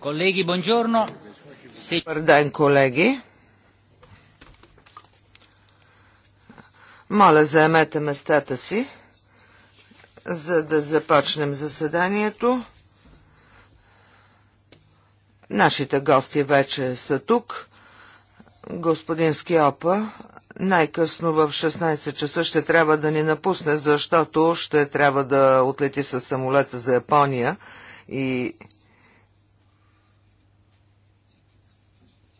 Колеги, бонжорно. Добър колеги. Моля, заемете местата си, за да започнем заседанието. Нашите гости вече са тук. Господин Скиопа, най-късно в 16 часа ще трябва да ни напусне, защото ще трябва да отлети с самолета за Япония и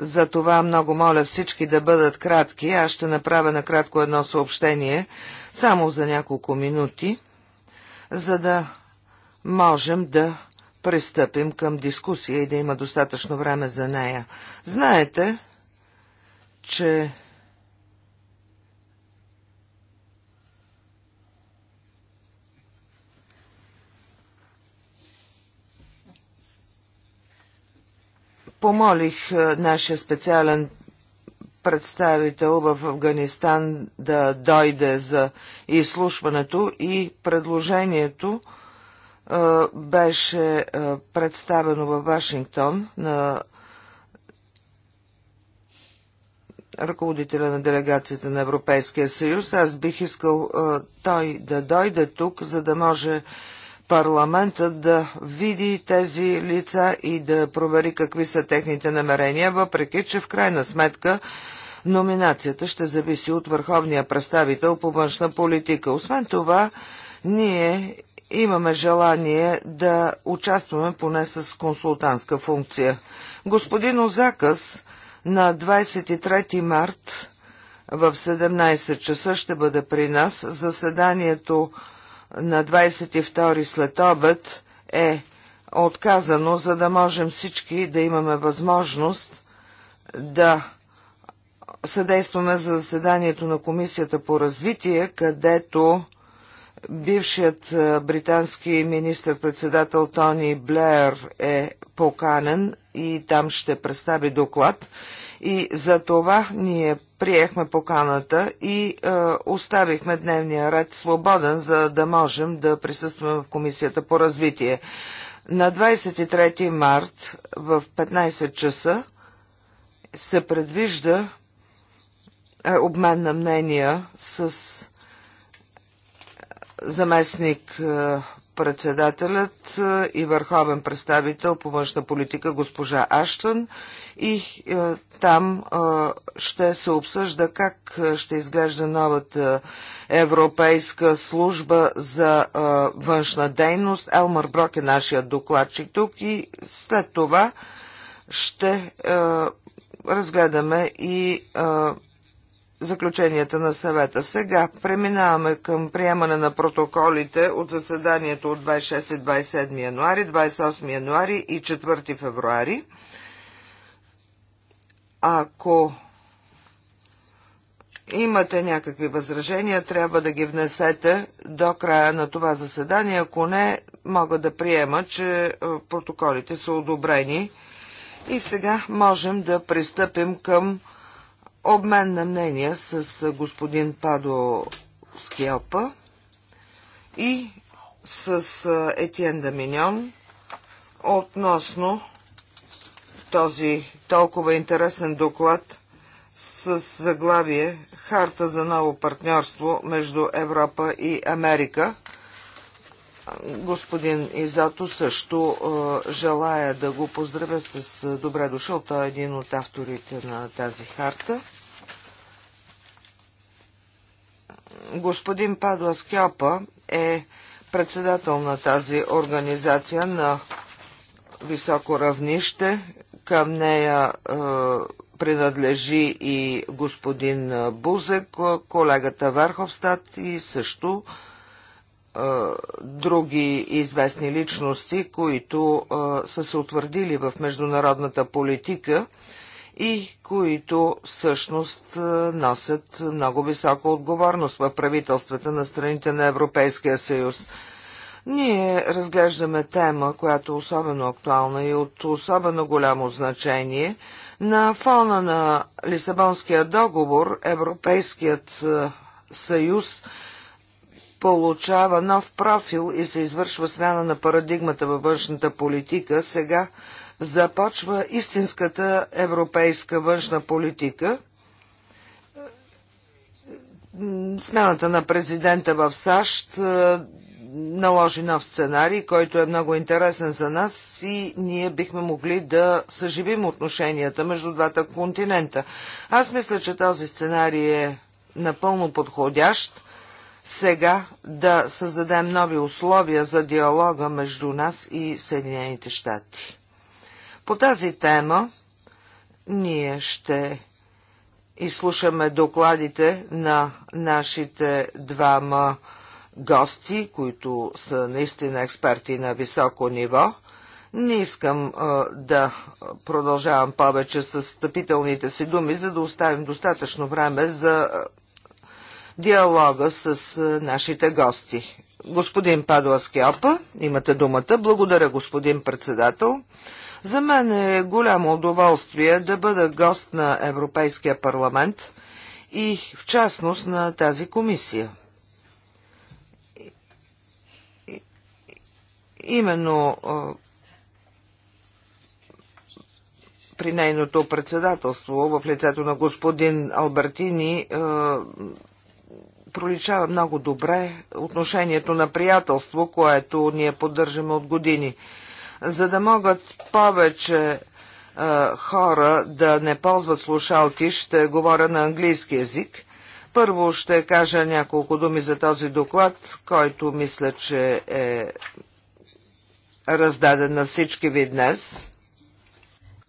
За това много моля всички да бъдат кратки. Аз ще направя накратко едно съобщение, само за няколко минути, за да можем да пристъпим към дискусия и да има достатъчно време за нея. Знаете, че Помолих е, нашия специален представител в Афганистан да дойде за изслушването и предложението е, беше е, представено във Вашингтон на ръководителя на делегацията на Европейския съюз. Аз бих искал той да дойде тук, за да може парламента да види тези лица и да провери какви са техните намерения, въпреки че в крайна сметка номинацията ще зависи от върховния представител по външна политика. Освен това, ние имаме желание да участваме поне с консултантска функция. Господин Озакъс на 23 март в 17 часа ще бъде при нас. Заседанието на 22 след обед е отказано, за да можем всички да имаме възможност да съдействаме за заседанието на Комисията по развитие, където бившият е, британски министр-председател Тони Блеер е поканен и там ще представи доклад. И за това ние приехме поканата и е, оставихме дневния ред свободен, за да можем да присъстваме в Комисията по развитие. На 23 март в 15 часа се предвижда е, обмен на мнения с заместник е, председателят е, и върховен представител по външна политика госпожа Аштън и е, там е, ще се обсъжда как е, ще изглежда новата Европейска служба за е, външна дейност. Елмар Брок е нашия докладчик тук и след това ще е, разгледаме и е, заключенията на съвета. Сега преминаваме към приемане на протоколите от заседанието от 26 и 27 януари, 28 януари и 4 февруари. Ако имате някакви възражения, трябва да ги внесете до края на това заседание. Ако не, мога да приема, че е, протоколите са одобрени. И сега можем да пристъпим към обмен на мнения с е, господин Падо Скиопа и с е, Етиен Даминьон относно този толкова интересен доклад с заглавие Харта за ново партньорство между Европа и Америка. Господин Изато също е, желая да го поздравя с е, добре дошъл. Той е един от авторите на тази харта. Господин Падла Скяпа е председател на тази организация на високо равнище. Към нея е, принадлежи и господин Бузек, колегата Верховстат и също е, други известни личности, които е, са се утвърдили в международната политика и които всъщност е, носят много висока отговорност в правителствата на страните на Европейския съюз. Ние разглеждаме тема, която е особено актуална и от особено голямо значение. На фона на Лисабонския договор Европейският е, съюз получава нов профил и се извършва смяна на парадигмата във външната политика. Сега започва истинската европейска външна политика – смяната на президента в САЩ е, наложи нов сценарий, който е много интересен за нас и ние бихме могли да съживим отношенията между двата континента. Аз мисля, че този сценарий е напълно подходящ сега да създадем нови условия за диалога между нас и Съединените щати. По тази тема ние ще изслушаме докладите на нашите двама гости, които са наистина експерти на високо ниво. Не искам а, да продължавам повече с стъпителните си думи, за да оставим достатъчно време за диалога с а, нашите гости. Господин Падуа Скиопа, имате думата. Благодаря, господин председател. За мен е голямо удоволствие да бъда гост на Европейския парламент и в частност на тази комисия. именно при нейното председателство в лицето на господин Албертини проличава много добре отношението на приятелство, което ние поддържаме от години. За да могат повече хора да не ползват слушалки, ще говоря на английски язик. Първо ще кажа няколко думи за този доклад, който мисля, че е раздаден на всички ви днес.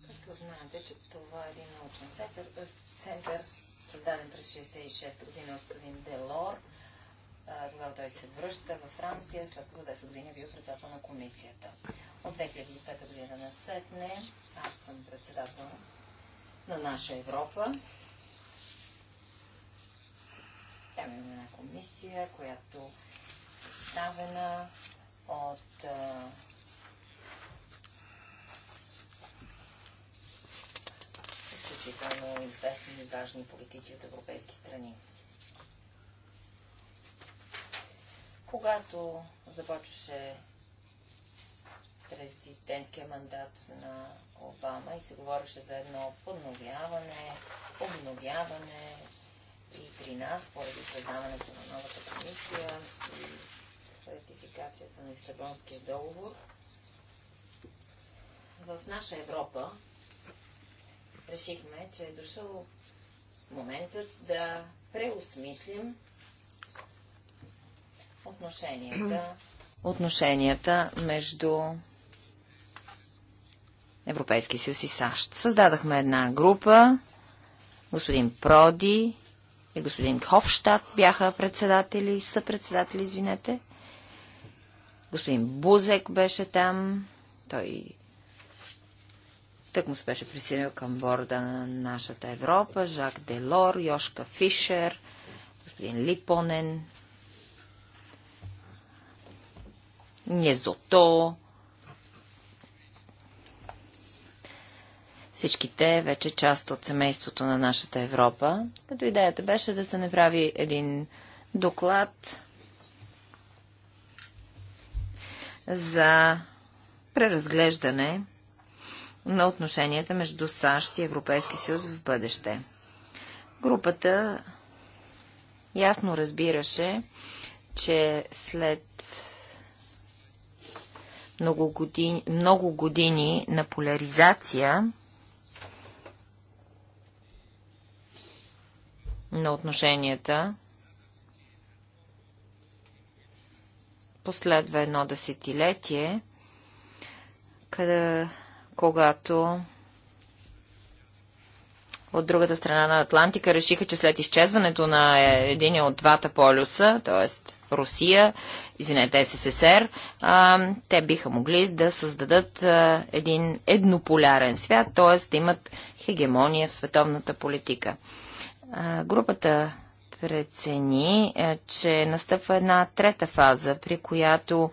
Както знаете, че това е един научен сектор, е, център, създаден през 66 година от господин Делор. Тогава той се връща във Франция, след като 10 години е бил председател на комисията. От 2005 година на Сетне, аз съм председател на наша Европа. Там имаме една комисия, която е съставена от изключително известни и важни политици от европейски страни. Когато започваше президентския мандат на Обама и се говореше за едно подновяване, обновяване и при нас, поради създаването на новата комисия и ратификацията на Лисабонския договор, в наша Европа решихме, че е дошъл моментът да преосмислим отношенията, отношенията между Европейски съюз и САЩ. Създадахме една група, господин Проди и господин Хофштадт бяха председатели, са председатели, извинете. Господин Бузек беше там, той Тък му се беше присъединил към борда на нашата Европа, Жак Делор, Йошка Фишер, господин Липонен, Незото. Всичките вече част от семейството на нашата Европа, като идеята беше да се направи един доклад за преразглеждане на отношенията между САЩ и Европейски съюз в бъдеще. Групата ясно разбираше, че след много години, много години на поляризация на отношенията последва едно десетилетие, къде когато от другата страна на Атлантика решиха, че след изчезването на е, един от двата полюса, т.е. Русия, извинете, СССР, а, те биха могли да създадат а, един еднополярен свят, т.е. да имат хегемония в световната политика. А, групата прецени, е, че настъпва една трета фаза, при която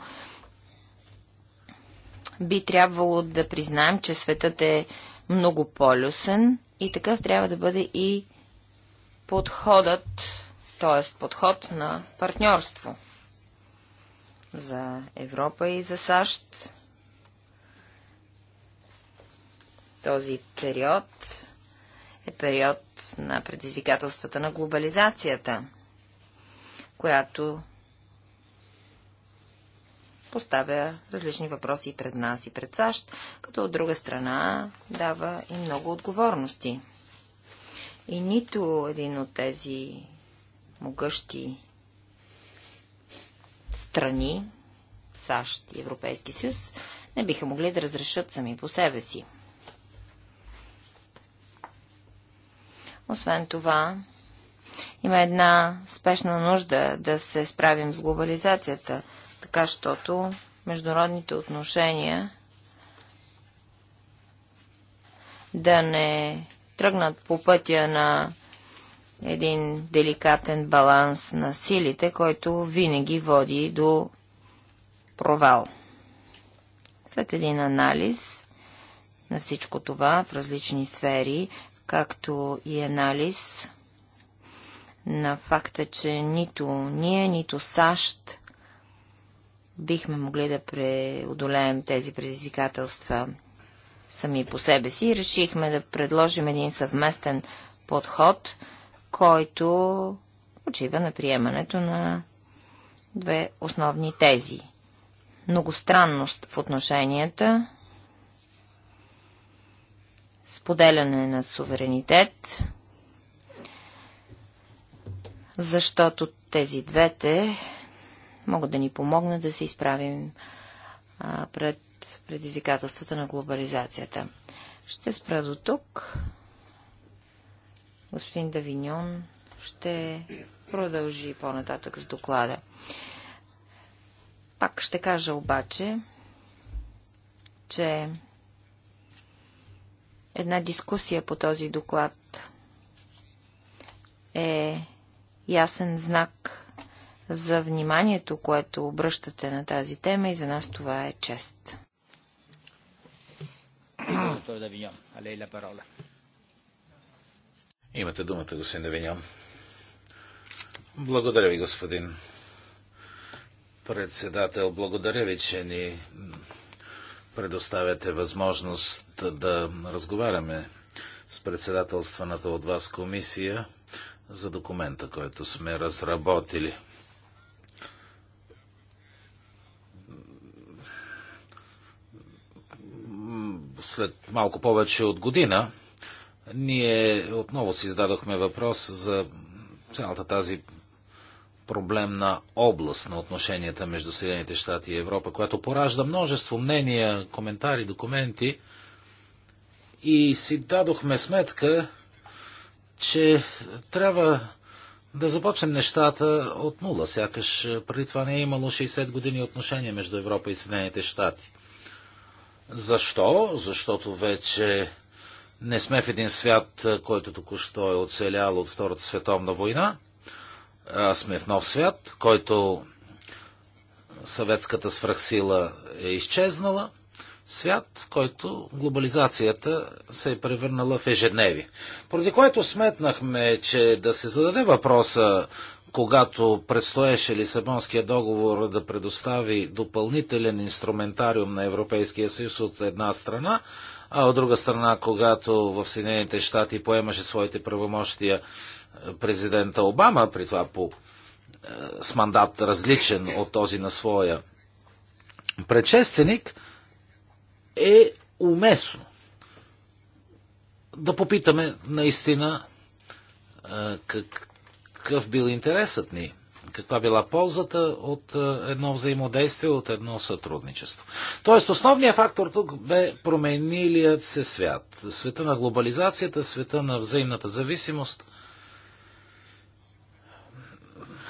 би трябвало да признаем, че светът е многополюсен и такъв трябва да бъде и подходът, т.е. подход на партньорство за Европа и за САЩ. Този период е период на предизвикателствата на глобализацията, която поставя различни въпроси и пред нас и пред САЩ, като от друга страна дава и много отговорности. И нито един от тези могъщи страни, САЩ и Европейски съюз, не биха могли да разрешат сами по себе си. Освен това, има една спешна нужда да се справим с глобализацията – така защото международните отношения да не тръгнат по пътя на един деликатен баланс на силите, който винаги води до провал. След един анализ на всичко това в различни сфери, както и анализ на факта, че нито ние, нито САЩ бихме могли да преодолеем тези предизвикателства сами по себе си. Решихме да предложим един съвместен подход, който почива на приемането на две основни тези. Многостранност в отношенията, споделяне на суверенитет, защото тези двете могат да ни помогнат да се изправим а, пред предизвикателствата на глобализацията. Ще спра до тук. Господин Давиньон ще продължи по-нататък с доклада. Пак ще кажа обаче, че една дискусия по този доклад е ясен знак за вниманието, което обръщате на тази тема и за нас това е чест. Имате думата, господин Давиньон. Благодаря ви, господин председател. Благодаря ви, че ни предоставяте възможност да разговаряме с председателстваната от вас комисия за документа, който сме разработили. след малко повече от година, ние отново си зададохме въпрос за цялата тази проблемна област на отношенията между Съединените щати и Европа, която поражда множество мнения, коментари, документи. И си дадохме сметка, че трябва да започнем нещата от нула, сякаш преди това не е имало 60 години отношения между Европа и Съединените щати. Защо? Защото вече не сме в един свят, който току-що е оцелял от Втората световна война, а сме в нов свят, който съветската свръхсила е изчезнала, свят, в който глобализацията се е превърнала в ежедневи, Поради което сметнахме, че да се зададе въпроса когато предстоеше Лисабонския договор да предостави допълнителен инструментариум на Европейския съюз от една страна, а от друга страна, когато в Съединените щати поемаше своите правомощия е, президента Обама, при това по, е, с мандат различен от този на своя предшественик, е уместно да попитаме наистина е, как, какъв бил интересът ни, каква била ползата от е, едно взаимодействие, от едно сътрудничество. Тоест, основният фактор тук бе променилият се свят. Света на глобализацията, света на взаимната зависимост,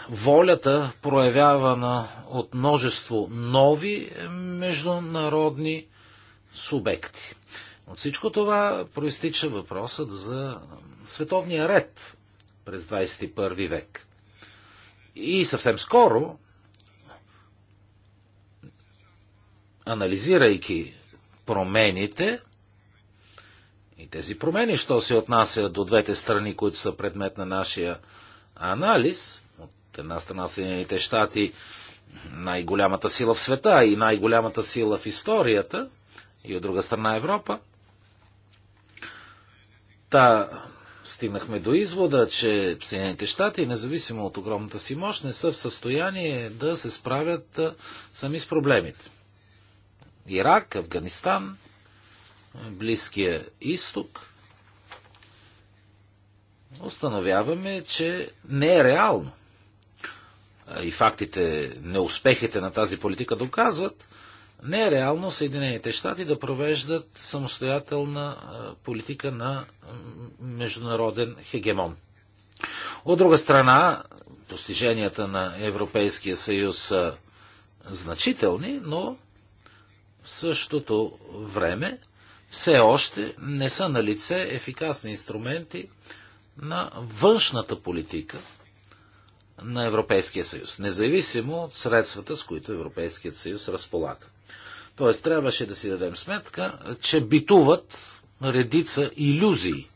волята проявявана от множество нови е, международни субекти. От всичко това проистича въпросът за световния ред, през 21 век. И съвсем скоро, анализирайки промените, и тези промени, що се отнася до двете страни, които са предмет на нашия анализ, от една страна Съединените щати, най-голямата сила в света и най-голямата сила в историята, и от друга страна Европа, та стигнахме до извода, че Съединените щати, независимо от огромната си мощ, не са в състояние да се справят сами с проблемите. Ирак, Афганистан, Близкия изток. Установяваме, че не е реално. И фактите, неуспехите на тази политика доказват, не е реално Съединените щати да провеждат самостоятелна политика на международен хегемон. От друга страна, постиженията на Европейския съюз са значителни, но в същото време все още не са на лице ефикасни инструменти на външната политика на Европейския съюз, независимо от средствата, с които Европейският съюз разполага. Тоест, трябваше да си дадем сметка, че битуват редица иллюзии,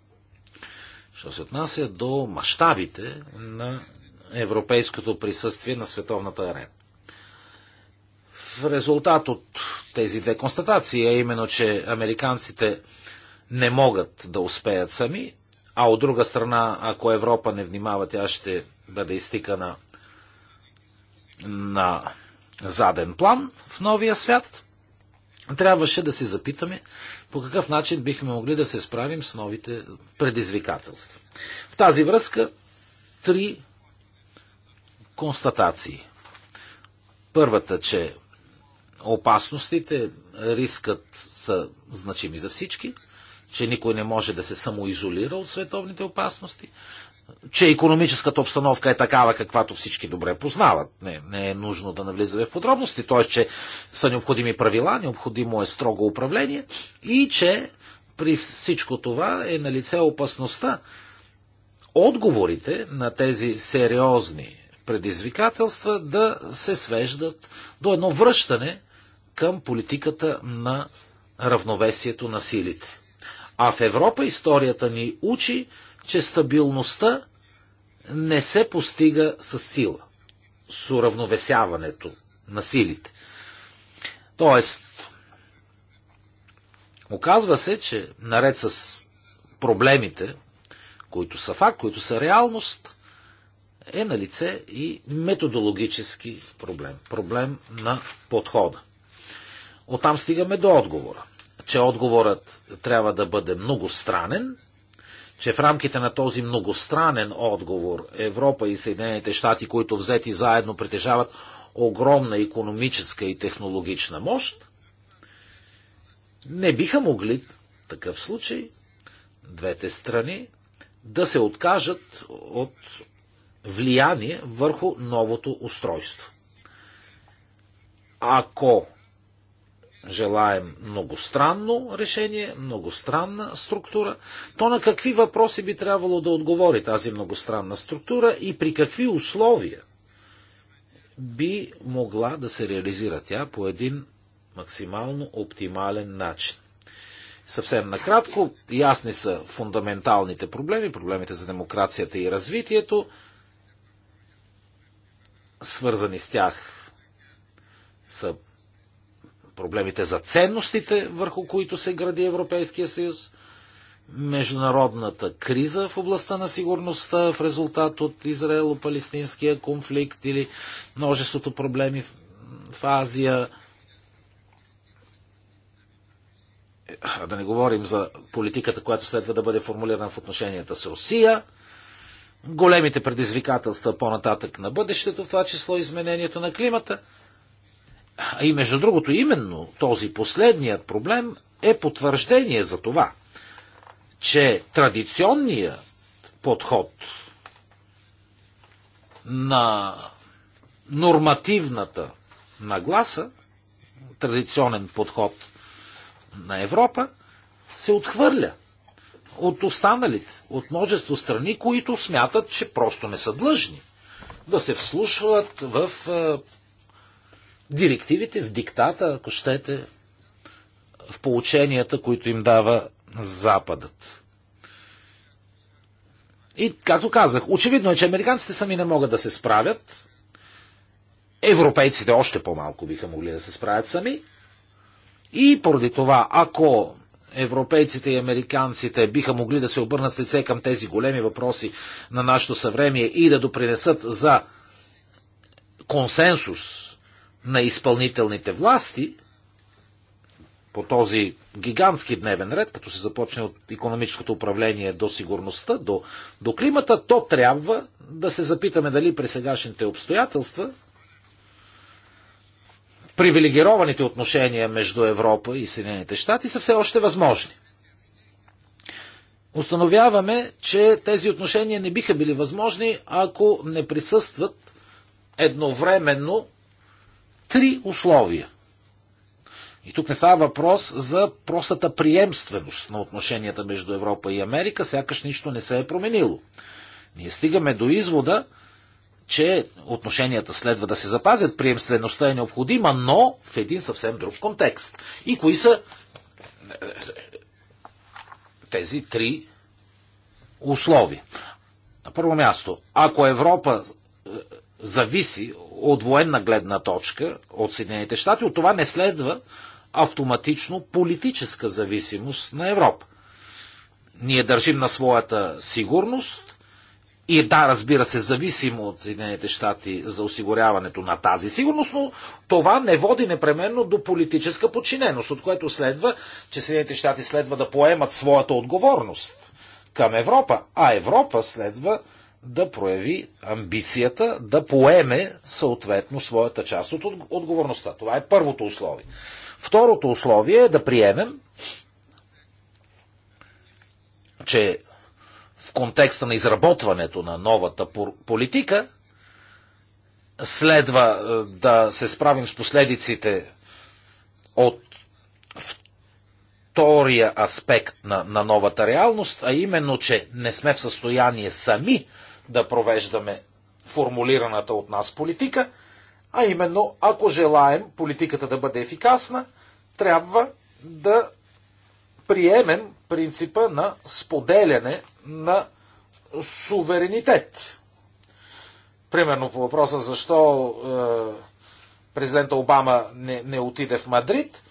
що се отнася до мащабите на европейското присъствие на световната арена. В резултат от тези две констатации, а именно, че американците не могат да успеят сами, а от друга страна, ако Европа не внимава, тя ще бъде изтикана на заден план в новия свят трябваше да се запитаме по какъв начин бихме могли да се справим с новите предизвикателства. В тази връзка три констатации. Първата, че опасностите, рискът са значими за всички, че никой не може да се самоизолира от световните опасности че економическата обстановка е такава, каквато всички добре познават. Не, не е нужно да навлизаме в подробности, т.е. че са необходими правила, необходимо е строго управление и че при всичко това е на лице опасността отговорите на тези сериозни предизвикателства да се свеждат до едно връщане към политиката на равновесието на силите. А в Европа историята ни учи, че стабилността не се постига с сила, с уравновесяването на силите. Тоест, оказва се, че наред с проблемите, които са факт, които са реалност, е на лице и методологически проблем. Проблем на подхода. Оттам стигаме до отговора. Че отговорът трябва да бъде многостранен, че в рамките на този многостранен отговор Европа и Съединените щати, които взети заедно притежават огромна економическа и технологична мощ, не биха могли в такъв случай двете страни да се откажат от влияние върху новото устройство. Ако желаем многостранно решение, многостранна структура, то на какви въпроси би трябвало да отговори тази многостранна структура и при какви условия би могла да се реализира тя по един максимално оптимален начин. Съвсем накратко, ясни са фундаменталните проблеми, проблемите за демокрацията и развитието, свързани с тях са проблемите за ценностите, върху които се гради Европейския съюз, международната криза в областта на сигурността в резултат от Израело-палестинския конфликт или множеството проблеми в Азия. Да не говорим за политиката, която следва да бъде формулирана в отношенията с Русия големите предизвикателства по-нататък на бъдещето, в това число изменението на климата – и между другото, именно този последният проблем е потвърждение за това, че традиционният подход на нормативната нагласа, традиционен подход на Европа, се отхвърля от останалите, от множество страни, които смятат, че просто не са длъжни да се вслушват в е, директивите, в диктата, ако щете, в полученията, които им дава Западът. И, както казах, очевидно е, че американците сами не могат да се справят. Европейците още по-малко биха могли да се справят сами. И поради това, ако европейците и американците биха могли да се обърнат с лице към тези големи въпроси на нашето съвремие и да допринесат за консенсус на изпълнителните власти по този гигантски дневен ред, като се започне от економическото управление до сигурността, до, до климата, то трябва да се запитаме дали при сегашните обстоятелства привилегированите отношения между Европа и Съединените щати са все още възможни. Установяваме, че тези отношения не биха били възможни, ако не присъстват едновременно три условия. И тук не става въпрос за простата приемственост на отношенията между Европа и Америка, сякаш нищо не се е променило. Ние стигаме до извода, че отношенията следва да се запазят, приемствеността е необходима, но в един съвсем друг контекст. И кои са е, тези три условия? На първо място, ако Европа е, зависи от военна гледна точка от Съединените щати, от това не следва автоматично политическа зависимост на Европа. Ние държим на своята сигурност и да, разбира се, зависимо от Съединените щати за осигуряването на тази сигурност, но това не води непременно до политическа подчиненост, от което следва, че Съединените щати следва да поемат своята отговорност към Европа, а Европа следва да прояви амбицията да поеме съответно своята част от отговорността. Това е първото условие. Второто условие е да приемем, че в контекста на изработването на новата политика следва е, да се справим с последиците от втория аспект на, на новата реалност, а именно, че не сме в състояние сами да провеждаме формулираната от нас политика, а именно, ако желаем политиката да бъде ефикасна, трябва да приемем принципа на споделяне на суверенитет. Примерно по въпроса защо е, президента Обама не, не отиде в Мадрид,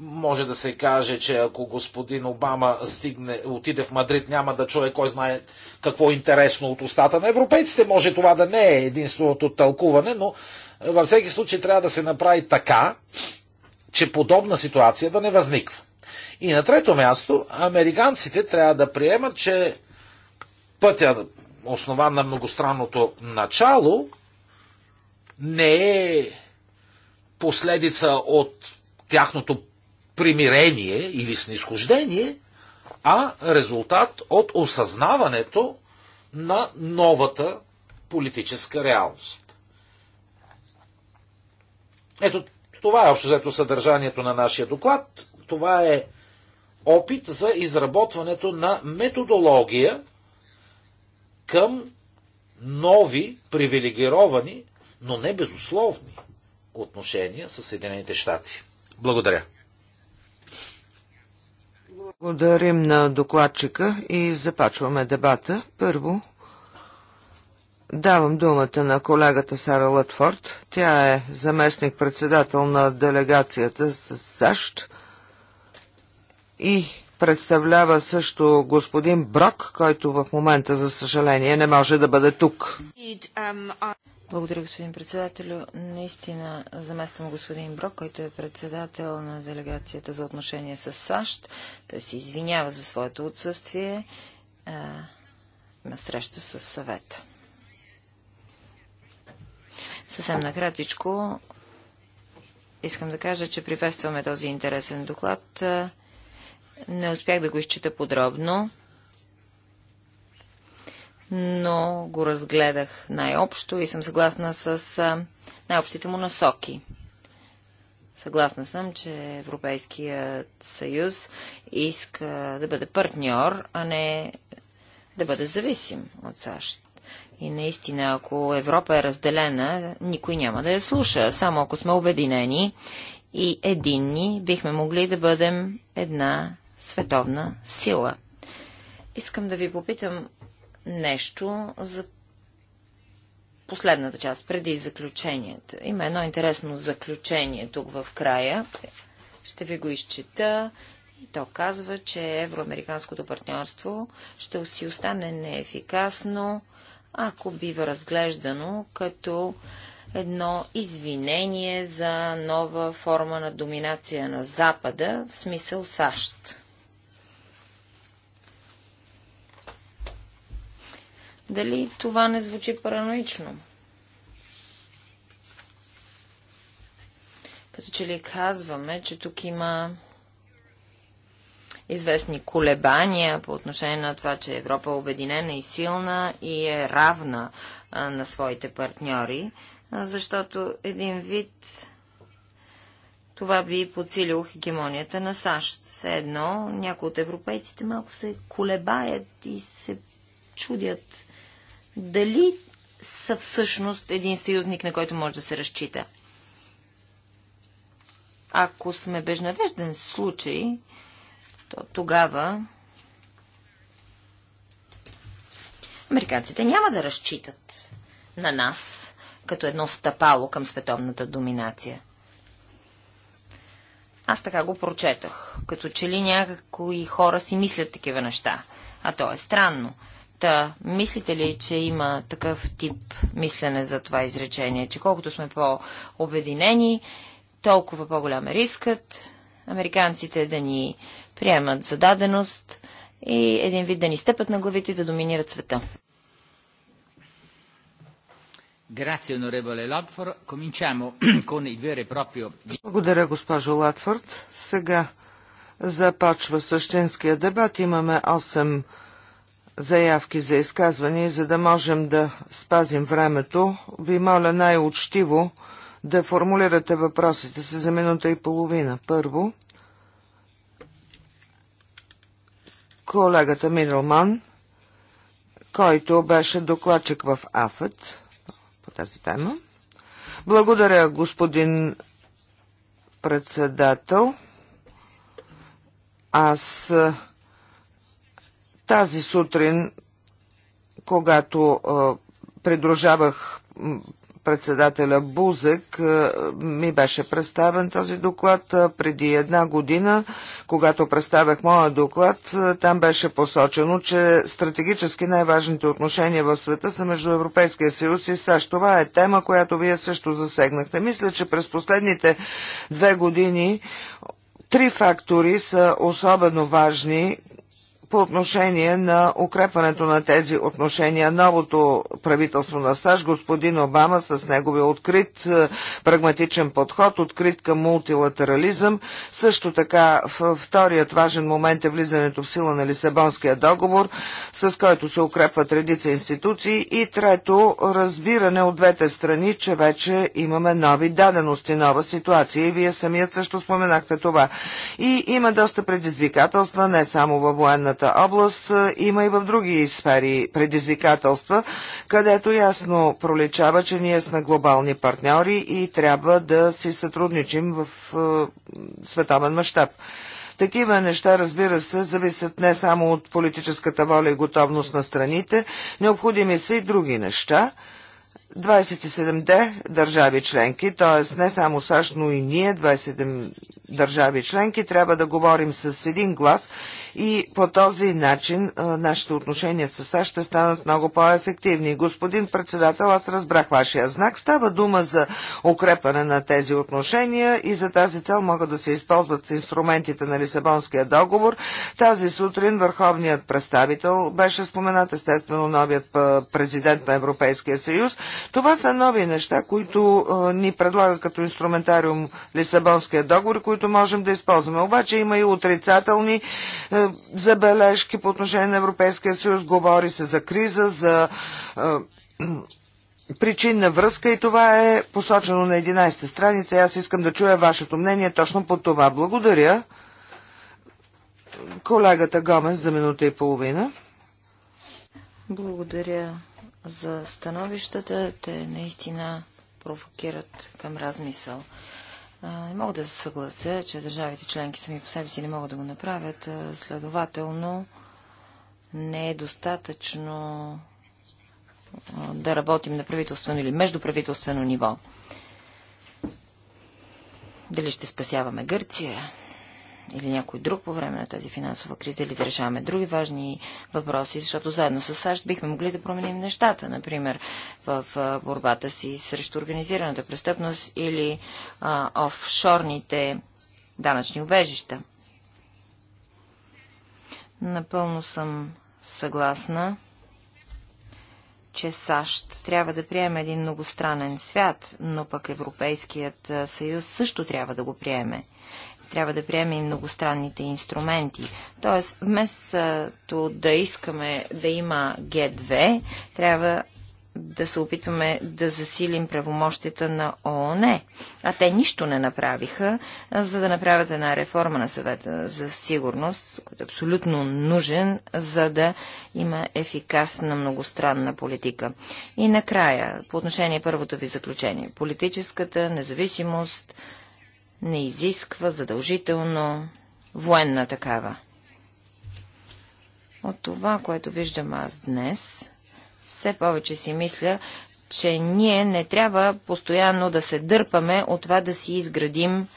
може да се каже, че ако господин Обама стигне, отиде в Мадрид, няма да чуе кой знае какво е интересно от устата на европейците. Може това да не е единственото тълкуване, но във всеки случай трябва да се направи така, че подобна ситуация да не възниква. И на трето място, американците трябва да приемат, че пътя, основан на многостранното начало, не е последица от тяхното примирение или снисхождение, а резултат от осъзнаването на новата политическа реалност. Ето, това е общо взето съдържанието на нашия доклад. Това е опит за изработването на методология към нови, привилегировани, но не безусловни отношения с Съединените щати. Благодаря. Благодарим на докладчика и започваме дебата. Първо давам думата на колегата Сара Лътфорд. Тя е заместник-председател на делегацията с САЩ и представлява също господин Брок, който в момента, за съжаление, не може да бъде тук. Благодаря, господин председателю. Наистина замествам господин Брок, който е председател на делегацията за отношение с САЩ. Той се извинява за своето отсъствие. Има среща с съвета. Съвсем накратичко искам да кажа, че приветстваме този интересен доклад. Не успях да го изчита подробно но го разгледах най-общо и съм съгласна с най-общите му насоки. Съгласна съм, че Европейският съюз иска да бъде партньор, а не да бъде зависим от САЩ. И наистина, ако Европа е разделена, никой няма да я слуша. Само ако сме обединени и единни, бихме могли да бъдем една световна сила. Искам да ви попитам нещо за последната част, преди заключението. Има едно интересно заключение тук в края. Ще ви го изчета. И то казва, че евроамериканското партньорство ще си остане неефикасно, ако бива разглеждано като едно извинение за нова форма на доминация на Запада, в смисъл САЩ. Дали това не звучи параноично? Като че ли казваме, че тук има известни колебания по отношение на това, че Европа е обединена и силна и е равна на своите партньори, защото един вид това би подсилило хегемонията на САЩ. Все едно някои от европейците малко се колебаят и се чудят дали са всъщност един съюзник, на който може да се разчита. Ако сме безнадежден случай, то тогава американците няма да разчитат на нас като едно стъпало към световната доминация. Аз така го прочетах, като че ли някои хора си мислят такива неща. А то е странно. Та, мислите ли, че има такъв тип мислене за това изречение, че колкото сме по-обединени, толкова по-голям е рискът американците да ни приемат за даденост и един вид да ни стъпат на главите и да доминират света? E Благодаря, госпожо Латфорд. Сега започва същинския дебат. Имаме 8 заявки за изказване, за да можем да спазим времето, ви моля най-учтиво да формулирате въпросите си за минута и половина. Първо, колегата Мидълман, който беше докладчик в АФЕТ по тази тема. Благодаря, господин председател. Аз тази сутрин, когато придружавах председателя Бузек ми беше представен този доклад преди една година, когато представях моя доклад, там беше посочено, че стратегически най-важните отношения в света са между Европейския съюз и САЩ. Това е тема, която вие също засегнахте. Мисля, че през последните две години Три фактори са особено важни, по отношение на укрепването на тези отношения. Новото правителство на САЩ, господин Обама, с неговия открит е, прагматичен подход, открит към мултилатерализъм. Също така, вторият важен момент е влизането в сила на Лисабонския договор, с който се укрепват редица институции. И трето, разбиране от двете страни, че вече имаме нови дадености, нова ситуация. И вие самият също споменахте това. И има доста предизвикателства, не само във военната социалната област има и в други сфери предизвикателства, където ясно проличава, че ние сме глобални партньори и трябва да си сътрудничим в световен мащаб. Такива неща, разбира се, зависят не само от политическата воля и готовност на страните, необходими са и други неща – 27-те държави членки, т.е. не само САЩ, но и ние, 27 държави членки, трябва да говорим с един глас и по този начин нашите отношения с САЩ ще станат много по-ефективни. Господин председател, аз разбрах вашия знак. Става дума за укрепване на тези отношения и за тази цел могат да се използват инструментите на Лисабонския договор. Тази сутрин върховният представител беше споменат естествено новият президент на Европейския съюз. Това са нови неща, които ни предлага като инструментариум Лисабонския договор, които можем да използваме. Обаче има и отрицателни забележки по отношение на Европейския съюз. Говори се за криза, за причинна връзка и това е посочено на 11-та страница. Аз искам да чуя вашето мнение точно по това. Благодаря. Колегата Гомес за минута и половина. Благодаря, за становищата. Те наистина провокират към размисъл. Не мога да се съглася, че държавите членки сами по себе си не могат да го направят. Следователно, не е достатъчно да работим на правителствено или междуправителствено ниво. Дали ще спасяваме Гърция? или някой друг по време на тази финансова криза, или да решаваме други важни въпроси, защото заедно с САЩ бихме могли да променим нещата, например в борбата си срещу организираната престъпност или а, офшорните данъчни убежища. Напълно съм съгласна, че САЩ трябва да приеме един многостранен свят, но пък Европейският съюз също трябва да го приеме. Трябва да приеме и многостранните инструменти. Тоест, вместо да искаме да има Г2, трябва да се опитваме да засилим правомощията на ООН. А те нищо не направиха, за да направят една реформа на съвета за сигурност, който е абсолютно нужен, за да има ефикасна многостранна политика. И накрая, по отношение първото ви заключение, политическата независимост не изисква задължително военна такава. От това, което виждам аз днес, все повече си мисля, че ние не трябва постоянно да се дърпаме от това да си изградим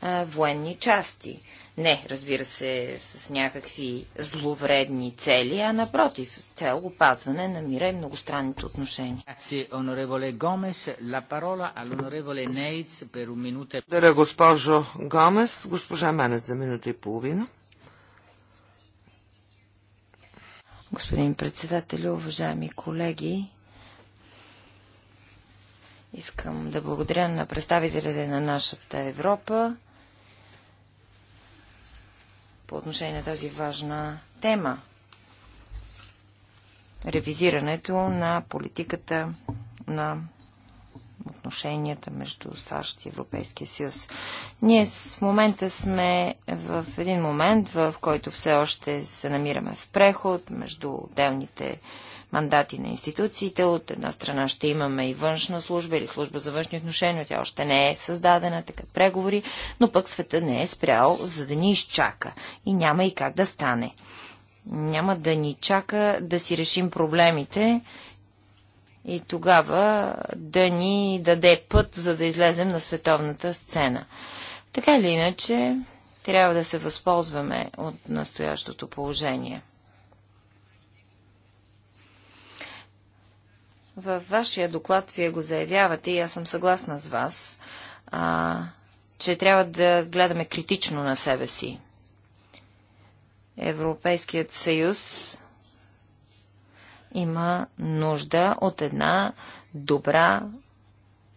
а, военни части. Не, разбира се, с някакви зловредни цели, а напротив, с цел опазване на мира и многостранните отношения. E- благодаря, госпожо Гомес. Госпожа Менес за минута и половина. Господин председател, уважаеми колеги, искам да благодаря на представителите на нашата Европа, по отношение на тази важна тема. Ревизирането на политиката на отношенията между САЩ и Европейския съюз. Ние с момента сме в един момент, в който все още се намираме в преход между отделните мандати на институциите. От една страна ще имаме и външна служба или служба за външни отношения. Тя още не е създадена, така преговори, но пък света не е спрял, за да ни изчака. И няма и как да стане. Няма да ни чака да си решим проблемите и тогава да ни даде път, за да излезем на световната сцена. Така или иначе, трябва да се възползваме от настоящото положение. Във вашия доклад вие го заявявате и аз съм съгласна с вас, а, че трябва да гледаме критично на себе си. Европейският съюз има нужда от една добра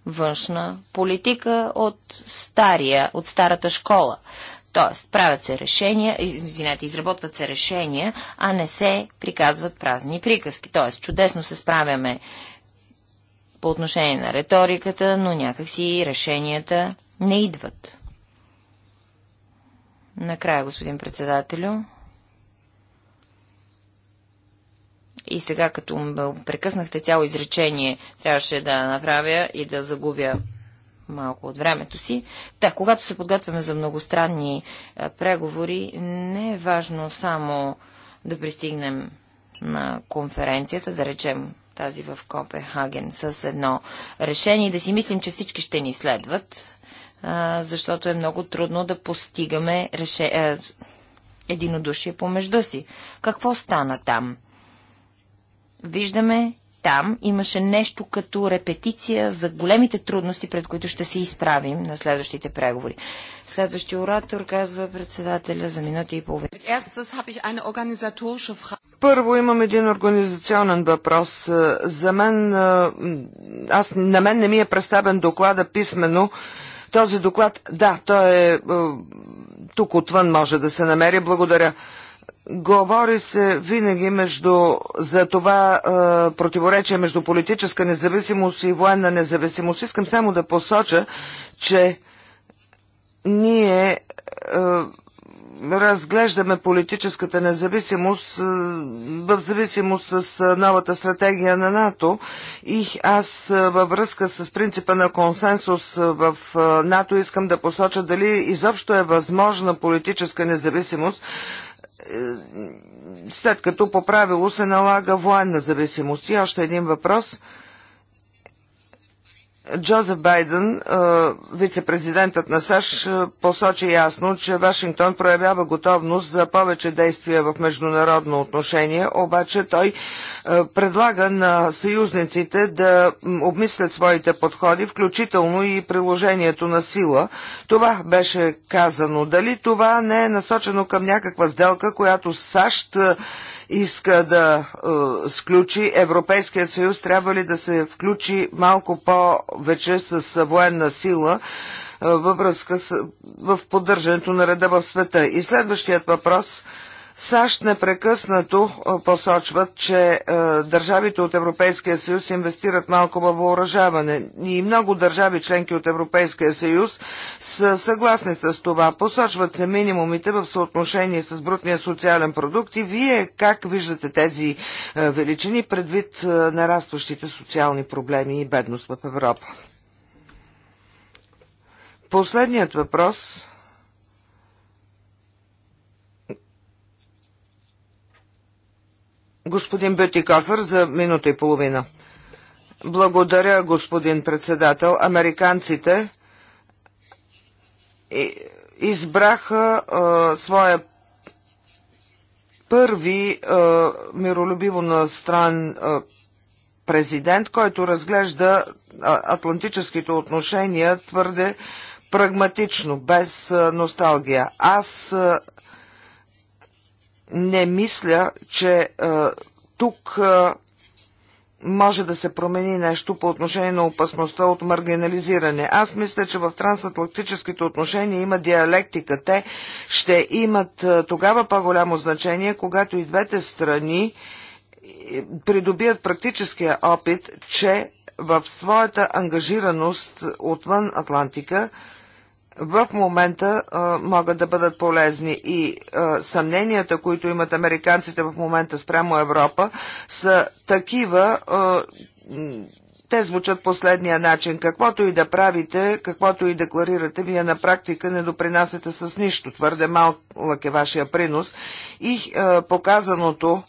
външна политика от стария, от старата школа. Тоест, правят се решения, извинете, изработват се решения, а не се приказват празни приказки. Тоест, чудесно се справяме по отношение на риториката, но някакси решенията не идват. Накрая, господин председателю. И сега, като прекъснахте цяло изречение, трябваше да направя и да загубя малко от времето си. Та, когато се подготвяме за многостранни а, е, преговори, не е важно само да пристигнем на конференцията, да речем тази в Копенхаген, с едно решение и да си мислим, че всички ще ни следват, а, е, защото е много трудно да постигаме реше... а, е, единодушие помежду си. Какво стана там? Виждаме, там имаше нещо като репетиция за големите трудности, пред които ще се изправим на следващите преговори. Следващия оратор казва председателя за минути и половина. Първо имам един организационен въпрос. За мен, аз, на мен не ми е представен доклада писменно. Този доклад, да, той е тук отвън може да се намери. Благодаря. Говори се винаги между, за това е, противоречие между политическа независимост и военна независимост. Искам само да посоча, че ние е, разглеждаме политическата независимост е, в зависимост с новата стратегия на НАТО и аз е, във връзка с принципа на консенсус в е, НАТО искам да посоча дали изобщо е възможна политическа независимост е, след като по правило се налага военна зависимост. И още един въпрос – Джозеф Байден, вице-президентът на САЩ, посочи ясно, че Вашингтон проявява готовност за повече действия в международно отношение, обаче той предлага на съюзниците да обмислят своите подходи, включително и приложението на сила. Това беше казано. Дали това не е насочено към някаква сделка, която САЩ иска да е, сключи. Европейския съюз трябва ли да се включи малко повече с военна сила? Е, във връзка с, в поддържането на реда в света. И следващият въпрос – САЩ непрекъснато посочват, че държавите от Европейския съюз инвестират малко във въоръжаване и много държави членки от Европейския съюз са съгласни с това. Посочват се минимумите в съотношение с брутния социален продукт и вие как виждате тези величини предвид нарастващите социални проблеми и бедност в Европа? Последният въпрос Господин Бютикофер за минута и половина. Благодаря, господин председател. Американците е, избраха а, своя първи а, миролюбиво настран а, президент, който разглежда а, атлантическите отношения твърде прагматично, без а, носталгия. Аз а, не мисля, че а, тук а, може да се промени нещо по отношение на опасността от маргинализиране. Аз мисля, че в трансатлантическите отношения има диалектика. Те ще имат а, тогава по-голямо значение, когато и двете страни е, придобият практическия опит, че в своята ангажираност отвън Атлантика – в момента а, могат да бъдат полезни и а, съмненията, които имат американците в момента спрямо Европа, са такива. А, те звучат последния начин. Каквото и да правите, каквото и декларирате, вие на практика не допринасяте с нищо. Твърде малък е вашия принос. И а, показаното,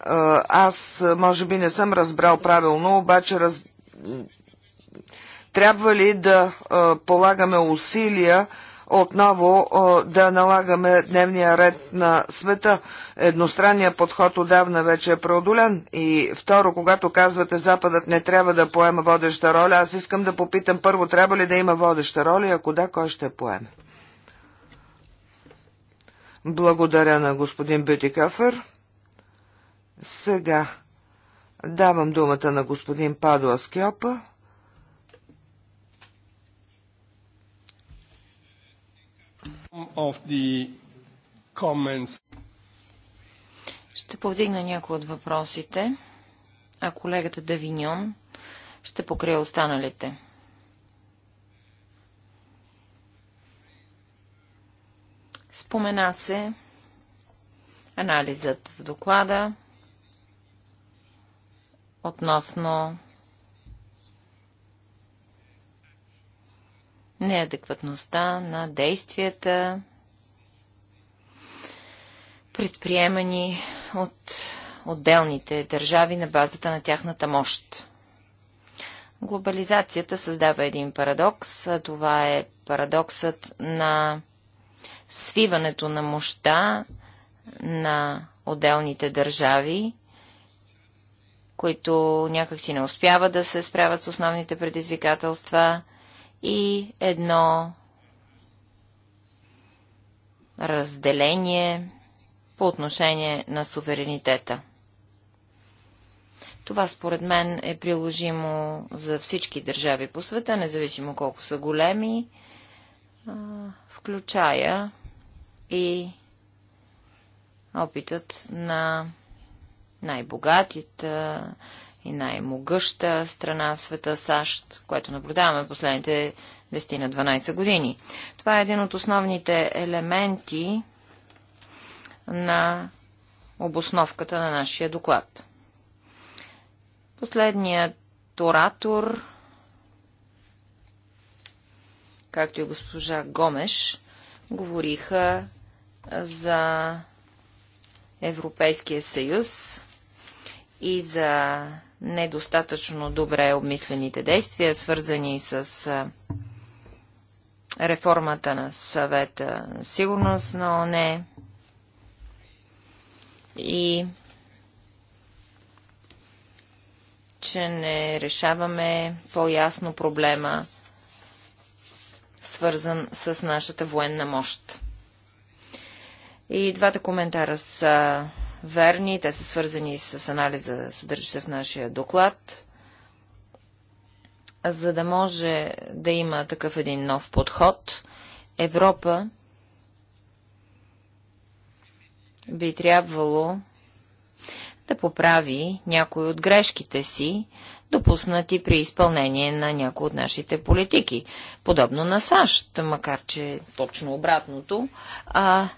а, аз може би не съм разбрал правилно, обаче раз, трябва ли да полагаме усилия отново да налагаме дневния ред на света. Едностранният подход отдавна вече е преодолен. И второ, когато казвате Западът не трябва да поема водеща роля, аз искам да попитам първо, трябва ли да има водеща роля и ако да, кой ще поеме? Благодаря на господин Бетикафер. Сега давам думата на господин Падуа Скиопа. Ще повдигна някои от въпросите, а колегата Давиньон ще покрие останалите. Спомена се анализът в доклада относно неадекватността на действията, предприемани от отделните държави на базата на тяхната мощ. Глобализацията създава един парадокс. Това е парадоксът на свиването на мощта на отделните държави, които някакси не успяват да се справят с основните предизвикателства и едно разделение по отношение на суверенитета. Това според мен е приложимо за всички държави по света, независимо колко са големи, включая и опитът на най-богатите, и най-могъща страна в света САЩ, което наблюдаваме последните 10 на 12 години. Това е един от основните елементи на обосновката на нашия доклад. Последният оратор, както и госпожа Гомеш, говориха за Европейския съюз и за недостатъчно добре обмислените действия, свързани с реформата на съвета на сигурност на ОНЕ и че не решаваме по-ясно проблема, свързан с нашата военна мощ. И двата коментара са верни, те са свързани с анализа, съдържащ се в нашия доклад, за да може да има такъв един нов подход. Европа би трябвало да поправи някои от грешките си, допуснати при изпълнение на някои от нашите политики. Подобно на САЩ, макар че точно обратното, а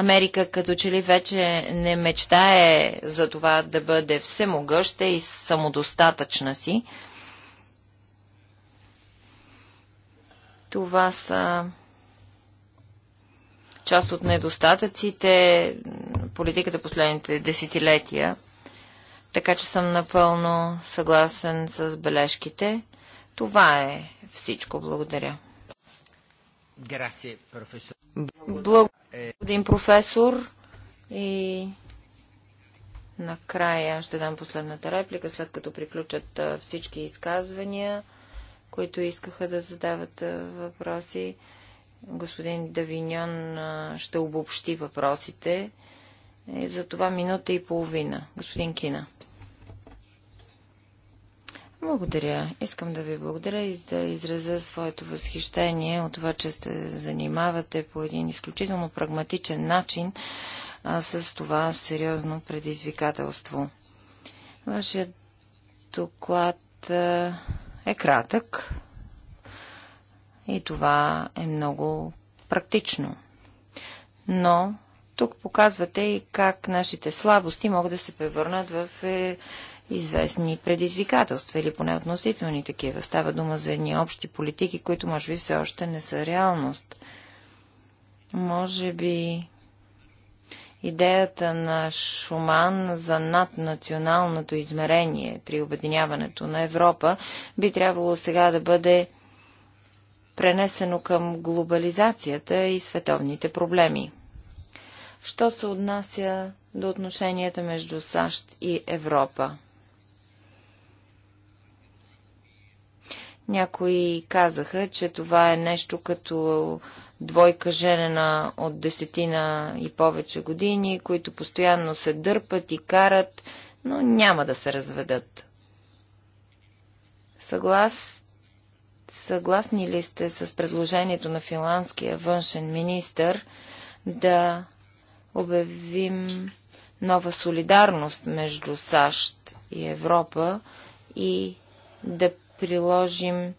Америка като че ли вече не мечтае за това да бъде всемогъща и самодостатъчна си. Това са част от недостатъците, политиката последните десетилетия. Така че съм напълно съгласен с бележките. Това е всичко. Благодаря. Благодаря, професор. Благодарим, професор. И накрая ще дам последната реплика, след като приключат всички изказвания, които искаха да задават въпроси. Господин Давиньон ще обобщи въпросите. И за това минута и половина. Господин Кина. Благодаря. Искам да ви благодаря и да изразя своето възхищение от това, че сте занимавате по един изключително прагматичен начин а, с това сериозно предизвикателство. Вашият доклад е кратък и това е много практично. Но тук показвате и как нашите слабости могат да се превърнат в е, известни предизвикателства или поне относителни такива. Става дума за едни общи политики, които може би все още не са реалност. Може би идеята на Шуман за наднационалното измерение при обединяването на Европа би трябвало сега да бъде пренесено към глобализацията и световните проблеми. Що се отнася до отношенията между САЩ и Европа? Някои казаха, че това е нещо като двойка женена от десетина и повече години, които постоянно се дърпат и карат, но няма да се разведат. Съглас... Съгласни ли сте с предложението на финландския външен министр да обявим нова солидарност между САЩ и Европа и да приложим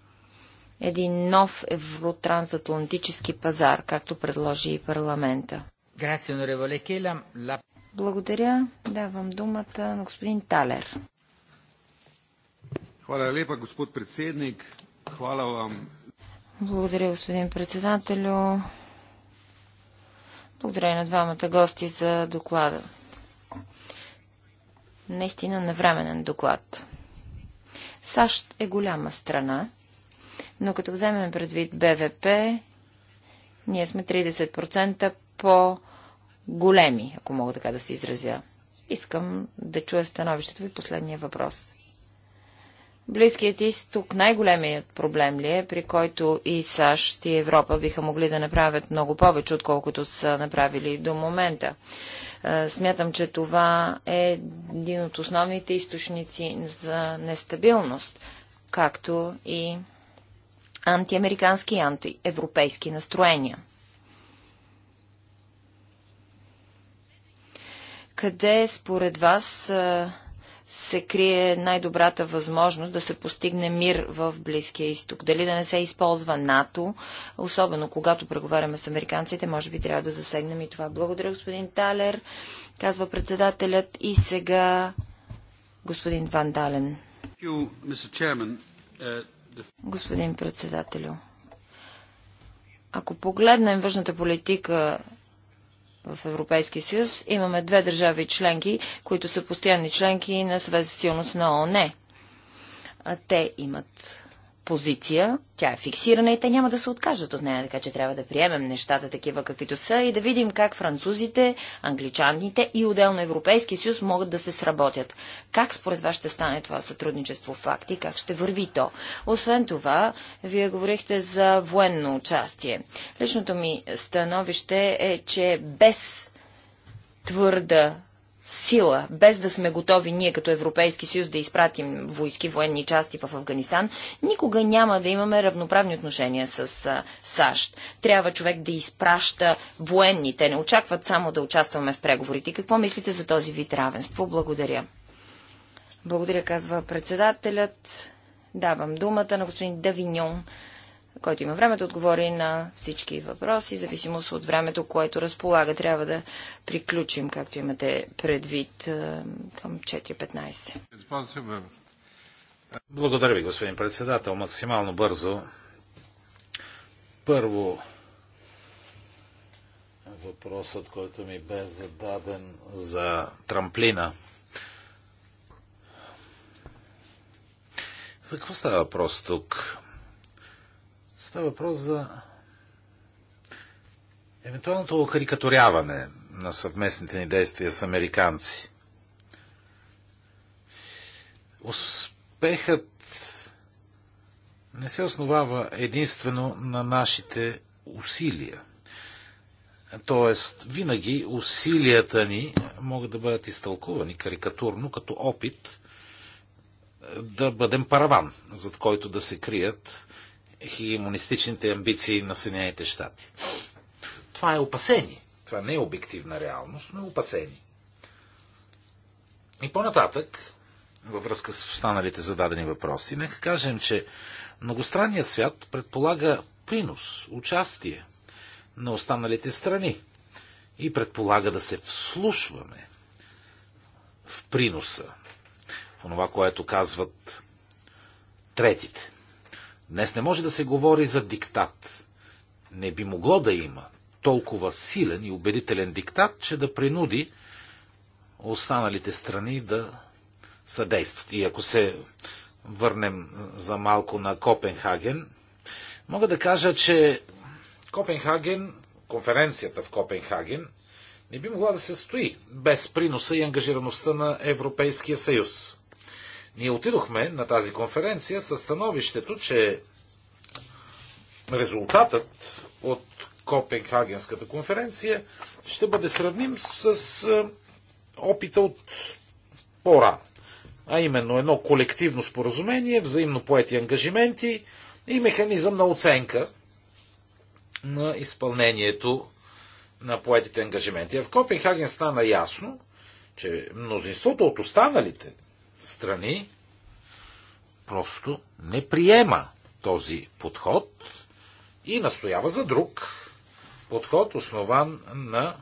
един нов евротрансатлантически пазар, както предложи и парламента. Благодаря. Давам думата на господин Талер. Благодаря, господин председателю. Благодаря и на двамата гости за доклада. Наистина навременен доклад. САЩ е голяма страна, но като вземем предвид БВП, ние сме 30% по-големи, ако мога така да се изразя. Искам да чуя становището ви последния въпрос. Близкият изток най-големият проблем ли е, при който и САЩ и Европа биха могли да направят много повече, отколкото са направили до момента. Смятам, че това е един от основните източници за нестабилност, както и антиамерикански и антиевропейски настроения. Къде според вас се крие най-добрата възможност да се постигне мир в Близкия изток. Дали да не се използва НАТО, особено когато преговаряме с американците, може би трябва да засегнем и това. Благодаря, господин Талер, казва председателят. И сега господин Ван Дален. Uh, господин председателю, ако погледнем външната политика в Европейския съюз. Имаме две държави членки, които са постоянни членки на Съвет за силност на ООН. А те имат позиция, тя е фиксирана и те няма да се откажат от нея, така че трябва да приемем нещата такива каквито са и да видим как французите, англичаните и отделно Европейски съюз могат да се сработят. Как според вас ще стане това сътрудничество факти, как ще върви то? Освен това, вие говорихте за военно участие. Личното ми становище е, че без твърда сила, без да сме готови ние като Европейски съюз да изпратим войски, военни части в Афганистан, никога няма да имаме равноправни отношения с а, САЩ. Трябва човек да изпраща военни. Те не очакват само да участваме в преговорите. Какво мислите за този вид равенство? Благодаря. Благодаря, казва председателят. Давам думата на господин Давиньон който има време да отговори на всички въпроси, зависимост от времето, което разполага. Трябва да приключим, както имате предвид, е, към 4.15. Благодаря ви, господин председател. Максимално бързо. Първо, въпросът, който ми бе зададен за трамплина. За какво става въпрос тук? Става въпрос за евентуалното карикатуряване на съвместните ни действия с американци. Успехът не се основава единствено на нашите усилия. Тоест, винаги усилията ни могат да бъдат изтълкувани карикатурно като опит да бъдем параван, зад който да се крият хегемонистичните амбиции на Съединените щати. Това е опасение. Това не е обективна реалност, но е опасение. И по-нататък, във връзка с останалите зададени въпроси, нека кажем, че многостранният свят предполага принос, участие на останалите страни и предполага да се вслушваме в приноса, в това, което казват третите. Днес не може да се говори за диктат. Не би могло да има толкова силен и убедителен диктат, че да принуди останалите страни да съдействат. И ако се върнем за малко на Копенхаген, мога да кажа, че Копенхаген, конференцията в Копенхаген, не би могла да се стои без приноса и ангажираността на Европейския съюз. Ние отидохме на тази конференция със становището, че резултатът от Копенхагенската конференция ще бъде сравним с опита от Пора, А именно едно колективно споразумение, взаимно поети ангажименти и механизъм на оценка на изпълнението на поетите ангажименти. А в Копенхаген стана ясно, че мнозинството от останалите страни просто не приема този подход и настоява за друг подход, основан на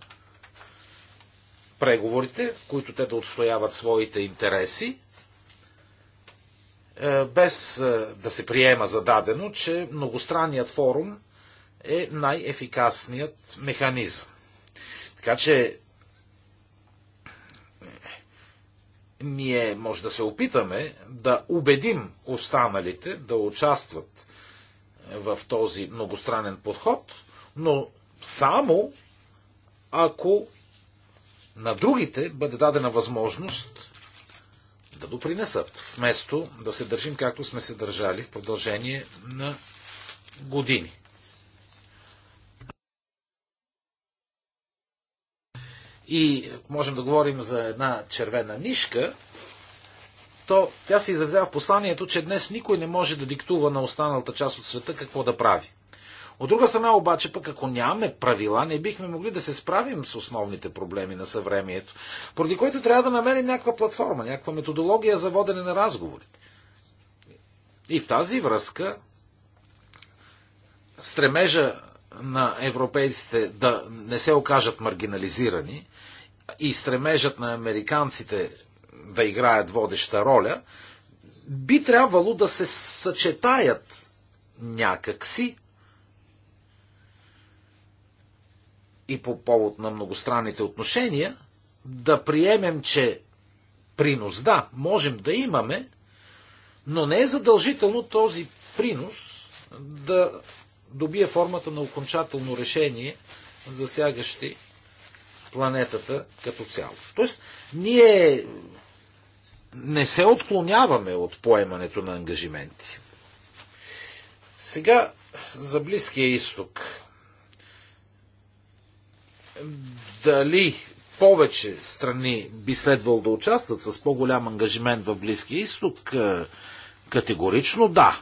преговорите, в които те да отстояват своите интереси, е, без е, да се приема за дадено, че многостранният форум е най-ефикасният механизъм. Така че ние може да се опитаме да убедим останалите да участват в този многостранен подход, но само ако на другите бъде дадена възможност да допринесат, вместо да се държим както сме се държали в продължение на години. и можем да говорим за една червена нишка, то тя се изразява в посланието, че днес никой не може да диктува на останалата част от света какво да прави. От друга страна обаче, пък ако нямаме правила, не бихме могли да се справим с основните проблеми на съвремието, поради което трябва да намерим някаква платформа, някаква методология за водене на разговорите. И в тази връзка стремежа на европейците да не се окажат маргинализирани и стремежът на американците да играят водеща роля, би трябвало да се съчетаят някакси и по повод на многостранните отношения, да приемем, че принос, да, можем да имаме, но не е задължително този принос да добие формата на окончателно решение, засягащи планетата като цяло. Тоест, ние не се отклоняваме от поемането на ангажименти. Сега за Близкия изток. Дали повече страни би следвало да участват с по-голям ангажимент в Близкия изток? Е, категорично да.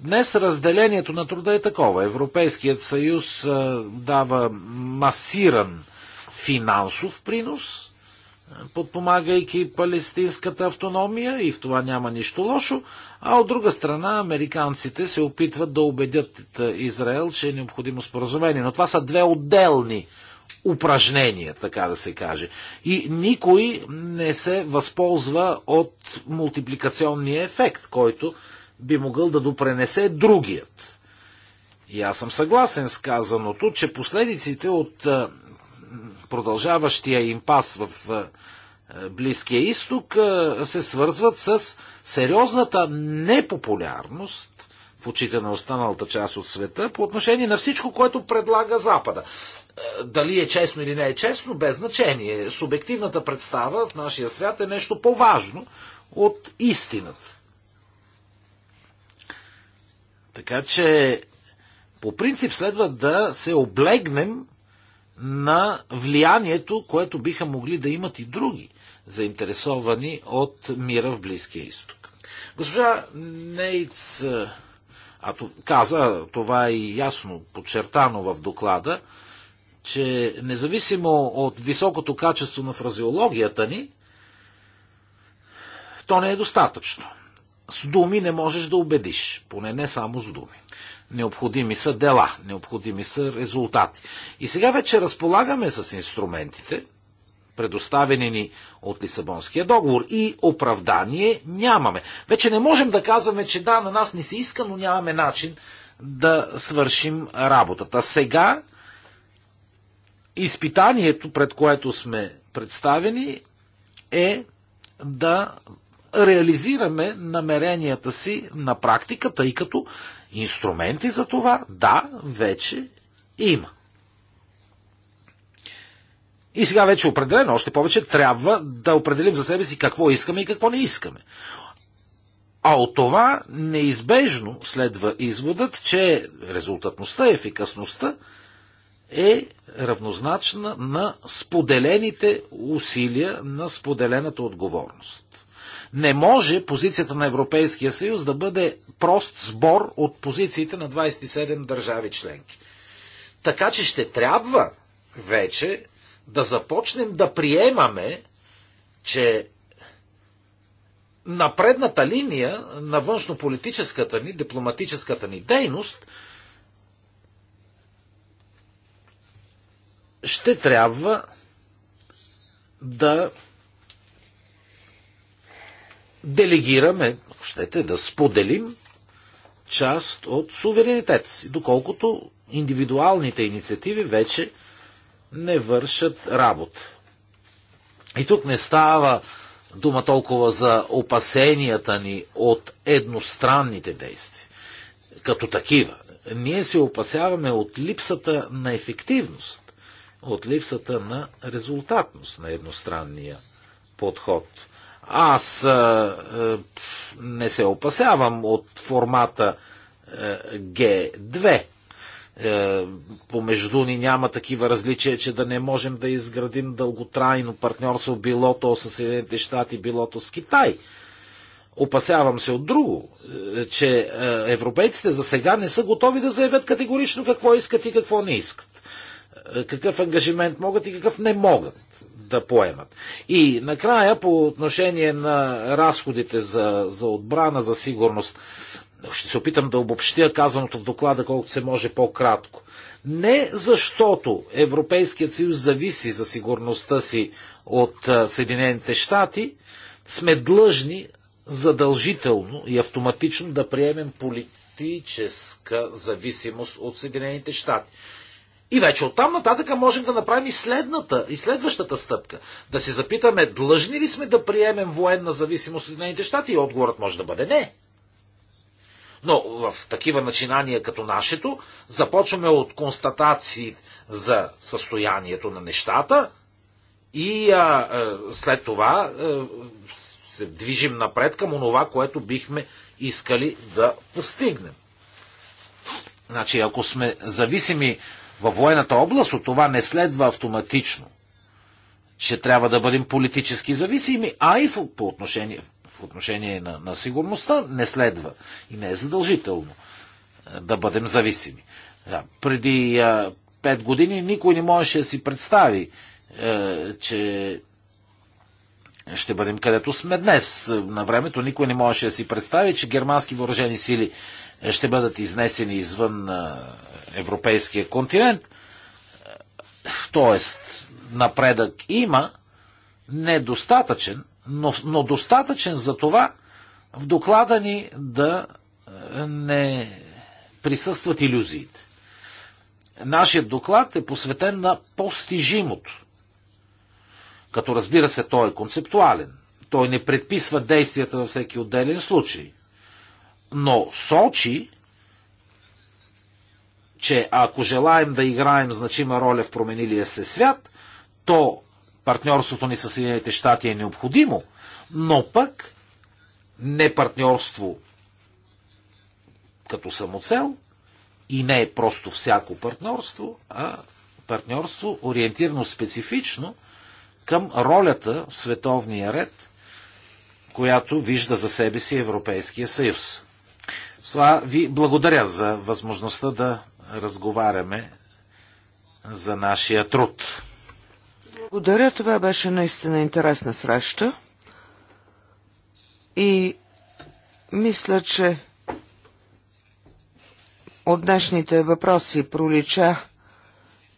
Днес разделението на труда е такова. Европейският съюз дава масиран финансов принос, подпомагайки палестинската автономия и в това няма нищо лошо, а от друга страна американците се опитват да убедят Израел, че е необходимо споразумение. Но това са две отделни упражнения, така да се каже. И никой не се възползва от мултипликационния ефект, който би могъл да допренесе другият. И аз съм съгласен с казаното, че последиците от продължаващия импас в Близкия изток се свързват с сериозната непопулярност в очите на останалата част от света по отношение на всичко, което предлага Запада. Дали е честно или не е честно, без значение. Субективната представа в нашия свят е нещо по-важно от истината. Така че по принцип следва да се облегнем на влиянието, което биха могли да имат и други заинтересовани от мира в Близкия изток. Госпожа Нейц а, каза, това е ясно подчертано в доклада, че независимо от високото качество на фразеологията ни, то не е достатъчно с думи не можеш да убедиш, поне не само с думи. Необходими са дела, необходими са резултати. И сега вече разполагаме с инструментите, предоставени ни от Лисабонския договор. И оправдание нямаме. Вече не можем да казваме, че да, на нас не се иска, но нямаме начин да свършим работата. Сега изпитанието, пред което сме представени, е да реализираме намеренията си на практика, тъй като инструменти за това, да, вече има. И сега вече определено, още повече трябва да определим за себе си какво искаме и какво не искаме. А от това неизбежно следва изводът, че резултатността, ефикасността е равнозначна на споделените усилия на споделената отговорност. Не може позицията на Европейския съюз да бъде прост сбор от позициите на 27 държави членки. Така че ще трябва вече да започнем да приемаме, че на предната линия на външнополитическата ни, дипломатическата ни дейност ще трябва да делегираме, щете да споделим част от суверенитет си, доколкото индивидуалните инициативи вече не вършат работа. И тук не става дума толкова за опасенията ни от едностранните действия, като такива. Ние се опасяваме от липсата на ефективност, от липсата на резултатност на едностранния подход. Аз а, а, не се опасявам от формата а, G2. А, помежду ни няма такива различия, че да не можем да изградим дълготрайно партньорство, било то с Съединените щати, било то с Китай. Опасявам се от друго, че европейците за сега не са готови да заявят категорично какво искат и какво не искат. Какъв ангажимент могат и какъв не могат да поемат. И накрая по отношение на разходите за, за отбрана, за сигурност, ще се опитам да обобщя казаното в доклада колкото се може по-кратко. Не защото Европейският съюз зависи за сигурността си от Съединените щати, сме длъжни задължително и автоматично да приемем политическа зависимост от Съединените щати. И вече оттам нататък можем да направим и следната, и следващата стъпка. Да се запитаме, длъжни ли сме да приемем военна зависимост от Съединените щати? И отговорът може да бъде не. Но в такива начинания като нашето, започваме от констатации за състоянието на нещата и а, а, след това а, се движим напред към онова, което бихме искали да постигнем. Значи, ако сме зависими във военната област, от това не следва автоматично, че трябва да бъдем политически зависими, а и в, по отношение, в отношение на, на сигурността не следва и не е задължително е, да бъдем зависими. Да, преди а, е, пет години никой не можеше да си представи, а, е, че ще бъдем където сме днес. На времето никой не можеше да си представи, че германски въоръжени сили ще бъдат изнесени извън европейския континент. Тоест, напредък има, недостатъчен, но, но достатъчен за това в доклада ни да е, не присъстват иллюзиите. Нашият доклад е посветен на постижимото. Като разбира се, той е концептуален. Той не предписва действията във всеки отделен случай. Но сочи че ако желаем да играем значима роля в променилия се свят, то партньорството ни с Съединените щати е необходимо, но пък не партньорство като самоцел и не е просто всяко партньорство, а партньорство ориентирано специфично към ролята в световния ред, която вижда за себе си Европейския съюз. С това ви благодаря за възможността да разговаряме за нашия труд. Благодаря, това беше наистина интересна среща и мисля, че от днешните въпроси пролича,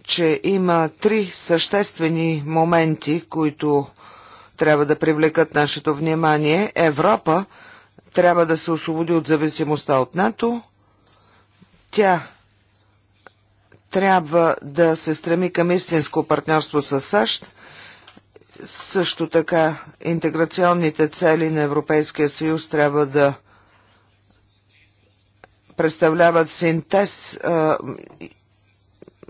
че има три съществени моменти, които трябва да привлекат нашето внимание. Европа трябва да се освободи от зависимостта от НАТО. Тя трябва да се стреми към истинско партньорство с САЩ, също така интеграционните цели на Европейския съюз трябва да представляват синтез а,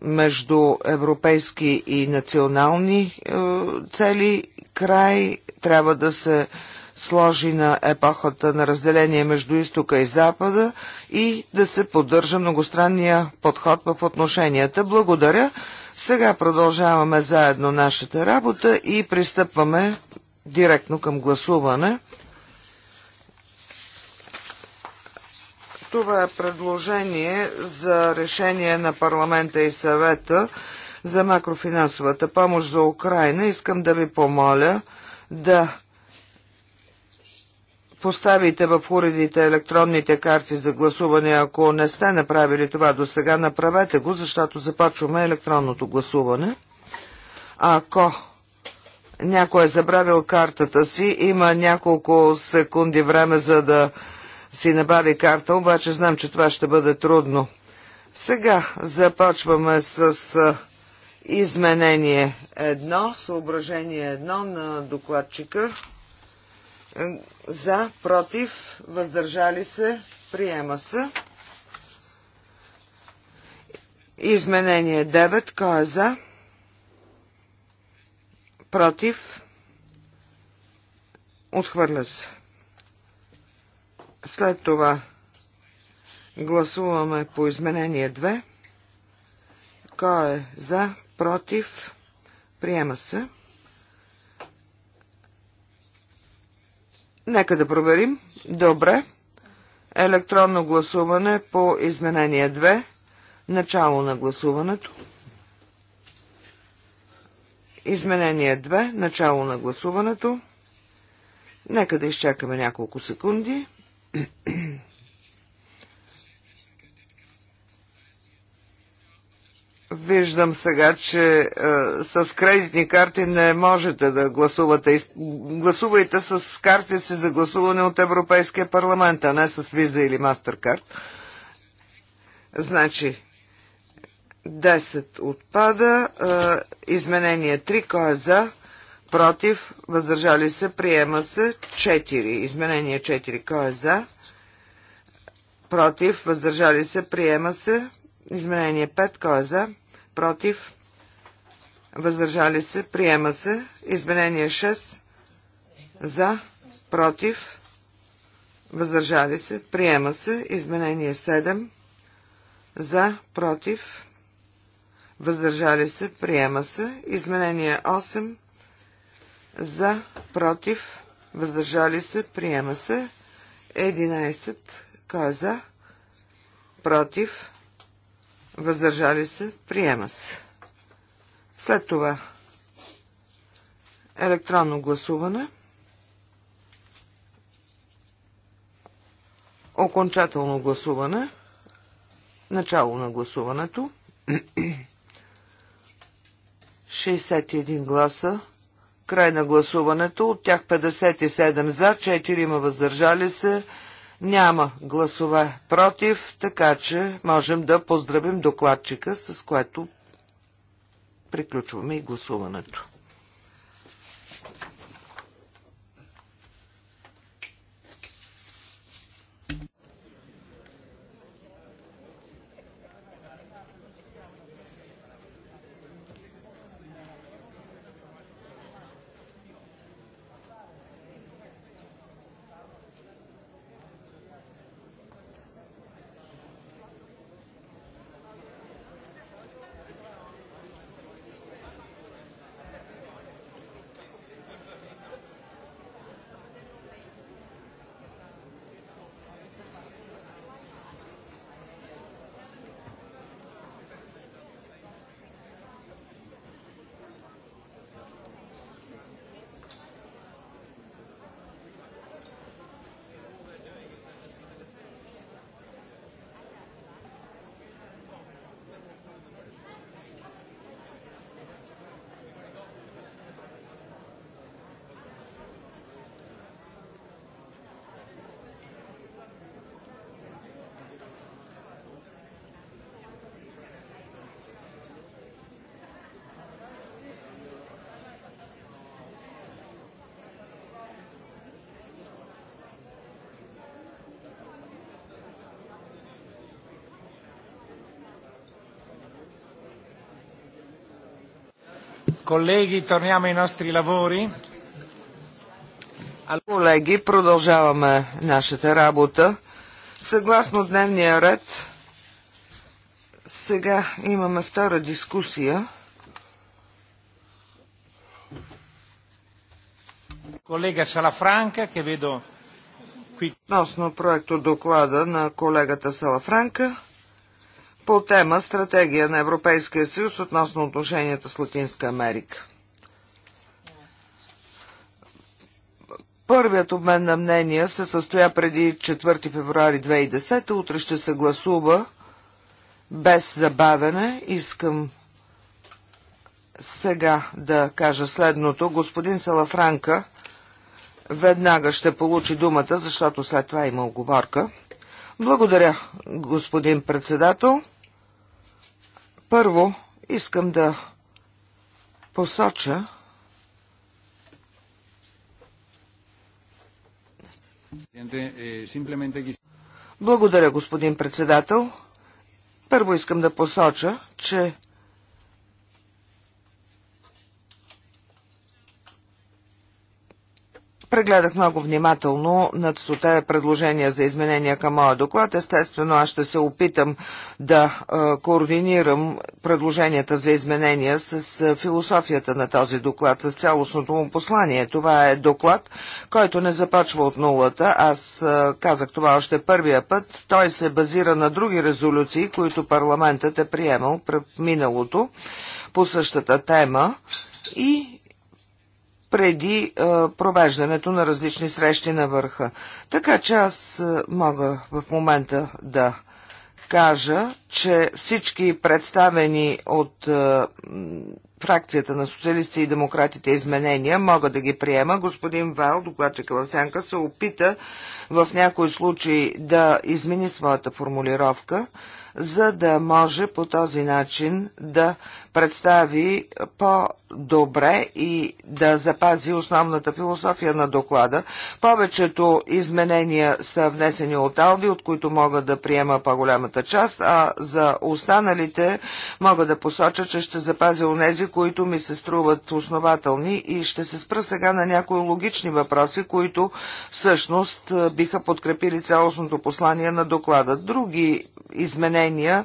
между европейски и национални а, цели. Край трябва да се сложи на епохата на разделение между изтока и запада и да се поддържа многостранния подход в отношенията. Благодаря. Сега продължаваме заедно нашата работа и пристъпваме директно към гласуване. Това е предложение за решение на парламента и съвета за макрофинансовата помощ за Украина. Искам да ви помоля да поставите в уредите електронните карти за гласуване. Ако не сте направили това до сега, направете го, защото започваме електронното гласуване. Ако някой е забравил картата си, има няколко секунди време за да си набави карта, обаче знам, че това ще бъде трудно. Сега започваме с изменение едно, съображение едно на докладчика. За, против, въздържали се, приема се. Изменение 9. Кой е за? Против. Отхвърля се. След това гласуваме по изменение 2. Кой е за? Против. Приема се. Нека да проверим. Добре. Електронно гласуване по изменение 2. Начало на гласуването. Изменение 2. Начало на гласуването. Нека да изчакаме няколко секунди. Виждам сега, че е, с кредитни карти не можете да гласувате. Гласувайте с карти си за гласуване от Европейския парламент, а не с виза или мастеркард. Значи, 10 отпада, е, изменение 3, кой е за, против, въздържали се, приема се 4. Изменение 4, кой е за, против, въздържали се, приема се. Изменение 5, кой е за? против, въздържали се, приема се. Изменение 6 за, против, въздържали се, приема се. Изменение 7 за, против, въздържали се, приема се. Изменение 8 за, против, въздържали се, приема се. 11. Кой е за? Против, въздържали се, приема се. След това електронно гласуване, окончателно гласуване, начало на гласуването, 61 гласа, край на гласуването, от тях 57 за, 4 има въздържали се, няма гласове против, така че можем да поздравим докладчика, с което приключваме и гласуването. Колеги, torniamo ai nostri lavori. Колеги, продължаваме нашата работа. Съгласно дневния ред, сега имаме втора дискусия. Колега Салафранка, ке ведо... Относно проекто доклада на колегата Салафранка – по тема Стратегия на Европейския съюз относно отношенията с Латинска Америка. Първият обмен на мнения се състоя преди 4 февруари 2010. Утре ще се гласува без забавене. Искам сега да кажа следното. Господин Салафранка веднага ще получи думата, защото след това има оговорка. Благодаря, господин председател. Първо, искам да посоча, Благодаря, господин председател. Първо искам да посоча, че Прегледах много внимателно над стоте предложения за изменения към моя доклад. Естествено, аз ще се опитам да е, координирам предложенията за изменения с е, философията на този доклад, с цялостното му послание. Това е доклад, който не започва от нулата. Аз е, казах това още първия път. Той се базира на други резолюции, които парламентът е приемал пред миналото по същата тема и преди провеждането на различни срещи на върха. Така че аз мога в момента да кажа, че всички представени от фракцията на социалисти и демократите изменения, мога да ги приема. Господин Вал, докладчика в сянка, се опита в някои случаи да измени своята формулировка, за да може по този начин да представи по-добре и да запази основната философия на доклада. Повечето изменения са внесени от Алди, от които мога да приема по-голямата част, а за останалите мога да посоча, че ще запазя онези, които ми се струват основателни и ще се спра сега на някои логични въпроси, които всъщност е, биха подкрепили цялостното послание на доклада. Други изменения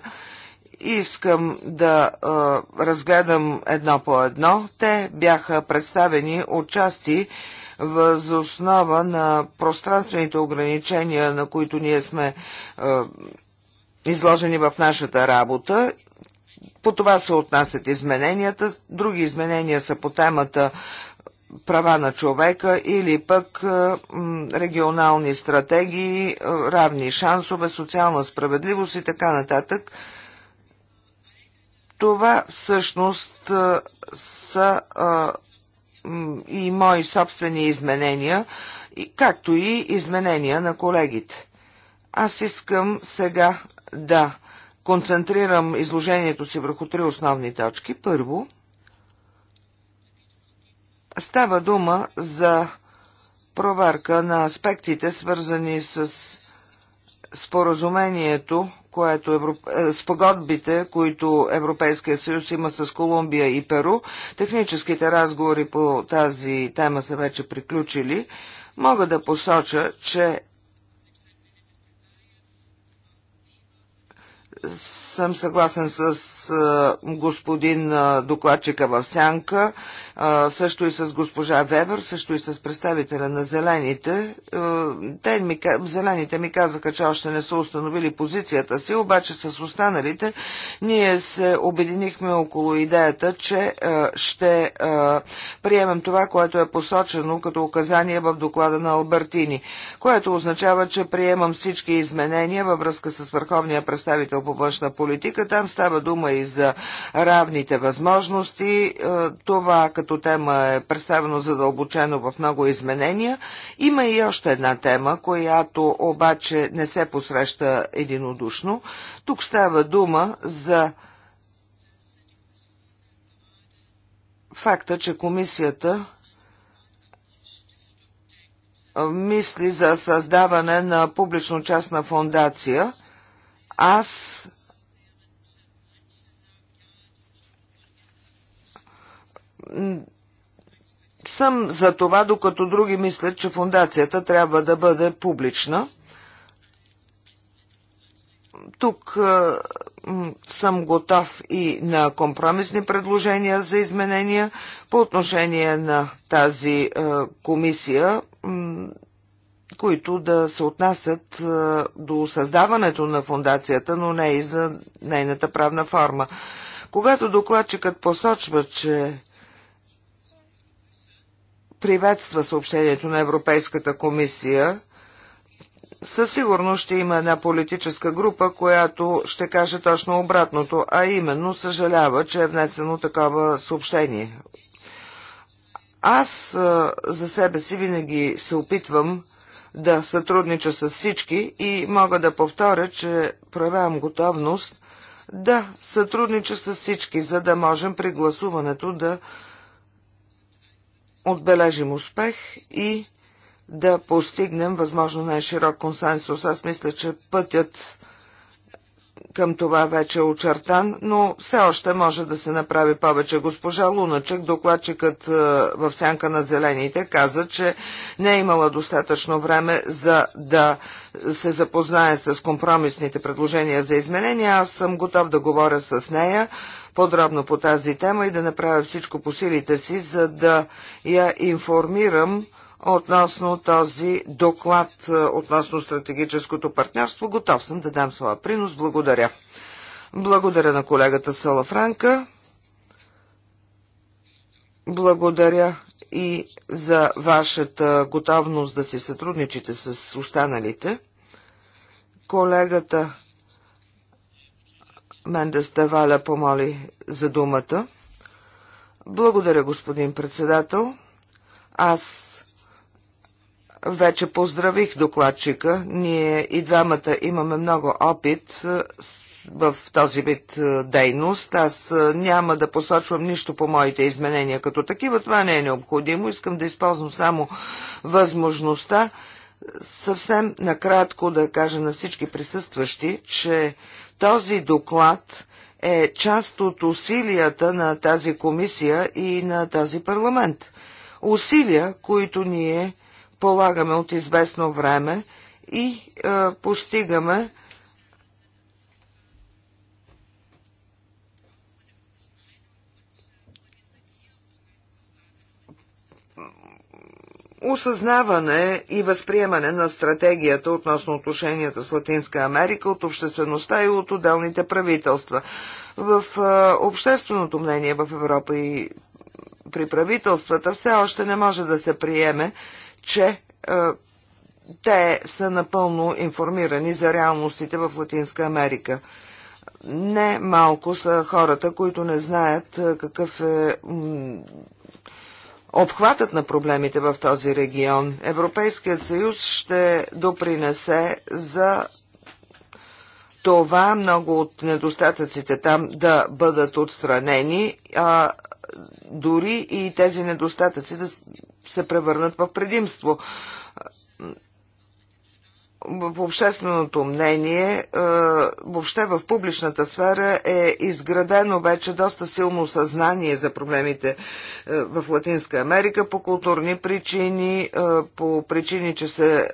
Искам да а, разгледам едно по едно. Те бяха представени от части въз основа на пространствените ограничения, на които ние сме а, изложени в нашата работа. По това се отнасят измененията. Други изменения са по темата права на човека или пък регионални стратегии, равни шансове, социална справедливост и така нататък. Това всъщност са и мои собствени изменения, както и изменения на колегите. Аз искам сега да концентрирам изложението си върху три основни точки. Първо, става дума за проверка на аспектите, свързани с споразумението което Европ... Е, спогодбите, които Европейския съюз има с Колумбия и Перу. Техническите разговори по тази тема са вече приключили. Мога да посоча, че съм съгласен с е, господин е, докладчика в Сянка също и с госпожа Вебер, също и с представителя на зелените. Те ми, зелените ми казаха, че още не са установили позицията си, обаче с останалите ние се обединихме около идеята, че ще приемем това, което е посочено като указание в доклада на Албертини, което означава, че приемам всички изменения във връзка с върховния представител по външна политика. Там става дума и за равните възможности. Това като като тема е представено задълбочено в много изменения. Има и още една тема, която обаче не се посреща единодушно. Тук става дума за факта, че комисията мисли за създаване на публично-частна фундация, Аз съм за това, докато други мислят, че фундацията трябва да бъде публична. Тук съм готов и на компромисни предложения за изменения по отношение на тази комисия, които да се отнасят до създаването на фундацията, но не и за нейната правна форма. Когато докладчикът посочва, че приветства съобщението на Европейската комисия. Със сигурност ще има една политическа група, която ще каже точно обратното, а именно съжалява, че е внесено такова съобщение. Аз за себе си винаги се опитвам да сътруднича с всички и мога да повторя, че проявявам готовност да сътруднича с всички, за да можем при гласуването да отбележим успех и да постигнем възможно най-широк консенсус. Аз мисля, че пътят към това вече е очертан, но все още може да се направи повече. Госпожа Луначек, докладчикът е, в сянка на зелените, каза, че не е имала достатъчно време за да се запознае с компромисните предложения за изменения. Аз съм готов да говоря с нея подробно по тази тема и да направя всичко по силите си, за да я информирам относно този доклад е, относно стратегическото партньорство. Готов съм да дам своя принос. Благодаря. Благодаря на колегата Салафранка. Благодаря и за вашата готовност да си сътрудничите с останалите. Колегата Менда Ставаля помоли за думата. Благодаря, господин председател. Аз вече поздравих докладчика. Ние и двамата имаме много опит е, в този вид е, дейност. Аз е, няма да посочвам нищо по моите изменения като такива. Това не е необходимо. Искам да използвам само възможността съвсем накратко да кажа на всички присъстващи, че този доклад е част от усилията на тази комисия и на този парламент. Усилия, които ние полагаме от известно време и е, постигаме осъзнаване и възприемане на стратегията относно отношенията с Латинска Америка от обществеността и от отделните правителства. В общественото мнение в Европа и при правителствата все още не може да се приеме, че те са напълно информирани за реалностите в Латинска Америка. Не малко са хората, които не знаят какъв е обхватът на проблемите в този регион. Европейският съюз ще допринесе за това много от недостатъците там да бъдат отстранени, а дори и тези недостатъци да се превърнат в предимство в общественото мнение, е, въобще в публичната сфера е изградено вече доста силно съзнание за проблемите е, в Латинска Америка по културни причини, е, по причини, че се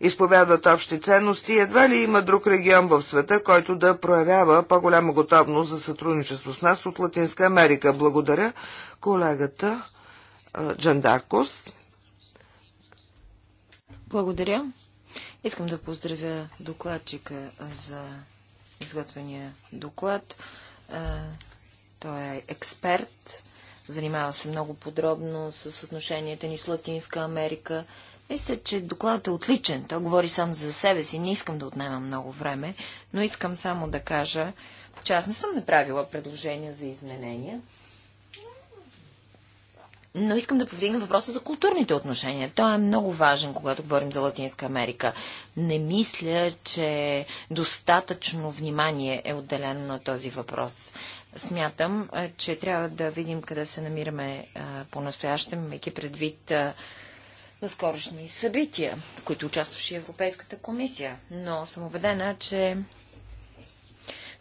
изповядват общи ценности. Едва ли има друг регион в света, който да проявява по-голяма готовност за сътрудничество с нас от Латинска Америка. Благодаря колегата Джандаркос. Благодаря. Искам да поздравя докладчика за изготвения доклад. Той е експерт, занимава се много подробно с отношенията ни с Латинска Америка. Мисля, че докладът е отличен. Той говори сам за себе си. Не искам да отнема много време, но искам само да кажа, че аз не съм направила предложения за изменения. Но искам да повдигна въпроса за културните отношения. Той е много важен, когато говорим за Латинска Америка. Не мисля, че достатъчно внимание е отделено на този въпрос. Смятам, е, че трябва да видим къде се намираме е, по-настоящем, имайки предвид на е, наскорошни събития, в които участваше Европейската комисия. Но съм убедена, че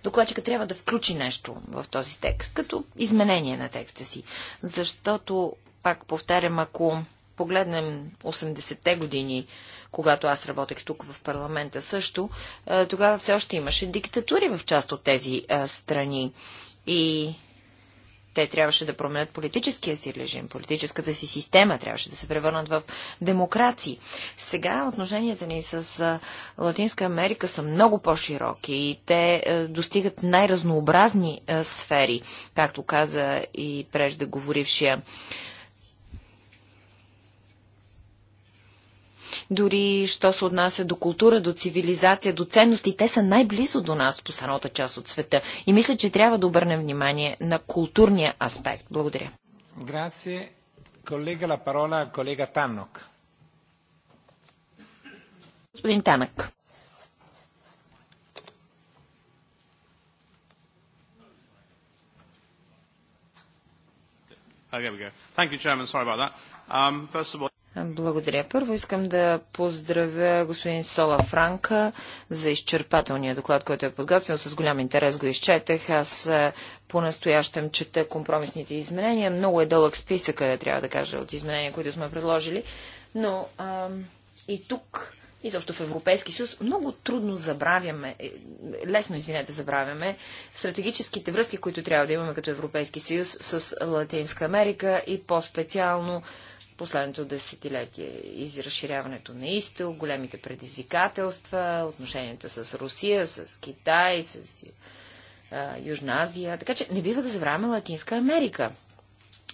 докладчика трябва да включи нещо в този текст, като изменение на текста си. Защото, пак повтарям, ако погледнем 80-те години, когато аз работех тук в парламента също, е, тогава все още имаше диктатури в част от тези е, страни. И те трябваше да променят политическия си режим, политическата си система, трябваше да се превърнат в демокрации. Сега отношенията ни с Латинска Америка са много по-широки и те достигат най-разнообразни сфери, както каза и преждеговорившия. говорившия дори що се отнася до култура, до цивилизация, до ценности. Те са най-близо до нас по останалата част от света. И мисля, че трябва да обърнем внимание на културния аспект. Благодаря. Грация. Колега, Ла Парола, колега Таннок. Господин Танък. Okay, we go. Thank you, Chairman. Sorry about that. Um, first of all... Благодаря. Първо искам да поздравя господин Сола Франка за изчерпателния доклад, който е подготвил. С голям интерес го изчетах. Аз по-настоящем чета компромисните изменения. Много е дълъг списък, трябва да кажа, от изменения, които сме предложили. Но а, и тук и защо в Европейски съюз много трудно забравяме, е, лесно, извинете, забравяме стратегическите връзки, които трябва да имаме като Европейски съюз с Латинска Америка и по-специално последното десетилетие. И разширяването на изток, големите предизвикателства, отношенията с Русия, с Китай, с а, Южна Азия. Така че не бива да забравяме Латинска Америка.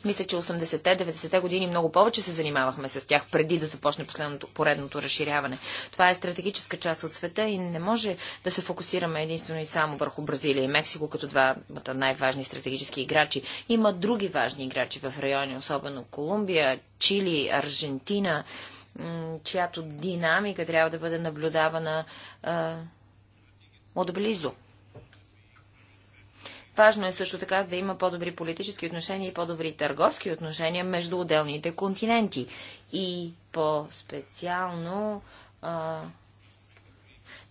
Мисля, че 80-те, 90-те години много повече се занимавахме с тях, преди да започне последното, поредното разширяване. Това е стратегическа част от света и не може да се фокусираме единствено и само върху Бразилия и Мексико, като двамата най-важни стратегически играчи. Има други важни играчи в райони, особено Колумбия, Чили, Аржентина, чиято динамика трябва да бъде наблюдавана а, отблизо. Важно е също така да има по-добри политически отношения и по-добри търговски отношения между отделните континенти. И по-специално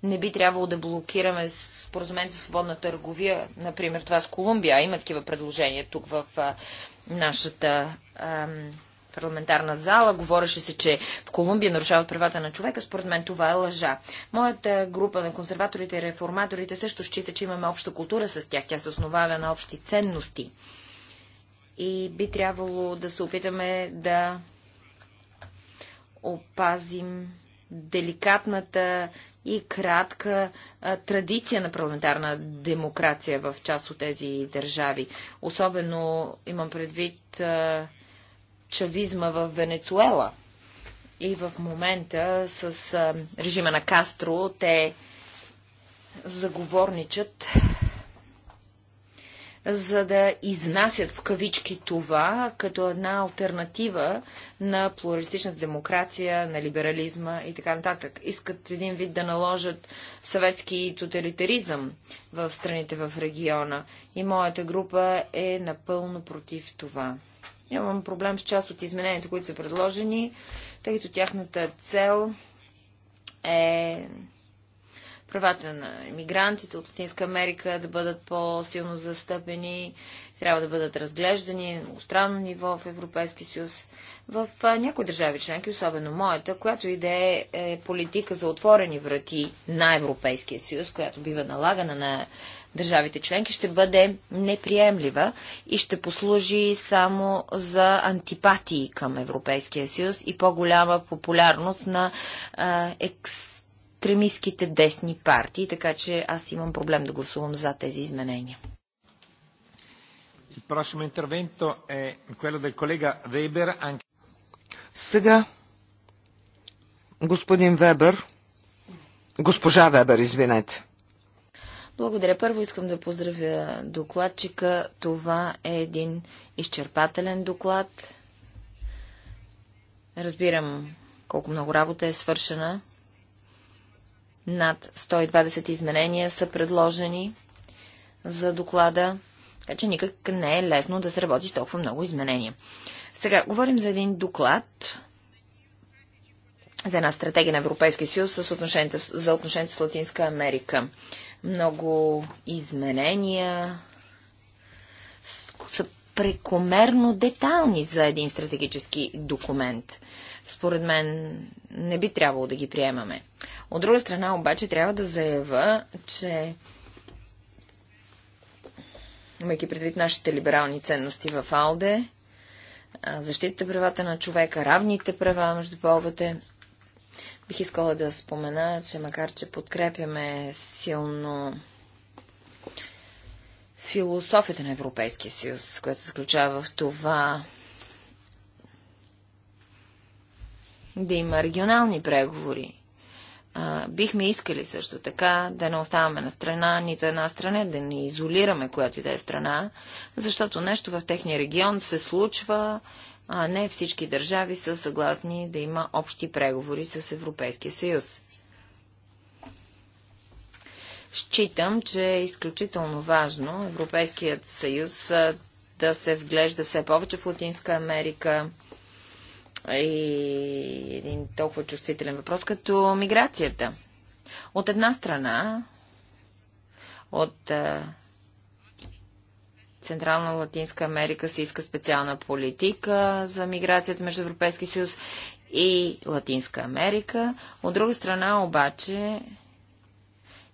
не би трябвало да блокираме споразумение за свободна търговия, например това с Колумбия. Има такива предложения тук в а, нашата парламентарна зала. Говореше се, че в Колумбия нарушават правата на човека. Според мен това е лъжа. Моята група на консерваторите и реформаторите също счита, че имаме обща култура с тях. Тя се основава на общи ценности. И би трябвало да се опитаме да опазим деликатната и кратка а, традиция на парламентарна демокрация в част от тези държави. Особено имам предвид а, чавизма в Венецуела. И в момента с а, режима на Кастро те заговорничат за да изнасят в кавички това като една альтернатива на плуралистичната демокрация, на либерализма и така нататък. Искат един вид да наложат съветски тоталитаризъм в страните в региона. И моята група е напълно против това. Нямам проблем с част от измененията, които са предложени, тъй като тяхната цел е правата на иммигрантите от Латинска Америка да бъдат по-силно застъпени, трябва да бъдат разглеждани на странно ниво в Европейски съюз. В някои държави членки, особено моята, която идея е политика за отворени врати на Европейския съюз, която бива налагана на държавите членки, ще бъде неприемлива и ще послужи само за антипатии към Европейския съюз и по-голяма популярност на а, екстремистските десни партии, така че аз имам проблем да гласувам за тези изменения. Сега господин Вебер, госпожа Вебер, извинете. Благодаря. Първо искам да поздравя докладчика. Това е един изчерпателен доклад. Разбирам колко много работа е свършена. Над 120 изменения са предложени за доклада, така че никак не е лесно да се работи с толкова много изменения. Сега, говорим за един доклад, за една стратегия на Европейския съюз за отношенията с Латинска Америка. Много изменения са прекомерно детални за един стратегически документ. Според мен не би трябвало да ги приемаме. От друга страна обаче трябва да заява, че имайки предвид нашите либерални ценности в АЛДЕ, защитата правата на човека, равните права между половете, Бих искала да спомена, че макар, че подкрепяме силно философията на Европейския съюз, която се заключава в това да има регионални преговори. бихме искали също така да не оставаме на страна нито една страна, да не изолираме която и да е страна, защото нещо в техния регион се случва, а не всички държави са съгласни да има общи преговори с Европейския съюз. Считам, че е изключително важно Европейският съюз да се вглежда все повече в Латинска Америка и един толкова чувствителен въпрос като миграцията. От една страна, от Централна Латинска Америка се иска специална политика за миграцията между Европейски съюз и Латинска Америка. От друга страна обаче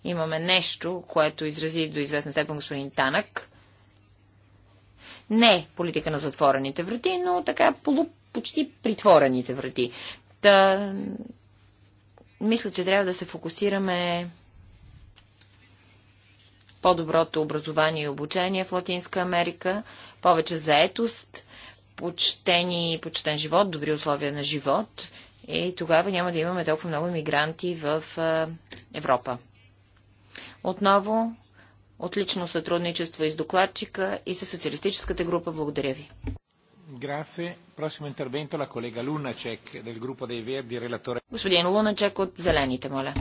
имаме нещо, което изрази до известна степен господин Танък. Не политика на затворените врати, но така полу, почти притворените врати. Та, мисля, че трябва да се фокусираме по-доброто образование и обучение в Латинска Америка, повече заетост, почтени и почтен живот, добри условия на живот и тогава няма да имаме толкова много мигранти в Европа. Отново, отлично сътрудничество и с докладчика и с социалистическата група. Благодаря ви. Grazie. Prossimo intervento la collega Lunacek del gruppo dei Verdi, relatore. Господин от Зелените, моля.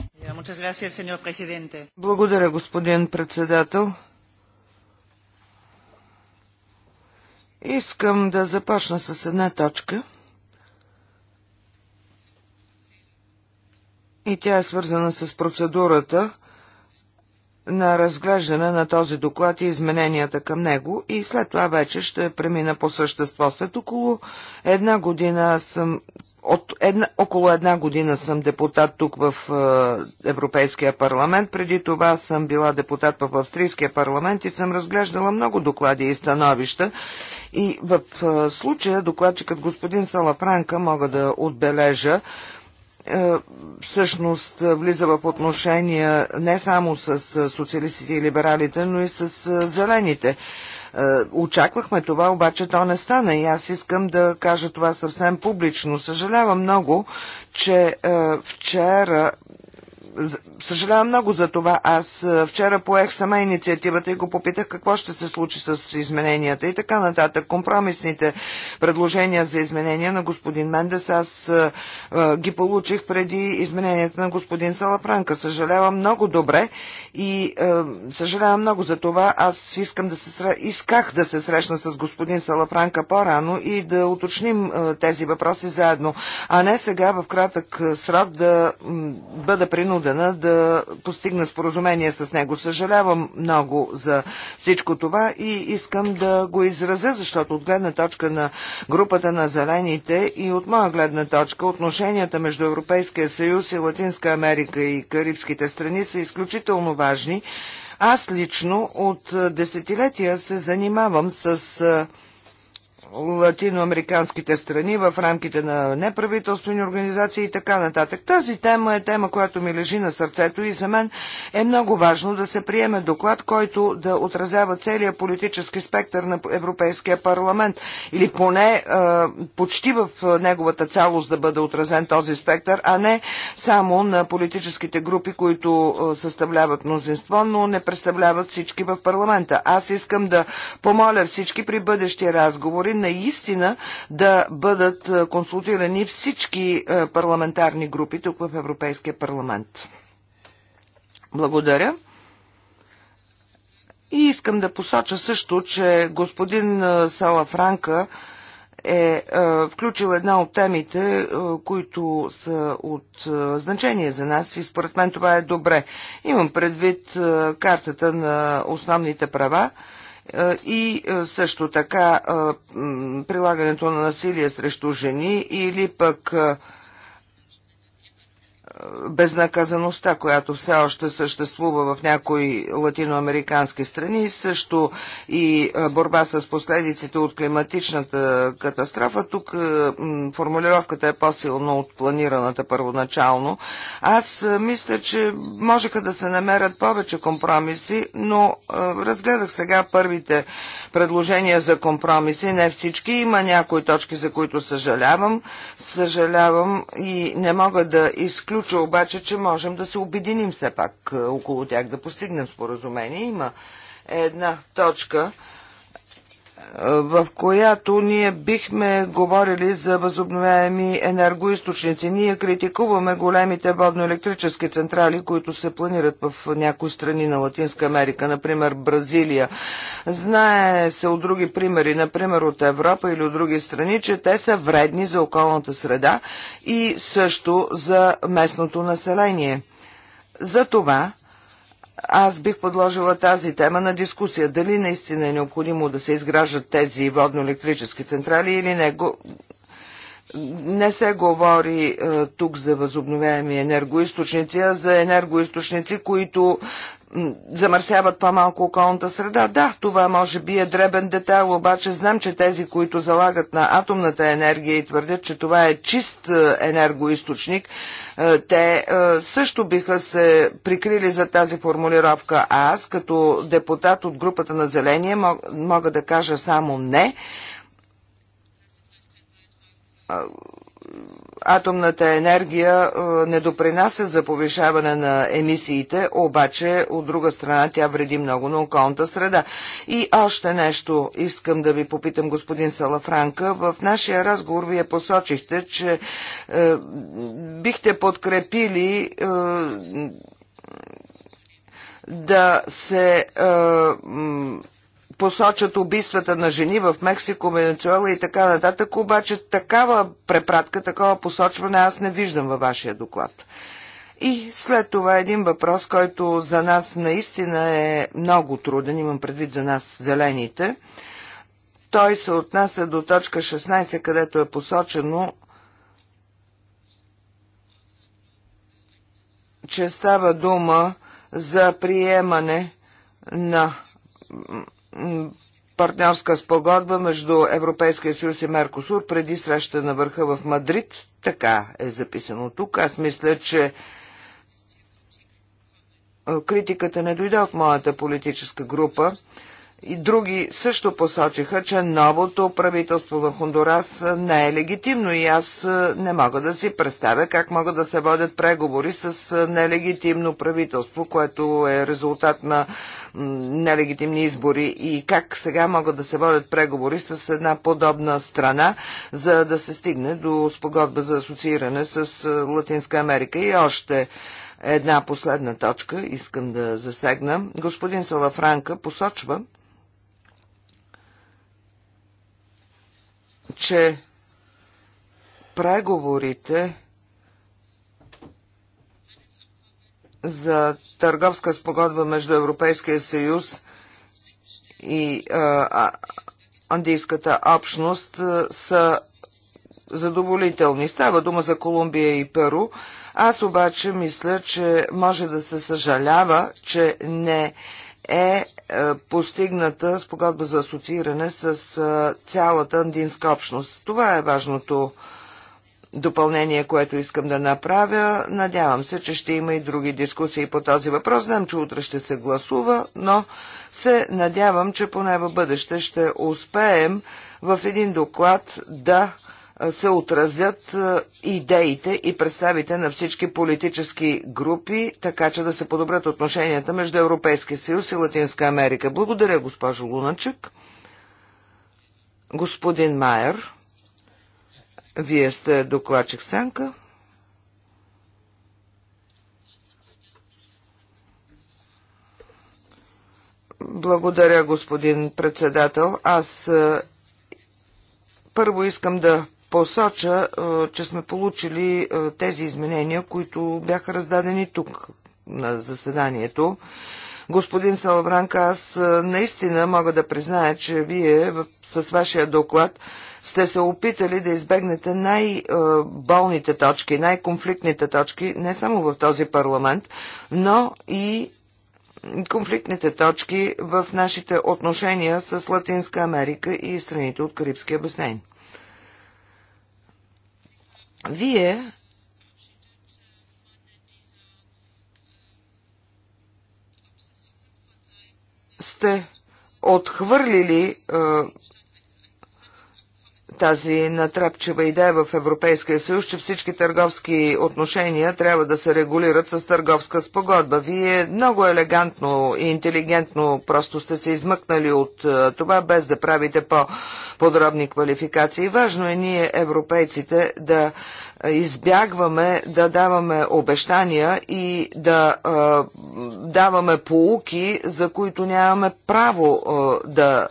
Благодаря, господин председател. Искам да започна с една точка. И тя е свързана с процедурата, на разглеждане на този доклад и измененията към него и след това вече ще премина по същество. След около една година съм от една, около една година съм депутат тук в е, Европейския парламент. Преди това съм била депутат в Австрийския парламент и съм разглеждала много доклади и становища. И в е, случая докладчикът господин Салафранка мога да отбележа, е, всъщност е, влиза в отношения не само с социалистите и либералите, но и с е, зелените. Очаквахме това, обаче то не стана и аз искам да кажа това съвсем публично. Съжалявам много, че вчера съжалявам много за това. Аз е, вчера поех сама инициативата и го попитах какво ще се случи с измененията и така нататък. Компромисните предложения за изменения на господин Мендес аз е, е, ги получих преди измененията на господин Салапранка. Съжалявам много добре и съжалявам много за това. Аз искам да се, исках да се срещна с господин Салапранка по-рано и да уточним тези въпроси заедно, а не сега в кратък срок да бъда принуден принудена да постигна споразумение с него. Съжалявам много за всичко това и искам да го изразя, защото от гледна точка на групата на зелените и от моя гледна точка отношенията между Европейския съюз и Латинска Америка и Карибските страни са изключително важни. Аз лично от десетилетия се занимавам с латиноамериканските страни в рамките на неправителствени организации и така нататък. Тази тема е тема, която ми лежи на сърцето и за мен е много важно да се приеме доклад, който да отразява целият политически спектър на Европейския парламент или поне почти в неговата цялост да бъде отразен този спектър, а не само на политическите групи, които съставляват мнозинство, но не представляват всички в парламента. Аз искам да помоля всички при бъдещи разговори наистина да бъдат е, консултирани всички е, парламентарни групи тук в Европейския парламент. Благодаря. И искам да посоча също, че господин е, Сала Франка е включил една от темите, които са от значение за нас и според мен това е добре. Имам предвид картата на основните права. Е, и е, също така е, прилагането на насилие срещу жени или пък безнаказаността, която все още съществува в някои латиноамерикански страни, също и борба с последиците от климатичната катастрофа. Тук формулировката е по силно от планираната първоначално. Аз мисля, че можеха да се намерят повече компромиси, но разгледах сега първите предложения за компромиси. Не всички. Има някои точки, за които съжалявам. Съжалявам и не мога да изключа мисля обаче, че можем да се обединим все пак е, около тях, да постигнем споразумение. Има една точка, в която ние бихме говорили за възобновяеми енергоисточници. Ние критикуваме големите водноелектрически централи, които се планират в някои страни на Латинска Америка, например Бразилия. Знае се от други примери, например от Европа или от други страни, че те са вредни за околната среда и също за местното население. За това аз бих подложила тази тема на дискусия. Дали наистина е необходимо да се изграждат тези водно-електрически централи или не. Не се говори е, тук за възобновяеми енергоисточници, а за енергоисточници, които замърсяват по-малко околната среда. Да, това може би е дребен детайл, обаче знам, че тези, които залагат на атомната енергия и твърдят, че това е чист е, енергоисточник, е, те е, също биха се прикрили за тази формулировка. А аз, като депутат от групата на Зеление, мога да кажа само не е, атомната енергия е, не допринася за повишаване на емисиите, обаче от друга страна тя вреди много на околната среда. И още нещо искам да ви попитам, господин Салафранка. В нашия разговор вие посочихте, че е, бихте подкрепили е, да се е, посочат убийствата на жени в Мексико, Венецуела и така нататък, обаче такава препратка, такова посочване аз не виждам във вашия доклад. И след това един въпрос, който за нас наистина е много труден, имам предвид за нас зелените. Той се отнася до точка 16, където е посочено, че става дума за приемане на партньорска спогодба между Европейския съюз и Меркосур преди среща на върха в Мадрид. Така е записано тук. Аз мисля, че е, критиката не дойде от моята политическа група и други също посочиха, че новото правителство на Хондурас не е легитимно и аз не мога да си представя как могат да се водят преговори с нелегитимно правителство, което е резултат на нелегитимни избори и как сега могат да се водят преговори с една подобна страна, за да се стигне до спогодба за асоцииране с Латинска Америка и още Една последна точка искам да засегна. Господин Салафранка посочва, че преговорите за търговска спогодба между Европейския съюз и Андийската общност са задоволителни. Става дума за Колумбия и Перу. Аз обаче мисля, че може да се съжалява, че не е, е постигната спогодба за асоцииране с е, цялата андинска общност. Това е важното допълнение, което искам да направя. Надявам се, че ще има и други дискусии по този въпрос. Знам, че утре ще се гласува, но се надявам, че поне в бъдеще ще успеем в един доклад да се отразят идеите и представите на всички политически групи, така че да се подобрят отношенията между Европейския съюз и Латинска Америка. Благодаря, госпожо Луначек. Господин Майер, вие сте докладчик в Сянка. Благодаря, господин председател. Аз първо искам да посоча, е, че сме получили е, тези изменения, които бяха раздадени тук на заседанието. Господин Салабранка, аз е, наистина мога да призная, че вие с вашия доклад сте се опитали да избегнете най-болните точки, най-конфликтните точки, не само в този парламент, но и конфликтните точки в нашите отношения с Латинска Америка и страните от Карибския басейн. Вие сте отхвърлили тази натрапчива идея в Европейския съюз, че всички търговски отношения трябва да се регулират с търговска спогодба. Вие много елегантно и интелигентно просто сте се измъкнали от това, без да правите по-подробни квалификации. Важно е ние, европейците, да избягваме да даваме обещания и да а, даваме поуки, за които нямаме право а, да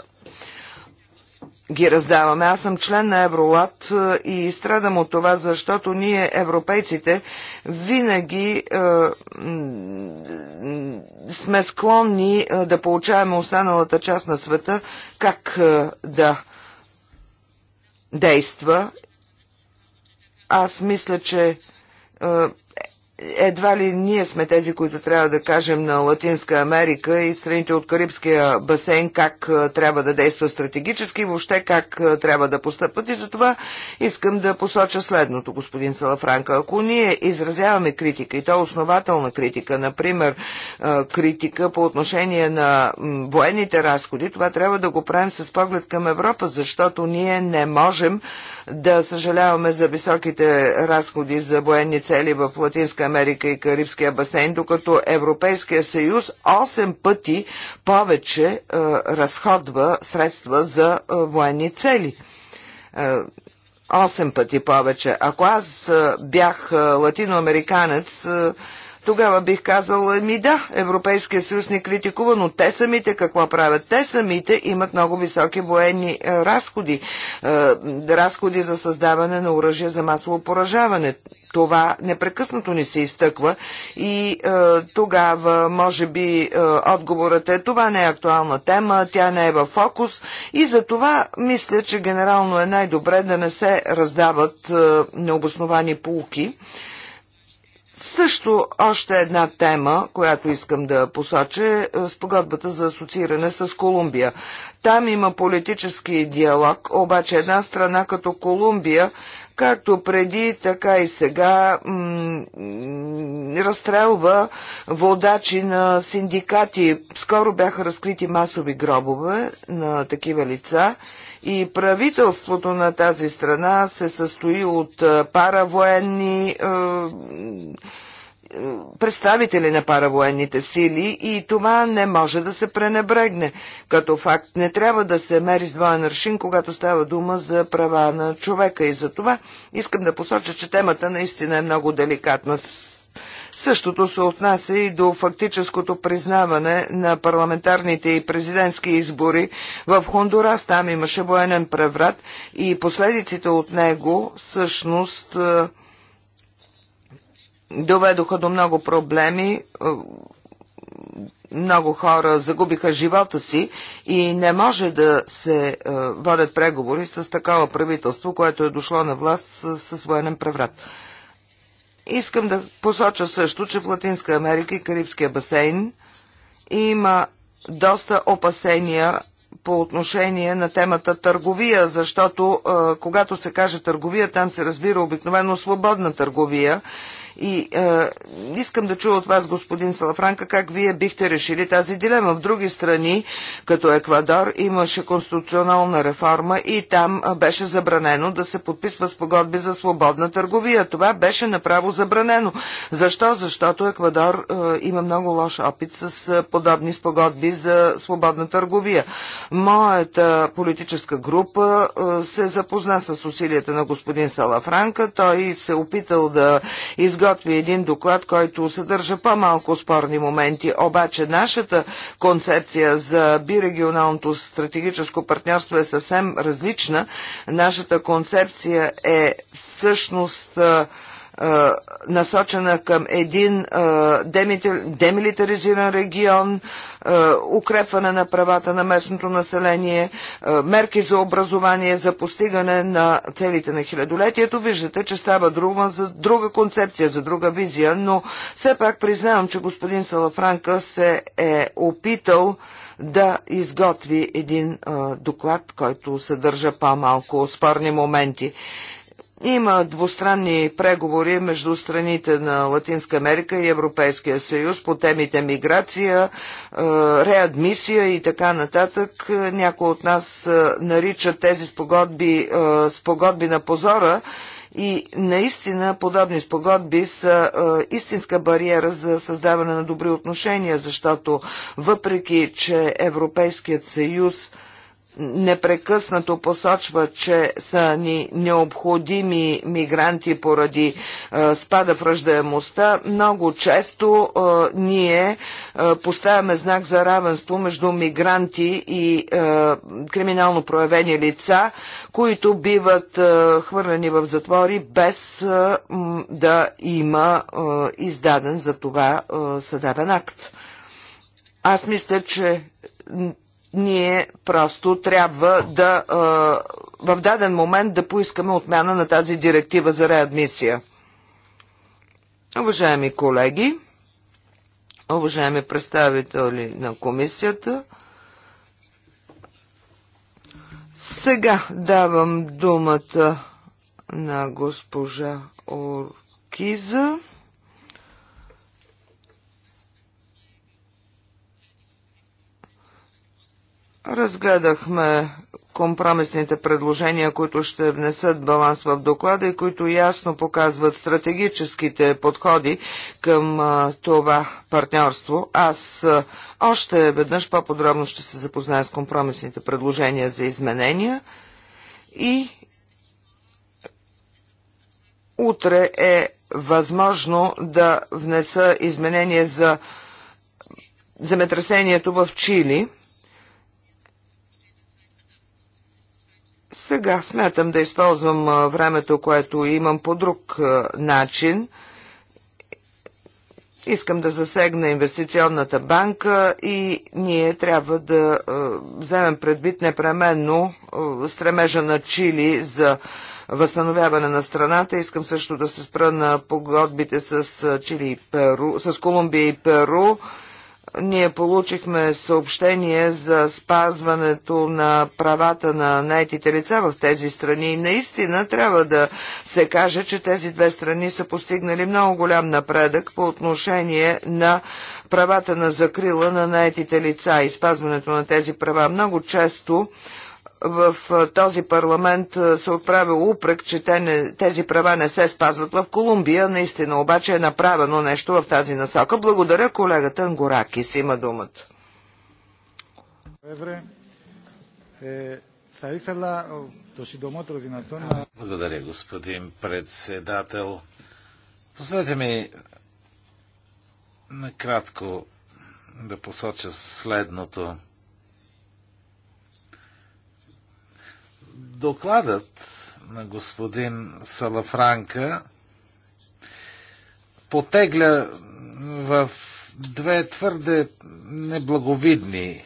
ги раздаваме. Аз съм член на Евролат е, и страдам от това, защото ние, европейците, винаги е, сме склонни е, да получаваме останалата част на света как е, да действа. Аз мисля, че е, едва ли ние сме тези, които трябва да кажем на Латинска Америка и страните от Карибския басейн как трябва да действа стратегически, въобще как трябва да постъпват. И затова искам да посоча следното, господин Салафранка. Ако ние изразяваме критика, и то е основателна критика, например критика по отношение на военните разходи, това трябва да го правим с поглед към Европа, защото ние не можем да съжаляваме за високите разходи за военни цели в Латинска Америка и Карибския басейн, докато Европейския съюз 8 пъти повече е, разходва средства за е, военни цели. Е, 8 пъти повече. Ако аз е, бях е, латиноамериканец, е, тогава бих казала, ми да, Европейския съюз ни критикува, но те самите какво правят? Те самите имат много високи военни е, разходи, е, разходи за създаване на оръжие за масово поражаване. Това непрекъснато ни се изтъква и е, тогава, може би, е, отговорът е това не е актуална тема, тя не е в фокус и за това мисля, че генерално е най-добре да не се раздават е, необосновани полки. Също още една тема, която искам да посоча, е, е спогодбата за асоцииране с Колумбия. Там има политически диалог, обаче една страна като Колумбия както преди, така и сега разстрелва водачи на синдикати. Скоро бяха разкрити масови гробове на такива лица. И правителството на тази страна се състои от е, паравоенни е, е, представители на паравоенните сили и това не може да се пренебрегне. Като факт не трябва да се мери с двоен аршин, когато става дума за права на човека и за това искам да посоча, че темата наистина е много деликатна. Същото се отнася и до фактическото признаване на парламентарните и президентски избори в Хондурас. Там имаше военен преврат и последиците от него всъщност е, доведоха до много проблеми. Е, много хора загубиха живота си и не може да се е, водят преговори с такова правителство, което е дошло на власт с, с военен преврат. Искам да посоча също, че в Латинска Америка и Карибския басейн има доста опасения по отношение на темата търговия, защото когато се каже търговия, там се разбира обикновено свободна търговия и е, искам да чуя от вас, господин Салафранка, как вие бихте решили тази дилема. В други страни, като Еквадор, имаше конституционална реформа и там е, беше забранено да се подписва спогодби за свободна търговия. Това беше направо забранено. Защо? Защото Еквадор е, има много лош опит с е, подобни спогодби за свободна търговия. Моята политическа група е, се запозна с усилията на господин Салафранка. Той се опитал да изгради изготви един доклад, който съдържа по-малко спорни моменти. Обаче нашата концепция за бирегионалното стратегическо партньорство е съвсем различна. Нашата концепция е всъщност насочена към един демилитаризиран регион, укрепване на правата на местното население, мерки за образование, за постигане на целите на хилядолетието. Виждате, че става друга, за друга концепция, за друга визия, но все пак признавам, че господин Салафранка се е опитал да изготви един а, доклад, който съдържа по-малко спорни моменти. Има двустранни преговори между страните на Латинска Америка и Европейския съюз по темите миграция, е, реадмисия и така нататък. Е, някои от нас е, наричат тези спогодби спогодби на позора и наистина подобни спогодби са е, истинска бариера за създаване на добри отношения, защото въпреки, че Европейският съюз непрекъснато посочва, че са ни необходими мигранти поради е, спада в ръждаемостта, много често е, ние е, поставяме знак за равенство между мигранти и криминално проявени лица, които биват хвърлени в затвори без да има издаден за това съдебен акт. Аз мисля, че ние просто трябва да в даден момент да поискаме отмяна на тази директива за реадмисия. Уважаеми колеги, уважаеми представители на комисията, сега давам думата на госпожа Оркиза. Разгледахме компромисните предложения, които ще внесат баланс в доклада и които ясно показват стратегическите подходи към това партньорство. Аз още веднъж по-подробно ще се запозная с компромисните предложения за изменения и утре е възможно да внеса изменения за земетресението в Чили – Сега смятам да използвам времето, което имам по друг начин. Искам да засегна инвестиционната банка и ние трябва да вземем предвид непременно стремежа на Чили за възстановяване на страната. Искам също да се спра на погодбите с Чили и Перу, с Колумбия и Перу ние получихме съобщение за спазването на правата на наетите лица в тези страни. И наистина трябва да се каже, че тези две страни са постигнали много голям напредък по отношение на правата на закрила на найтите лица и спазването на тези права. Много често в този парламент се отправя упрек, че те не, тези права не се спазват в Колумбия. Наистина обаче е направено нещо в тази насока. Благодаря колегата Ангоракис. Има думата. Е, Благодаря, господин председател. Позволете ми накратко да посоча следното. Докладът на господин Салафранка потегля в две твърде неблаговидни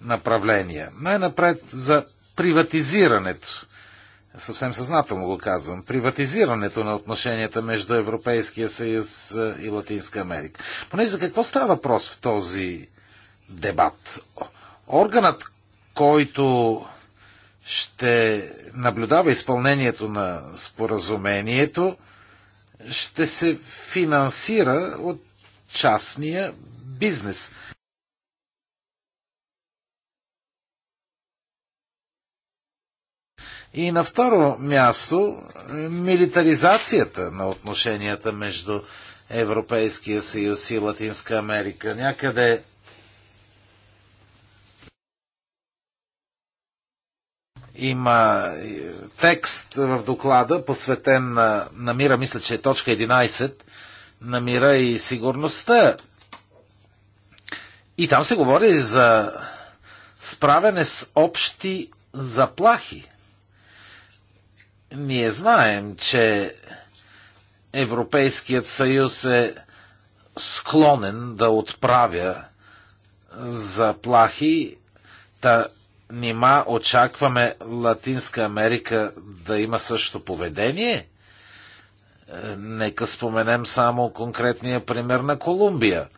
направления. Най-напред за приватизирането. Съвсем съзнателно го казвам. Приватизирането на отношенията между Европейския съюз и Латинска Америка. Поне за какво става въпрос в този дебат? Органът, който ще наблюдава изпълнението на споразумението, ще се финансира от частния бизнес. И на второ място, милитаризацията на отношенията между Европейския съюз и Латинска Америка. Някъде Има е, текст в доклада, посветен на, на мира, мисля, че е точка 11, на мира и сигурността. И там се говори за справяне с общи заплахи. Ние знаем, че Европейският съюз е склонен да отправя заплахи. Та Нима очакваме Латинска Америка да има същото поведение? Е, нека споменем само конкретния пример на Колумбия.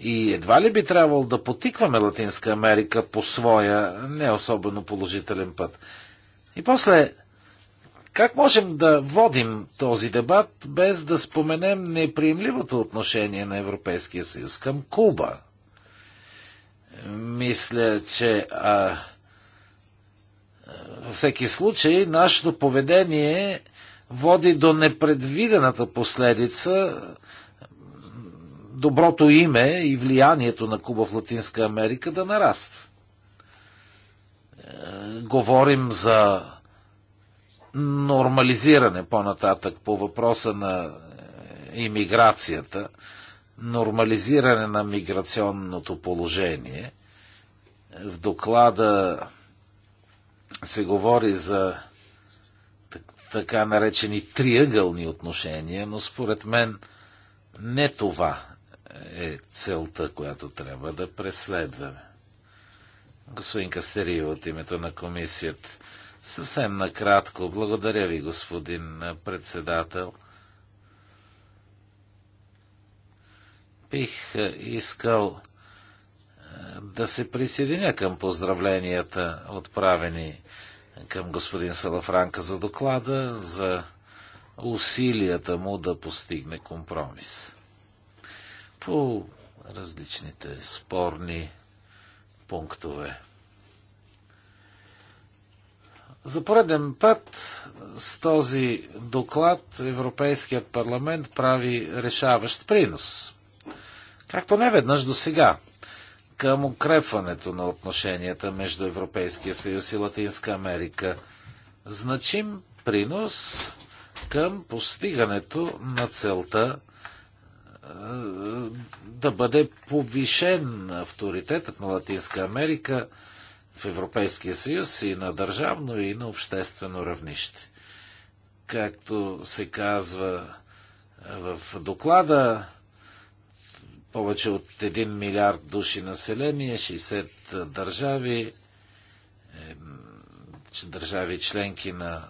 И едва ли би трябвало да потикваме Латинска Америка по своя не особено положителен път. И после, как можем да водим този дебат без да споменем неприемливото отношение на Европейския съюз към Куба? Мисля, че а, във всеки случай, нашето поведение води до непредвидената последица доброто име и влиянието на Куба в Латинска Америка да нараства. Е, говорим за нормализиране по-нататък по въпроса на имиграцията, нормализиране на миграционното положение. В доклада се говори за така наречени триъгълни отношения, но според мен не това е целта, която трябва да преследваме. Господин Кастерио от името на комисията. Съвсем накратко. Благодаря ви, господин председател. Бих е, искал да се присъединя към поздравленията, отправени към господин Салафранка за доклада, за усилията му да постигне компромис. По различните спорни пунктове. За пореден път с този доклад Европейският парламент прави решаващ принос. Както не веднъж до сега към укрепването на отношенията между Европейския съюз и Латинска Америка. Значим принос към постигането на целта е, да бъде повишен авторитетът на Латинска Америка в Европейския съюз и на държавно и на обществено равнище. Както се казва в доклада, повече от 1 милиард души население, 60 държави, е, държави членки на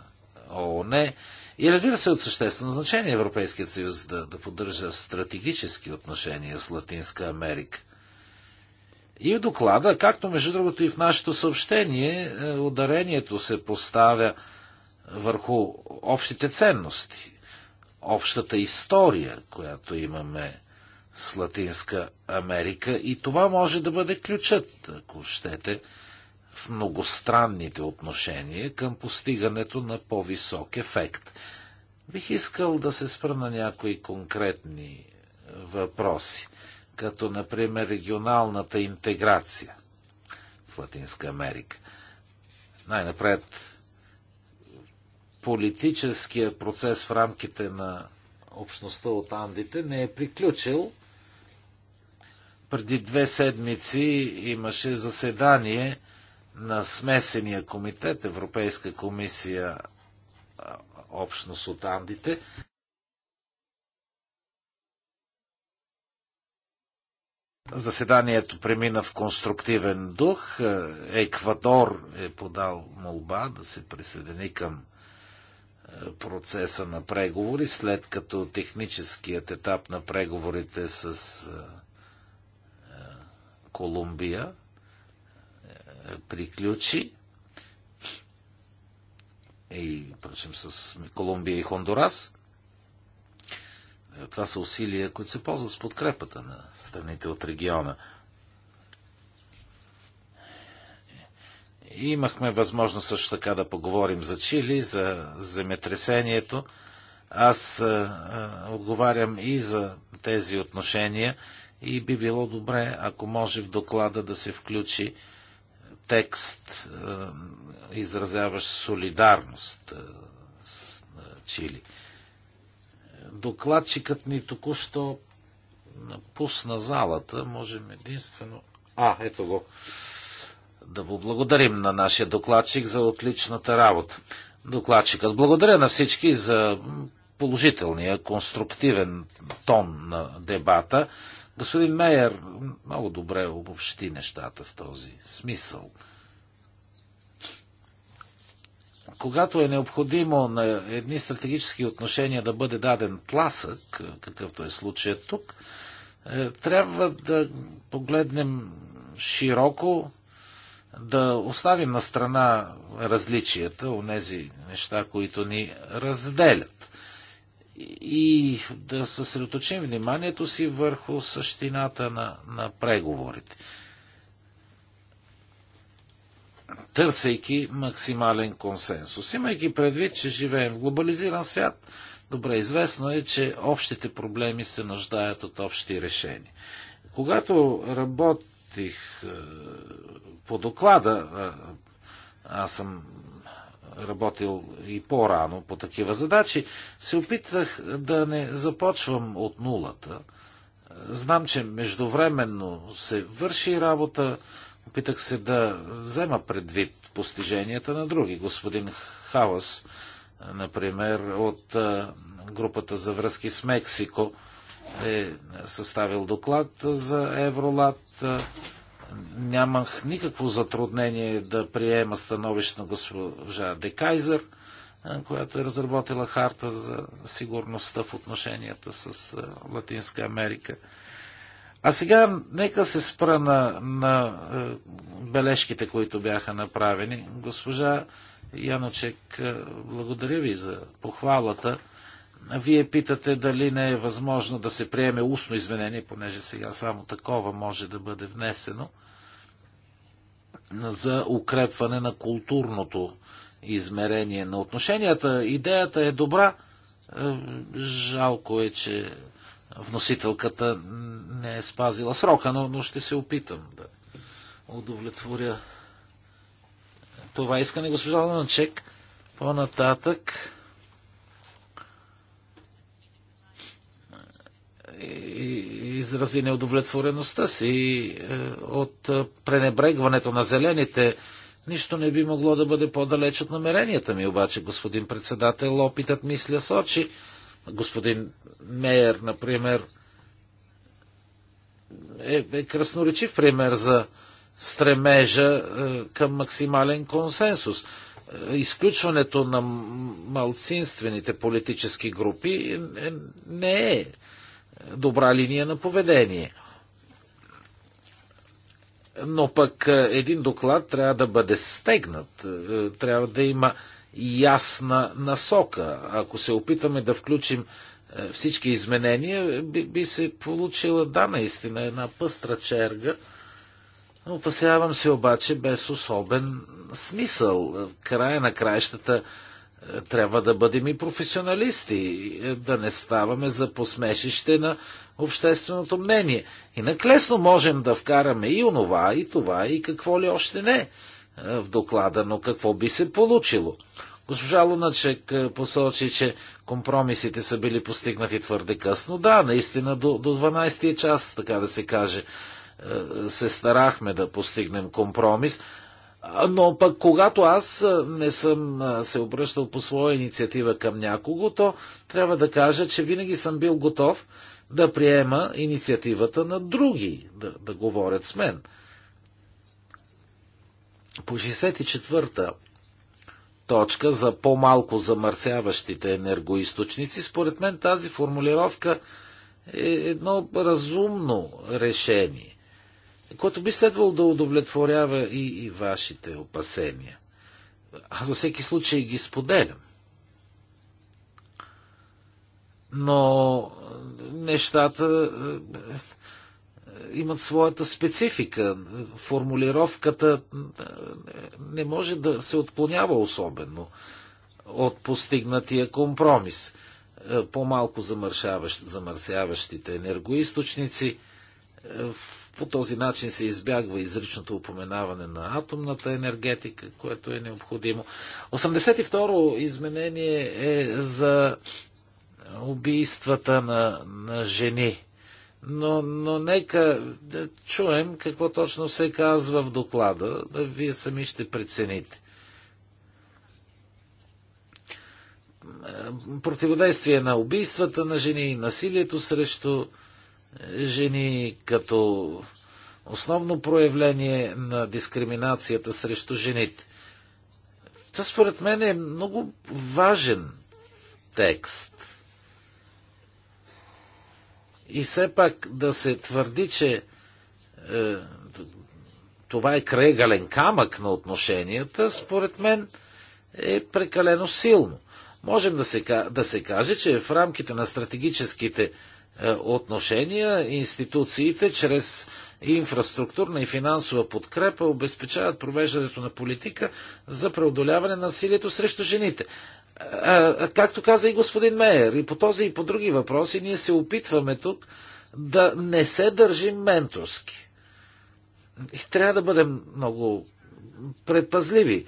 ООН. И разбира се, от съществено значение Европейският съюз да, да поддържа стратегически отношения с Латинска Америка. И в доклада, както между другото и в нашето съобщение, е, ударението се поставя върху общите ценности, общата история, която имаме с Латинска Америка и това може да бъде ключът, ако щете, в многостранните отношения към постигането на по-висок ефект. Бих искал да се спра на някои конкретни е, въпроси, като например регионалната интеграция в Латинска Америка. Най-напред политическия процес в рамките на общността от Андите не е приключил преди две седмици имаше заседание на смесения комитет Европейска комисия общност от Андите. Заседанието премина в конструктивен дух. Е, Еквадор е подал молба да се присъедини към е, процеса на преговори, след като техническият етап на преговорите с е, Колумбия е, приключи е, и впрочем с Колумбия и Хондурас. Е, това са усилия, които се ползват с подкрепата на страните от региона. И имахме възможност също така да поговорим за Чили, за земетресението. Аз а, а, отговарям и за тези отношения и би било добре, ако може в доклада да се включи текст, е, изразяващ солидарност е, с Чили. Докладчикът ни току-що напусна залата. Можем единствено. А, ето го. Да го благодарим на нашия докладчик за отличната работа. Докладчикът. Благодаря на всички за положителния, конструктивен тон на дебата. Господин Мейер много добре обобщи нещата в този смисъл. Когато е необходимо на едни стратегически отношения да бъде даден тласък, какъвто е случая тук, е, трябва да погледнем широко, да оставим на страна различията, онези неща, които ни разделят и да съсредоточим вниманието си върху същината на, на преговорите. Търсейки максимален консенсус. Имайки предвид, че живеем в глобализиран свят, добре известно е, че общите проблеми се нуждаят от общи решения. Когато работих е, по доклада, е, аз съм работил и по-рано по такива задачи, се опитах да не започвам от нулата. Знам, че междувременно се върши работа, опитах се да взема предвид постиженията на други. Господин Хавас, например, от групата за връзки с Мексико, е съставил доклад за Евролат нямах никакво затруднение да приема становище на госпожа Декайзер, която е разработила харта за сигурността в отношенията с Латинска Америка. А сега нека се спра на, на бележките, които бяха направени. Госпожа Яночек, благодаря ви за похвалата. Вие питате дали не е възможно да се приеме устно изменение, понеже сега само такова може да бъде внесено, за укрепване на културното измерение на отношенията. Идеята е добра. Е, жалко е, че вносителката не е спазила срока, но, но ще се опитам да удовлетворя това искане. Госпожа Ланачек, по-нататък. изрази неудовлетвореността си е, от е, пренебрегването на зелените. Нищо не би могло да бъде по-далеч от намеренията ми, обаче, господин председател, опитът мисля с очи. Господин Мейер, например, е, е красноречив пример за стремежа е, към максимален консенсус. Е, изключването на малцинствените политически групи е, не е добра линия на поведение. Но пък е, един доклад трябва да бъде стегнат, е, трябва да има ясна насока. Ако се опитаме да включим е, всички изменения, би, би се получила, да, наистина, една пъстра черга. Опасявам се обаче без особен смисъл. В края на краищата трябва да бъдем и професионалисти, да не ставаме за посмешище на общественото мнение. И наклесно можем да вкараме и онова, и това, и какво ли още не е, в доклада, но какво би се получило? Госпожа Луначек е, посочи, че компромисите са били постигнати твърде късно. Да, наистина до, до 12 час, така да се каже, е, се старахме да постигнем компромис, но пък когато аз не съм се обръщал по своя инициатива към някого, то трябва да кажа, че винаги съм бил готов да приема инициативата на други, да, да говорят с мен. По 64-та точка за по-малко замърсяващите енергоисточници, според мен тази формулировка е едно разумно решение което би следвало да удовлетворява и, и вашите опасения. Аз за всеки случай ги споделям. Но е, нещата е, е, имат своята специфика. Формулировката не може да се отклонява особено от постигнатия компромис. По-малко замърсяващите енергоисточници, по този начин се избягва изричното упоменаване на атомната енергетика, което е необходимо. 82-ро изменение е за убийствата на, на жени. Но, но нека да чуем какво точно се казва в доклада, да вие сами ще прецените. Противодействие на убийствата на жени и насилието срещу жени като основно проявление на дискриминацията срещу жените. Това според мен е много важен текст. И все пак да се твърди, че е, това е крайгален камък на отношенията, според мен е прекалено силно. Можем да се, да се каже, че в рамките на стратегическите е, отношения институциите чрез инфраструктурна и финансова подкрепа обезпечават провеждането на политика за преодоляване на насилието срещу жените. Както каза и господин Мейер, и по този и по други въпроси, ние се опитваме тук да не се държим менторски. И трябва да бъдем много предпазливи.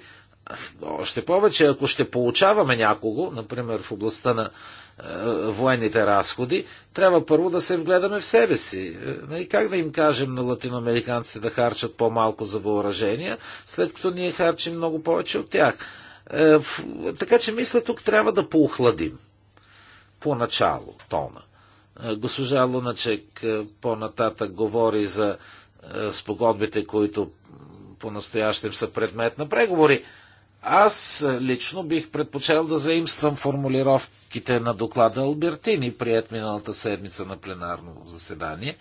Още повече, ако ще получаваме някого, например в областта на е, военните разходи, трябва първо да се вгледаме в себе си. Е, И нали, как да им кажем на латиноамериканците да харчат по-малко за въоръжения, след като ние харчим много повече от тях. Е, така че мисля, тук трябва да поохладим поначало тона. Госпожа Луначек по-нататък говори за спогодбите, които по-настоящем са предмет на преговори. Аз лично бих предпочел да заимствам формулировките на доклада Албертини, прият миналата седмица на пленарно заседание.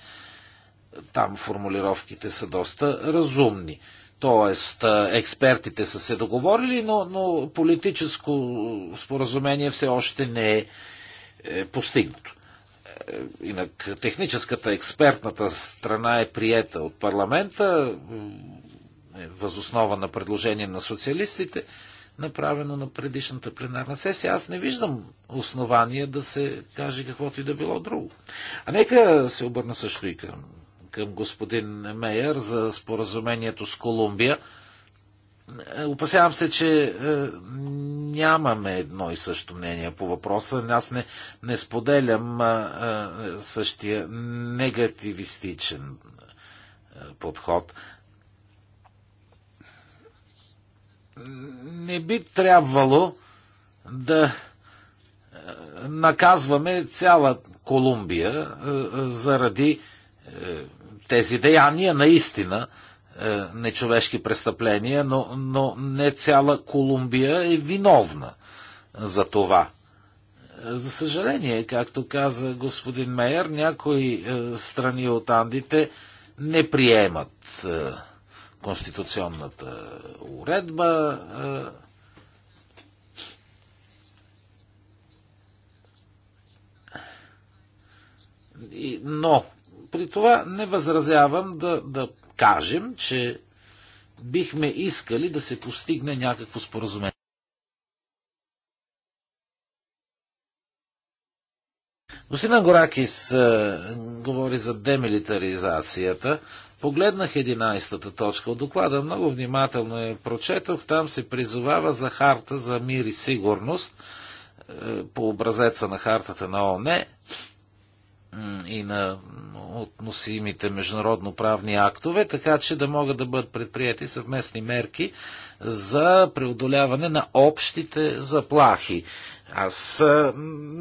Там формулировките са доста разумни. Тоест, експертите са се договорили, но, но политическо споразумение все още не е, е постигнато. Е, инак, техническата експертната страна е приета от парламента, е възоснова на предложение на социалистите, направено на предишната пленарна сесия. Аз не виждам основания да се каже каквото и да било друго. А нека се обърна също и към, към господин Мейер за споразумението с Колумбия. Е, опасявам се, че е, нямаме едно и също мнение по въпроса. Аз не, не споделям е, е същия негативистичен подход. не би трябвало да е, наказваме цяла Колумбия е, заради е, тези деяния, наистина нечовешки престъпления, но, но не цяла Колумбия е виновна за това. За съжаление, както каза господин Мейер, някои страни от Андите не приемат конституционната уредба. Е, но при това не възразявам да, да кажем, че бихме искали да се постигне някакво споразумение. Госина Горакис е, говори за демилитаризацията. Погледнах 11-та точка от доклада, много внимателно я прочетох. Там се призовава за харта за мир и сигурност е, по образеца на хартата на ООН и на относимите международно-правни актове, така че да могат да бъдат предприяти съвместни мерки за преодоляване на общите заплахи. Аз е,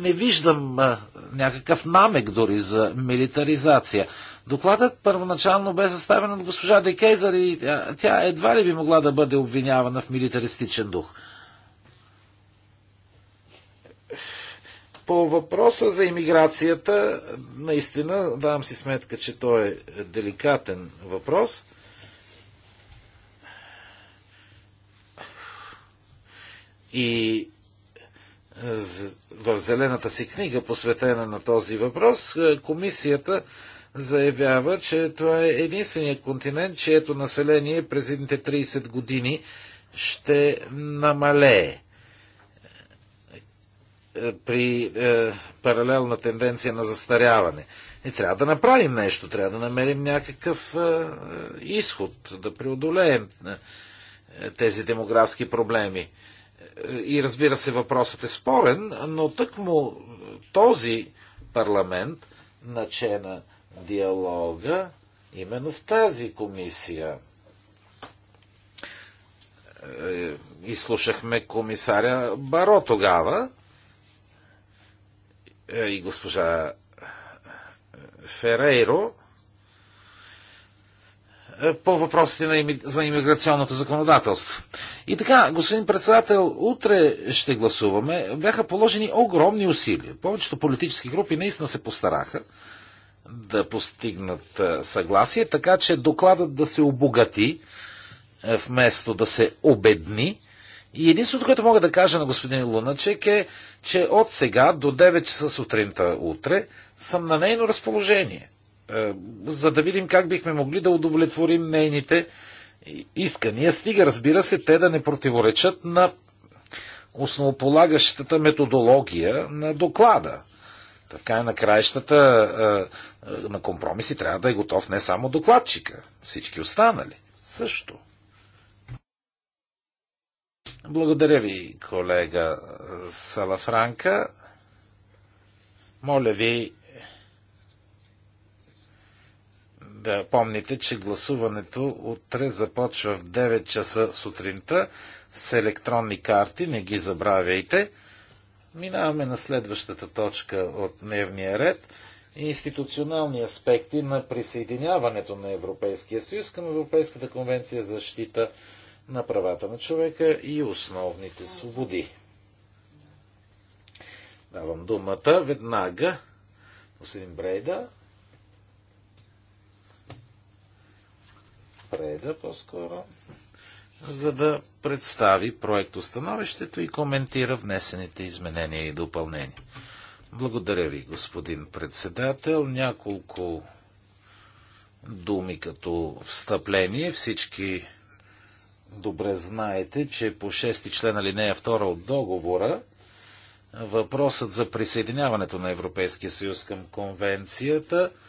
не виждам е, някакъв намек дори за милитаризация. Докладът първоначално бе съставен от госпожа Декейзър и тя едва ли би могла да бъде обвинявана в милитаристичен дух. По въпроса за иммиграцията, наистина давам си сметка, че той е деликатен въпрос. И в зелената си книга, посветена на този въпрос, е, комисията заявява, че това е единствения континент, чието население през едните 30 години ще намалее е, при е, паралелна тенденция на застаряване. И трябва да направим нещо, трябва да намерим някакъв е, е изход, да преодолеем е, тези демографски проблеми. Е, и разбира се, въпросът е спорен, но тъкмо този парламент, начена диалога именно в тази комисия. Е, изслушахме комисаря Баро тогава е, и госпожа е, Ферейро по въпросите на за иммиграционното законодателство. И така, господин председател, утре ще гласуваме. Бяха положени огромни усилия. Повечето политически групи наистина се постараха да постигнат съгласие, така че докладът да се обогати, вместо да се обедни. И единството, което мога да кажа на господин Луначек е, че от сега до 9 часа сутринта утре съм на нейно разположение, за да видим как бихме могли да удовлетворим нейните искания. Стига, разбира се, те да не противоречат на основополагащата методология на доклада. Така е на краищата на компромиси трябва да е готов не само докладчика, всички останали също. Благодаря ви, колега Салафранка. Моля ви да помните, че гласуването утре започва в 9 часа сутринта с електронни карти, не ги забравяйте. Минаваме на следващата точка от дневния ред институционални аспекти на присъединяването на Европейския съюз към Европейската конвенция за защита на правата на човека и основните свободи. Давам думата веднага. Господин Брейда. Брейда по-скоро за да представи проектостановището и коментира внесените изменения и допълнения. Благодаря ви, господин председател. Няколко думи като встъпление. Всички добре знаете, че по 6 член алинея 2 е от договора въпросът за присъединяването на Европейския съюз към конвенцията –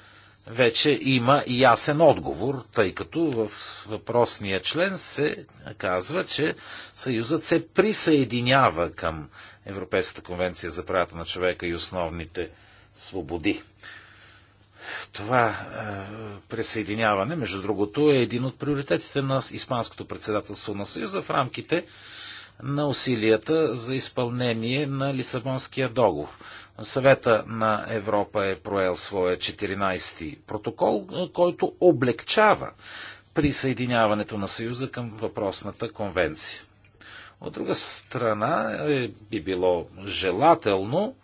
вече има ясен отговор, тъй като в въпросния член се казва, че Съюзът се присъединява към Европейската конвенция за правата на човека и основните свободи. Това е, присъединяване, между другото, е един от приоритетите на Испанското председателство на Съюза в рамките на усилията за изпълнение на Лисабонския договор. Съвета на Европа е проел своя 14-ти протокол, е, който облегчава присъединяването на Съюза към въпросната конвенция. От друга страна е, би било желателно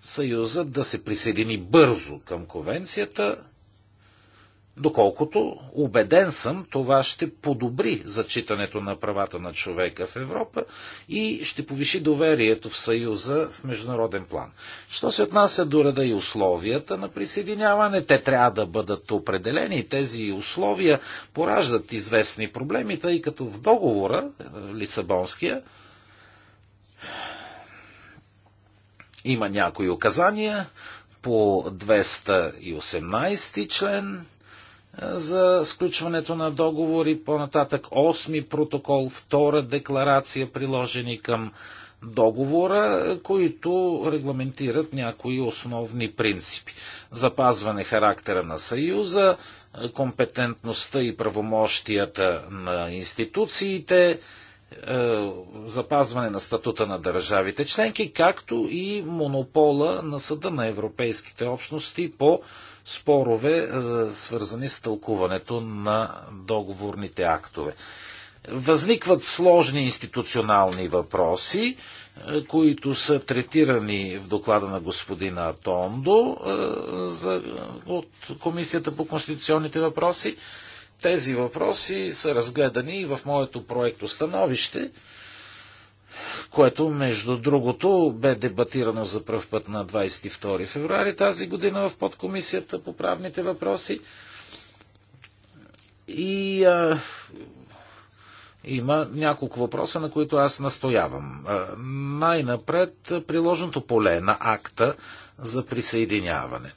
Съюза да се присъедини бързо към конвенцията Доколкото, убеден съм, това ще подобри зачитането на правата на човека в Европа и ще повиши доверието в Съюза в международен план. Що се отнася до реда и условията на присъединяване, те трябва да бъдат определени. Тези условия пораждат известни проблеми, тъй като в договора, е, Лисабонския, има някои указания по 218 член за сключването на договори, по-нататък 8 протокол, втора декларация, приложени към договора, които регламентират някои основни принципи. Запазване характера на Съюза, компетентността и правомощията на институциите, е, запазване на статута на държавите членки, както и монопола на Съда на Европейските общности по спорове, свързани с тълкуването на договорните актове. Възникват сложни институционални въпроси, които са третирани в доклада на господина Тондо от Комисията по конституционните въпроси. Тези въпроси са разгледани и в моето проекто становище, което, между другото, бе дебатирано за пръв път на 22 февруари тази година в подкомисията по правните въпроси. И а, има няколко въпроса, на които аз настоявам. Най-напред приложното поле на акта за присъединяване.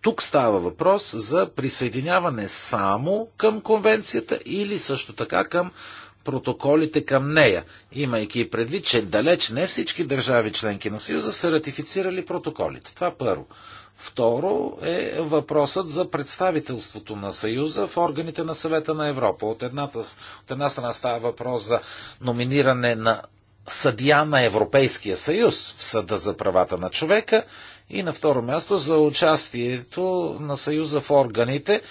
Тук става въпрос за присъединяване само към конвенцията или също така към протоколите към нея, имайки предвид, че далеч не всички държави членки на Съюза са ратифицирали протоколите. Това първо. Второ е въпросът за представителството на Съюза в органите на съвета на Европа. От, едната, от една страна става въпрос за номиниране на съдия на Европейския съюз в Съда за правата на човека и на второ място за участието на Съюза в органите,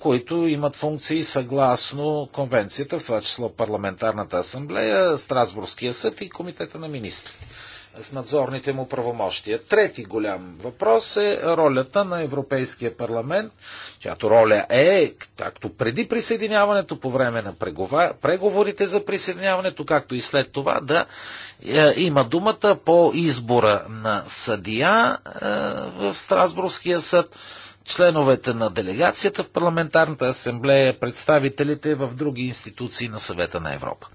които имат функции съгласно конвенцията, в това число Парламентарната асамблея, Страсбургския съд и Комитета на министрите в надзорните му правомощия. Трети голям въпрос е ролята на Европейския парламент, чиято роля е, както преди присъединяването, по време на преговорите за присъединяването, както и след това, да е, има думата по избора на съдия е, в Страсбургския съд членовете на делегацията в парламентарната асамблея, представителите в други институции на съвета на Европа.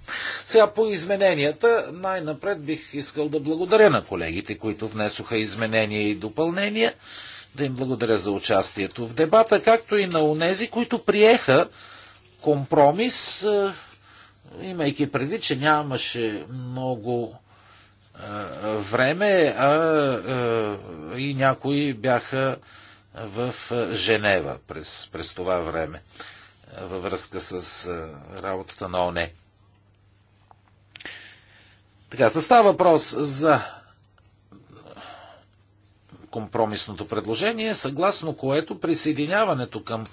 Сега по измененията, най-напред бих искал да благодаря на колегите, които внесоха изменения и допълнения, да им благодаря за участието в дебата, както и на онези, които приеха компромис, е, имайки предвид, че нямаше много е, време, а е, и някои бяха в Женева през, през това време във връзка с работата на ОНЕ. Така, да става въпрос за компромисното предложение, съгласно което присъединяването към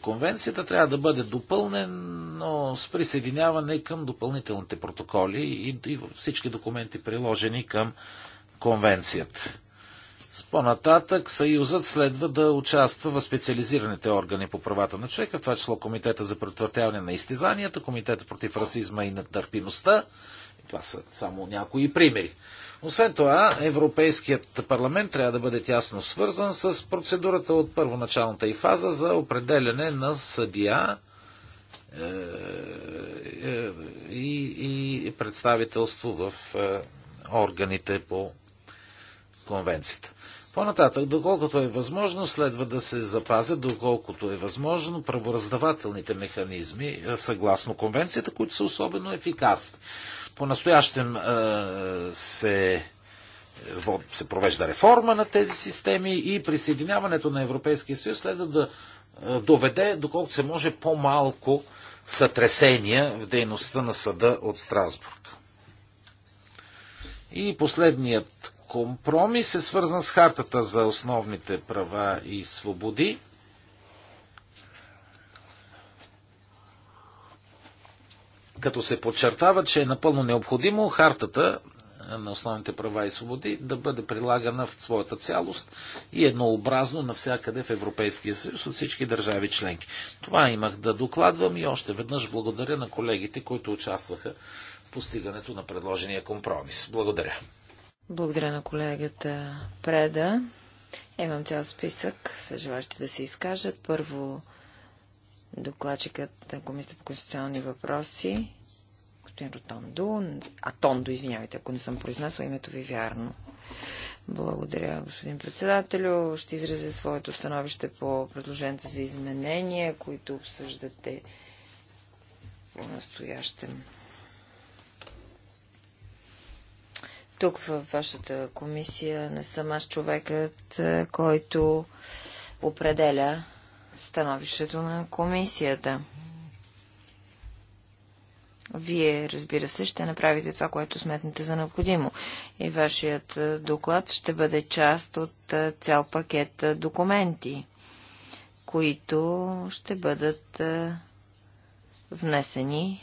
конвенцията трябва да бъде допълнено с присъединяване към допълнителните протоколи и, и всички документи приложени към конвенцията. По-нататък Съюзът следва да участва в специализираните органи по правата на човека, в това число Комитета за предотвратяване на изтезанията, Комитета против расизма и нетърпимостта. Това са само някои примери. Освен това, Европейският парламент трябва да бъде тясно свързан с процедурата от първоначалната и фаза за определене на съдия е, е, и, и представителство в е, органите по конвенцията. По-нататък, доколкото е възможно, следва да се запазят, доколкото е възможно, правораздавателните механизми, е, съгласно конвенцията, които са особено ефикасни. По-настоящем е, се е, се провежда реформа на тези системи и присъединяването на Европейския съюз следва да доведе, доколкото се може, по-малко сътресения в дейността на съда от Страсбург. И последният компромис е свързан с хартата за основните права и свободи. Като се подчертава, че е напълно необходимо хартата на основните права и свободи да бъде прилагана в своята цялост и еднообразно навсякъде в Европейския съюз от всички държави членки. Това имах да докладвам и още веднъж благодаря на колегите, които участваха в постигането на предложения компромис. Благодаря. Благодаря на колегата Преда. Имам цял списък с да се изкажат. Първо докладчикът на Комисията по конституционни въпроси, господин Ротондо, Тондо, извинявайте, ако не съм произнесла името ви вярно. Благодаря, господин председателю. Ще изразя своето становище по предложенията за изменения, които обсъждате по-настоящем. Тук в вашата комисия не съм аз човекът, е, който определя становището на комисията. Вие, разбира се, ще направите това, което сметнете за необходимо. И вашият е, доклад ще бъде част от е, цял пакет документи, които ще бъдат внесени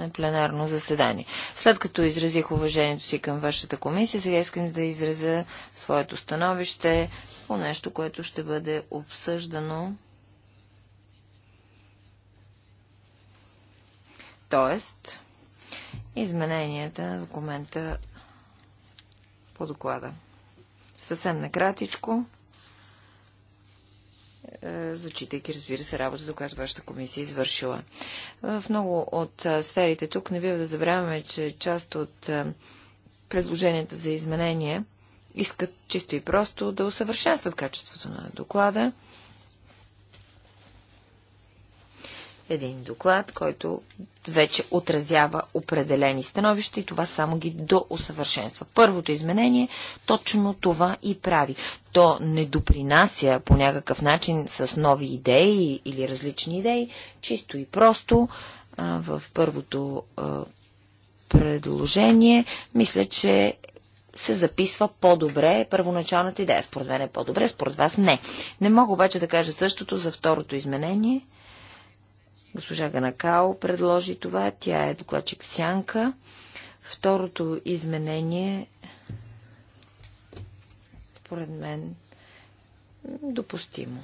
е, пленарно заседание. След като изразих уважението си към вашата комисия, сега искам да изразя своето становище по нещо, което ще бъде обсъждано. Тоест, измененията на документа по доклада. Съвсем накратичко. Е, зачитайки, разбира се, работата, която вашата комисия е извършила. В много от е, сферите тук не бива да забравяме, че част от е, предложенията за изменение искат чисто и просто да усъвършенстват качеството на доклада, един доклад, който вече отразява определени становища и това само ги доусъвършенства. Първото изменение точно това и прави. То не допринася по някакъв начин с нови идеи или различни идеи, чисто и просто а, в първото а, предложение мисля, че се записва по-добре първоначалната идея. Според мен е по-добре, според вас не. Не мога обаче да кажа същото за второто изменение – Госпожа Ганакао предложи това. Тя е докладчик в сянка. Второто изменение, според мен, допустимо.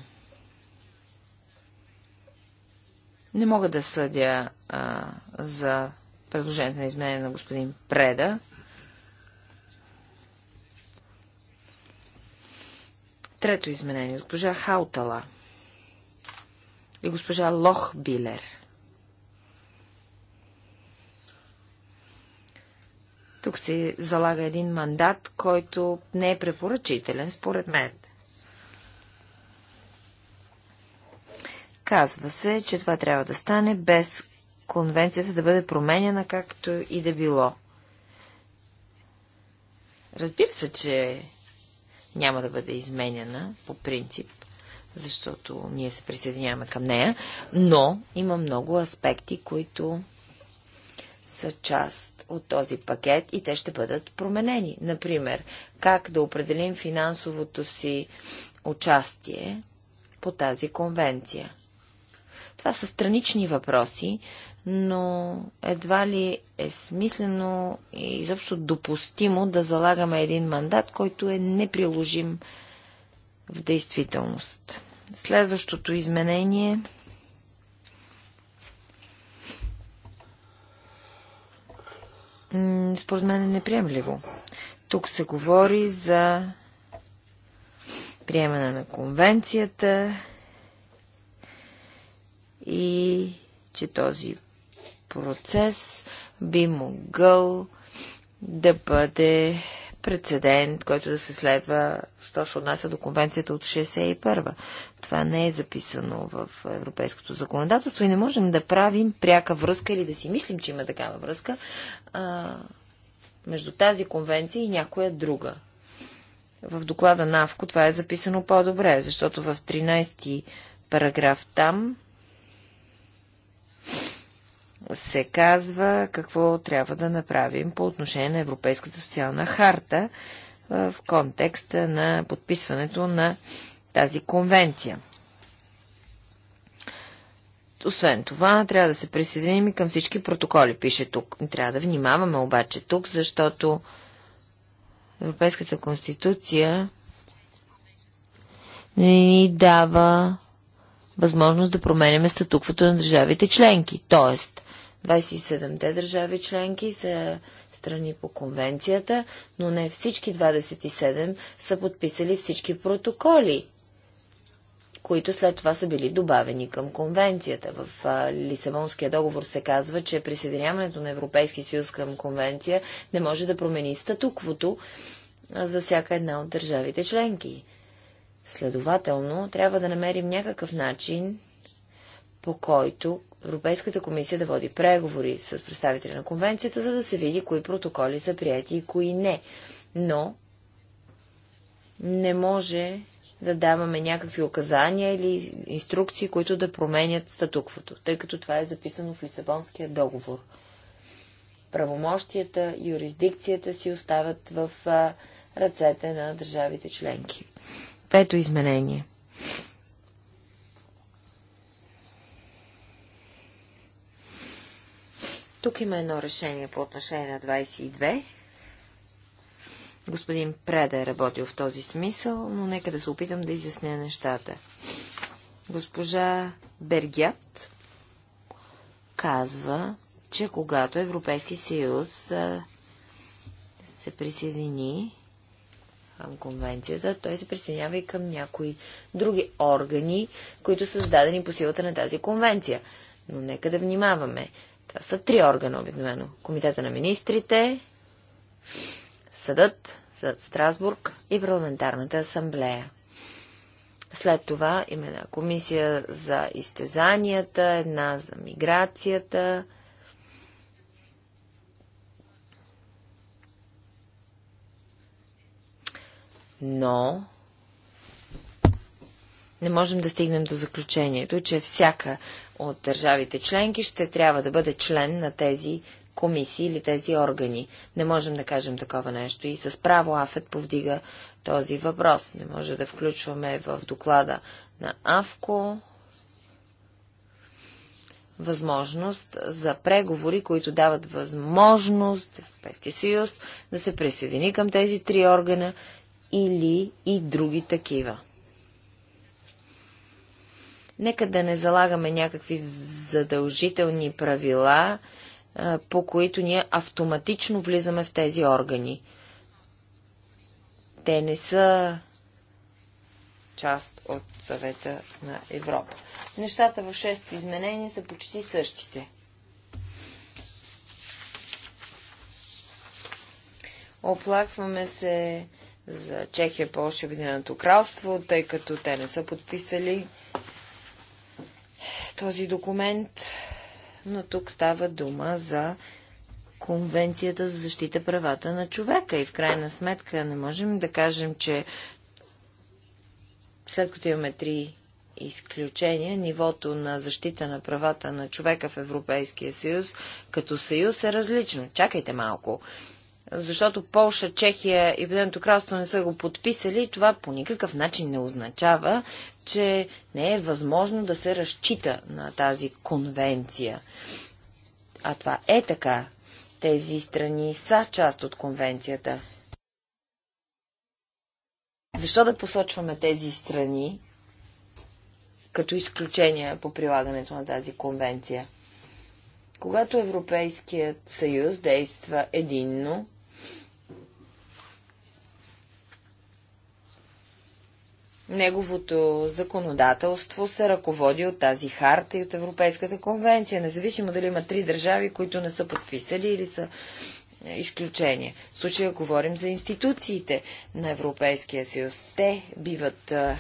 Не мога да съдя а, за предложението на изменение на господин Преда. Трето изменение. Госпожа Хаутала и госпожа Лох Билер. Тук се залага един мандат, който не е препоръчителен, според мен. Казва се, че това трябва да стане без конвенцията да бъде променена както и да било. Разбира се, че няма да бъде изменена по принцип защото ние се присъединяваме към нея, но има много аспекти, които са част от този пакет и те ще бъдат променени. Например, как да определим финансовото си участие по тази конвенция. Това са странични въпроси, но едва ли е смислено и изобщо допустимо да залагаме един мандат, който е неприложим в действителност. Следващото изменение според мен е неприемливо. Тук се говори за приемане на конвенцията и че този процес би могъл да бъде прецедент, който да се следва, що се отнася до конвенцията от 61 Това не е записано в европейското законодателство и не можем да правим пряка връзка или да си мислим, че има такава връзка а, между тази конвенция и някоя друга. В доклада на АВКО това е записано по-добре, защото в 13 параграф там се казва какво трябва да направим по отношение на Европейската социална харта в контекста на подписването на тази конвенция. Освен това, трябва да се присъединим и към всички протоколи, пише тук. Трябва да внимаваме обаче тук, защото Европейската конституция ни дава възможност да променяме статуквото на държавите членки. Тоест, 27-те държави членки са страни по конвенцията, но не всички 27 са подписали всички протоколи, които след това са били добавени към конвенцията. В а, Лисабонския договор се казва, че присъединяването на Европейски съюз към конвенция не може да промени статуквото за всяка една от държавите членки. Следователно, трябва да намерим някакъв начин, по който Европейската комисия да води преговори с представители на конвенцията, за да се види кои протоколи са прияти и кои не. Но не може да даваме някакви указания или инструкции, които да променят статуквото, тъй като това е записано в Лисабонския договор. Правомощията, юрисдикцията си остават в ръцете на държавите членки. Пето изменение. Тук има едно решение по отношение на 22. Господин Преда е работил в този смисъл, но нека да се опитам да изясня нещата. Госпожа Бергят казва, че когато Европейски съюз се присъедини към конвенцията, той се присъединява и към някои други органи, които са създадени по силата на тази конвенция. Но нека да внимаваме. Това са три органа обикновено. Комитета на министрите, съдът, съдът Страсбург и парламентарната асамблея. След това има една комисия за изтезанията, една за миграцията. Но не можем да стигнем до заключението, че всяка от държавите членки ще трябва да бъде член на тези комисии или тези органи. Не можем да кажем такова нещо и с право АФЕТ повдига този въпрос. Не може да включваме в доклада на АВКО възможност за преговори, които дават възможност Европейския съюз да се присъедини към тези три органа или и други такива. Нека да не залагаме някакви задължителни правила, по които ние автоматично влизаме в тези органи. Те не са част от съвета на Европа. Нещата в шесто изменение са почти същите. Оплакваме се за Чехия, Польша и Обединеното кралство, тъй като те не са подписали този документ, но тук става дума за Конвенцията за защита правата на човека. И в крайна сметка не можем да кажем, че след като имаме три изключения, нивото на защита на правата на човека в Европейския съюз като съюз е различно. Чакайте малко. Защото Полша, Чехия и Обединеното кралство не са го подписали, това по никакъв начин не означава, че не е възможно да се разчита на тази конвенция. А това е така. Тези страни са част от конвенцията. Защо да посочваме тези страни като изключения по прилагането на тази конвенция? Когато Европейският съюз действа единно, неговото законодателство се ръководи от тази харта и от Европейската конвенция, независимо дали има три държави, които не са подписали или са е, изключения. В случая говорим за институциите на Европейския съюз. Те биват а,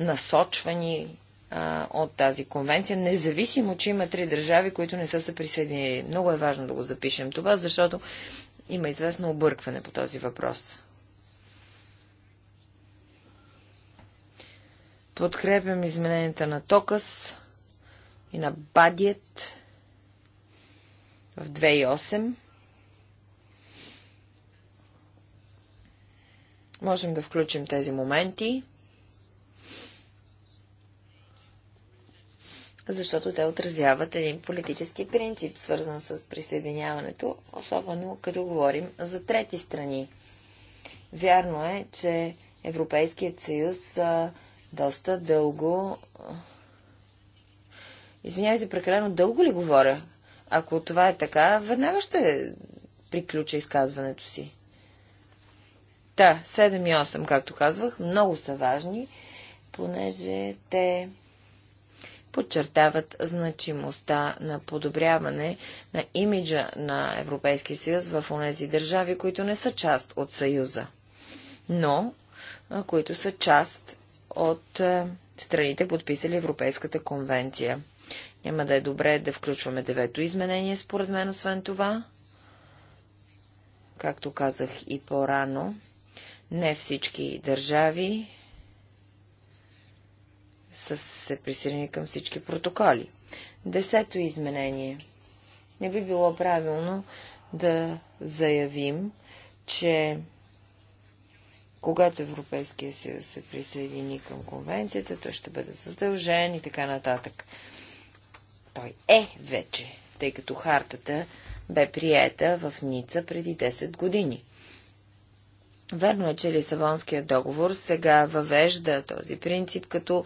е, насочвани а, е, от тази конвенция, независимо, че има три държави, които не са се присъединили. Много е важно да го запишем това, защото има известно объркване по този въпрос. Подкрепям измененията на Токас и на бадият в 2008. Можем да включим тези моменти, защото те отразяват един политически принцип, свързан с присъединяването, особено като говорим за трети страни. Вярно е, че Европейският съюз а, доста дълго. Извинявай се, прекалено дълго ли говоря? Ако това е така, веднага ще приключа изказването си. Та, да, 7 и 8, както казвах, много са важни, понеже те подчертават значимостта на подобряване на имиджа на Европейския съюз в онези държави, които не са част от съюза, но които са част от е, страните, подписали Европейската конвенция. Няма да е добре да включваме девето изменение, според мен, освен това. Както казах и по-рано, не всички държави са се присъединени към всички протоколи. Десето изменение. Не би било правилно да заявим, че когато Европейския съюз се присъедини към конвенцията, той ще бъде задължен и така нататък. Той е вече, тъй като хартата бе приета в Ница преди 10 години. Верно е, че Лисабонският договор сега въвежда този принцип като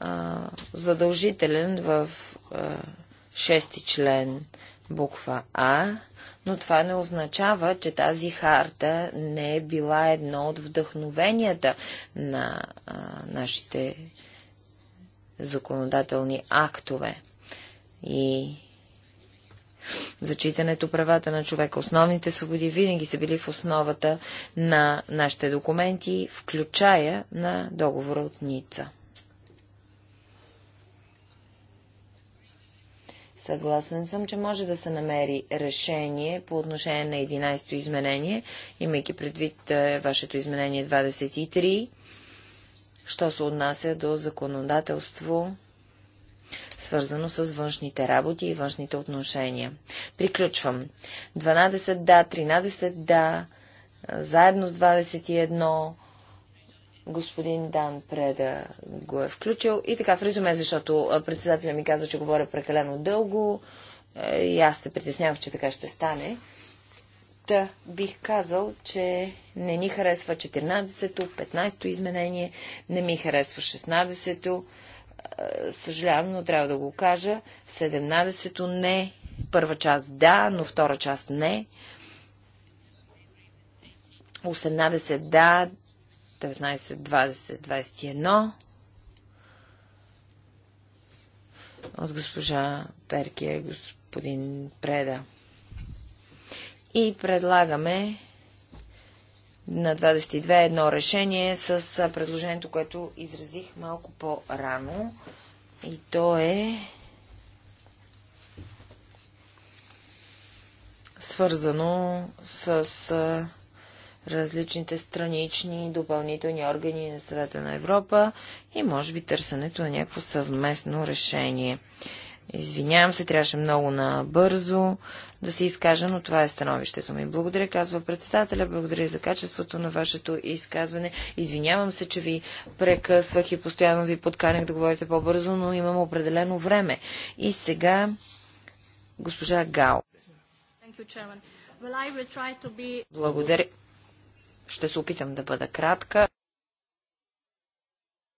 а, задължителен в а, ти член буква А но това не означава, че тази харта не е била едно от вдъхновенията на а, нашите законодателни актове. И Зачитането правата на човека, основните свободи винаги са били в основата на нашите документи, включая на договора от Ница. Съгласен съм, че може да се намери решение по отношение на 11-то изменение, имайки предвид е, вашето изменение 23, що се отнася до законодателство, свързано с външните работи и външните отношения. Приключвам. 12 да, 13 да, заедно с 21 господин Дан Преда го е включил. И така, в резюме, защото председателя ми казва, че говоря прекалено дълго и аз се притеснявах, че така ще стане. Та бих казал, че не ни харесва 14-то, 15-то изменение, не ми харесва 16-то. Съжалявам, но трябва да го кажа. 17-то не, първа част да, но втора част не. 18 да, 19, 20, 21 от госпожа Перкия и е господин Преда. И предлагаме на 22 едно решение с предложението, което изразих малко по-рано. И то е свързано с различните странични допълнителни органи на Съвета на Европа и може би търсенето на някакво съвместно решение. Извинявам се, трябваше много набързо да се изкажа, но това е становището ми. Благодаря, казва председателя, благодаря за качеството на вашето изказване. Извинявам се, че ви прекъсвах и постоянно ви подканях да говорите по-бързо, но имам определено време. И сега госпожа Гао. Благодаря. Ще се опитам да бъда кратка.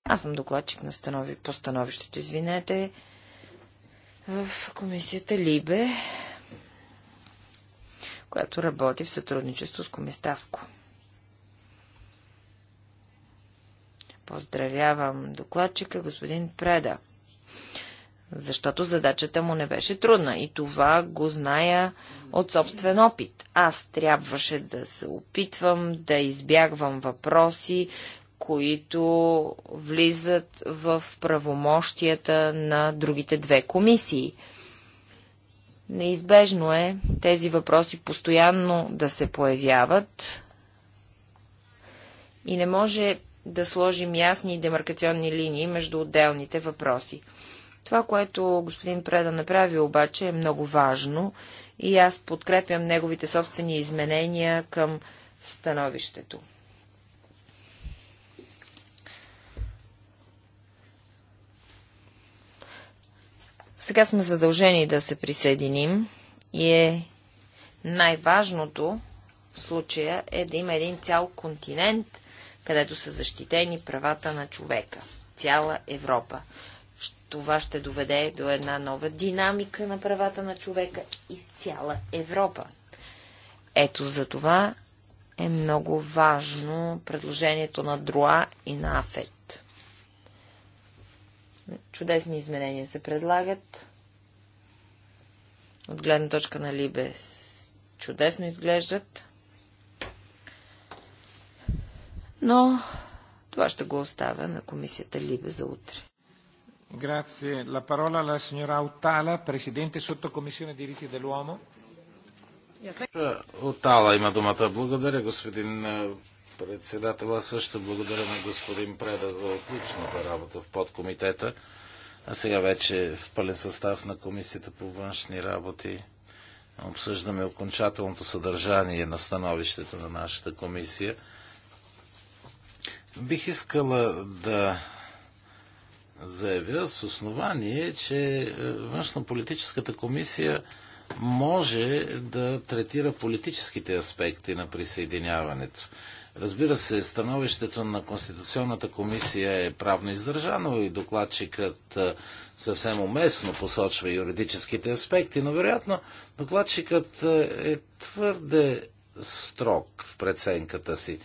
Аз съм докладчик на станови... по становището, извинете, в комисията Либе, която работи в сътрудничество с Комиставко. Поздравявам докладчика господин Преда защото задачата му не беше трудна и това го зная от собствен опит. Аз трябваше да се опитвам да избягвам въпроси, които влизат в правомощията на другите две комисии. Неизбежно е тези въпроси постоянно да се появяват и не може да сложим ясни демаркационни линии между отделните въпроси. Това, което господин Преда направи обаче е много важно и аз подкрепям неговите собствени изменения към становището. Сега сме задължени да се присъединим и е най-важното в случая е да има един цял континент, където са защитени правата на човека. Цяла Европа. Това ще доведе до една нова динамика на правата на човека из цяла Европа. Ето за това е много важно предложението на Друа и на Афет. Чудесни изменения се предлагат. От гледна точка на Либе чудесно изглеждат. Но това ще го оставя на комисията Либе за утре. Grazie. La parola alla signora Autala, Presidente Sottocommissione Diritti dell'Uomo. Отала има думата. Благодаря, господин е, председател. Аз също благодаря на господин Преда за отличната работа в подкомитета. А сега вече в пълен състав на Комисията по външни работи обсъждаме окончателното съдържание на становището на нашата комисия. Бих искала да заявя с основание, че е, външнополитическата комисия може да третира политическите аспекти на присъединяването. Разбира се, становището на Конституционната комисия е правно издържано и докладчикът е, съвсем уместно посочва юридическите аспекти, но вероятно докладчикът е, е твърде строг в преценката си.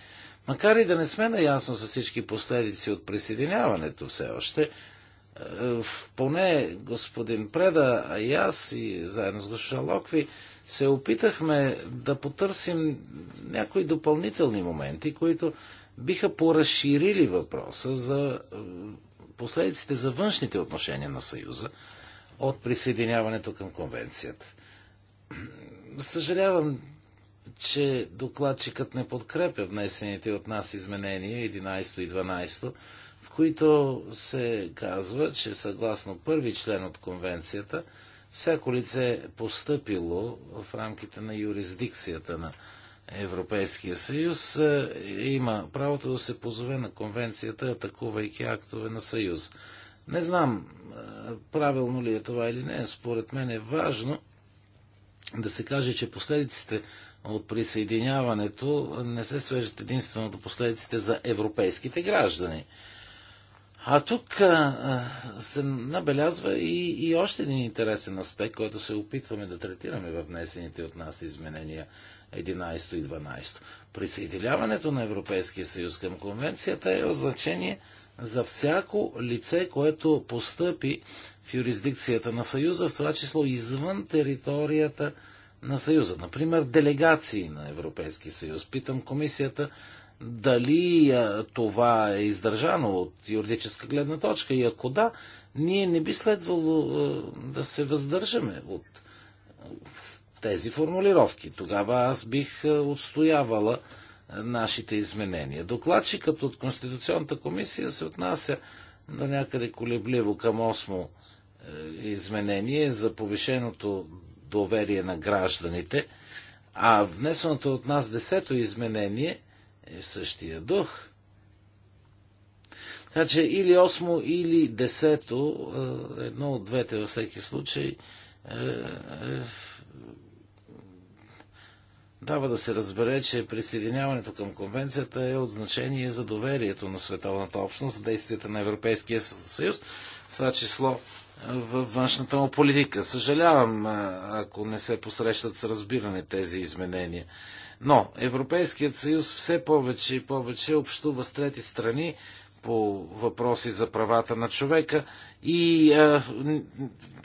Макар и да не сме наясно с всички последици от присъединяването все още, е, поне господин Преда, а и аз, и заедно с госпожа Локви, се опитахме да потърсим някои допълнителни моменти, които биха поразширили въпроса за е, последиците за външните отношения на Съюза от присъединяването към конвенцията. Съжалявам, че докладчикът не подкрепя внесените от нас изменения 11 и 12, в които се казва, че съгласно първи член от конвенцията, всяко лице постъпило в рамките на юрисдикцията на Европейския съюз е, има правото да се позове на конвенцията, атакувайки актове на съюз. Не знам е, правилно ли е това или не. Според мен е важно да се каже, че последиците от присъединяването не се свеждат единствено до последиците за европейските граждани. А тук а, се набелязва и, и още един интересен аспект, който се опитваме да третираме в внесените от нас изменения 11 и 12. Присъединяването на Европейския съюз към конвенцията е от значение за всяко лице, което постъпи в юрисдикцията на съюза, в това число извън територията на Съюза. Например, делегации на Европейски съюз. Питам комисията дали това е издържано от юридическа гледна точка и ако да, ние не би следвало да се въздържаме от тези формулировки. Тогава аз бих отстоявала нашите изменения. Докладчикът от Конституционната комисия се отнася до някъде колебливо към осмо е, изменение за повишеното доверие на гражданите, а внесеното от нас десето изменение е в същия дух. Така че или осмо, или десето, е, едно от двете във всеки случай, е, е, дава да се разбере, че присъединяването към конвенцията е от значение за доверието на световната общност, за действията на Европейския съюз, в това число във външната му политика. Съжалявам, ако не се посрещат с разбиране тези изменения. Но Европейският съюз все повече и повече общува с трети страни по въпроси за правата на човека и а,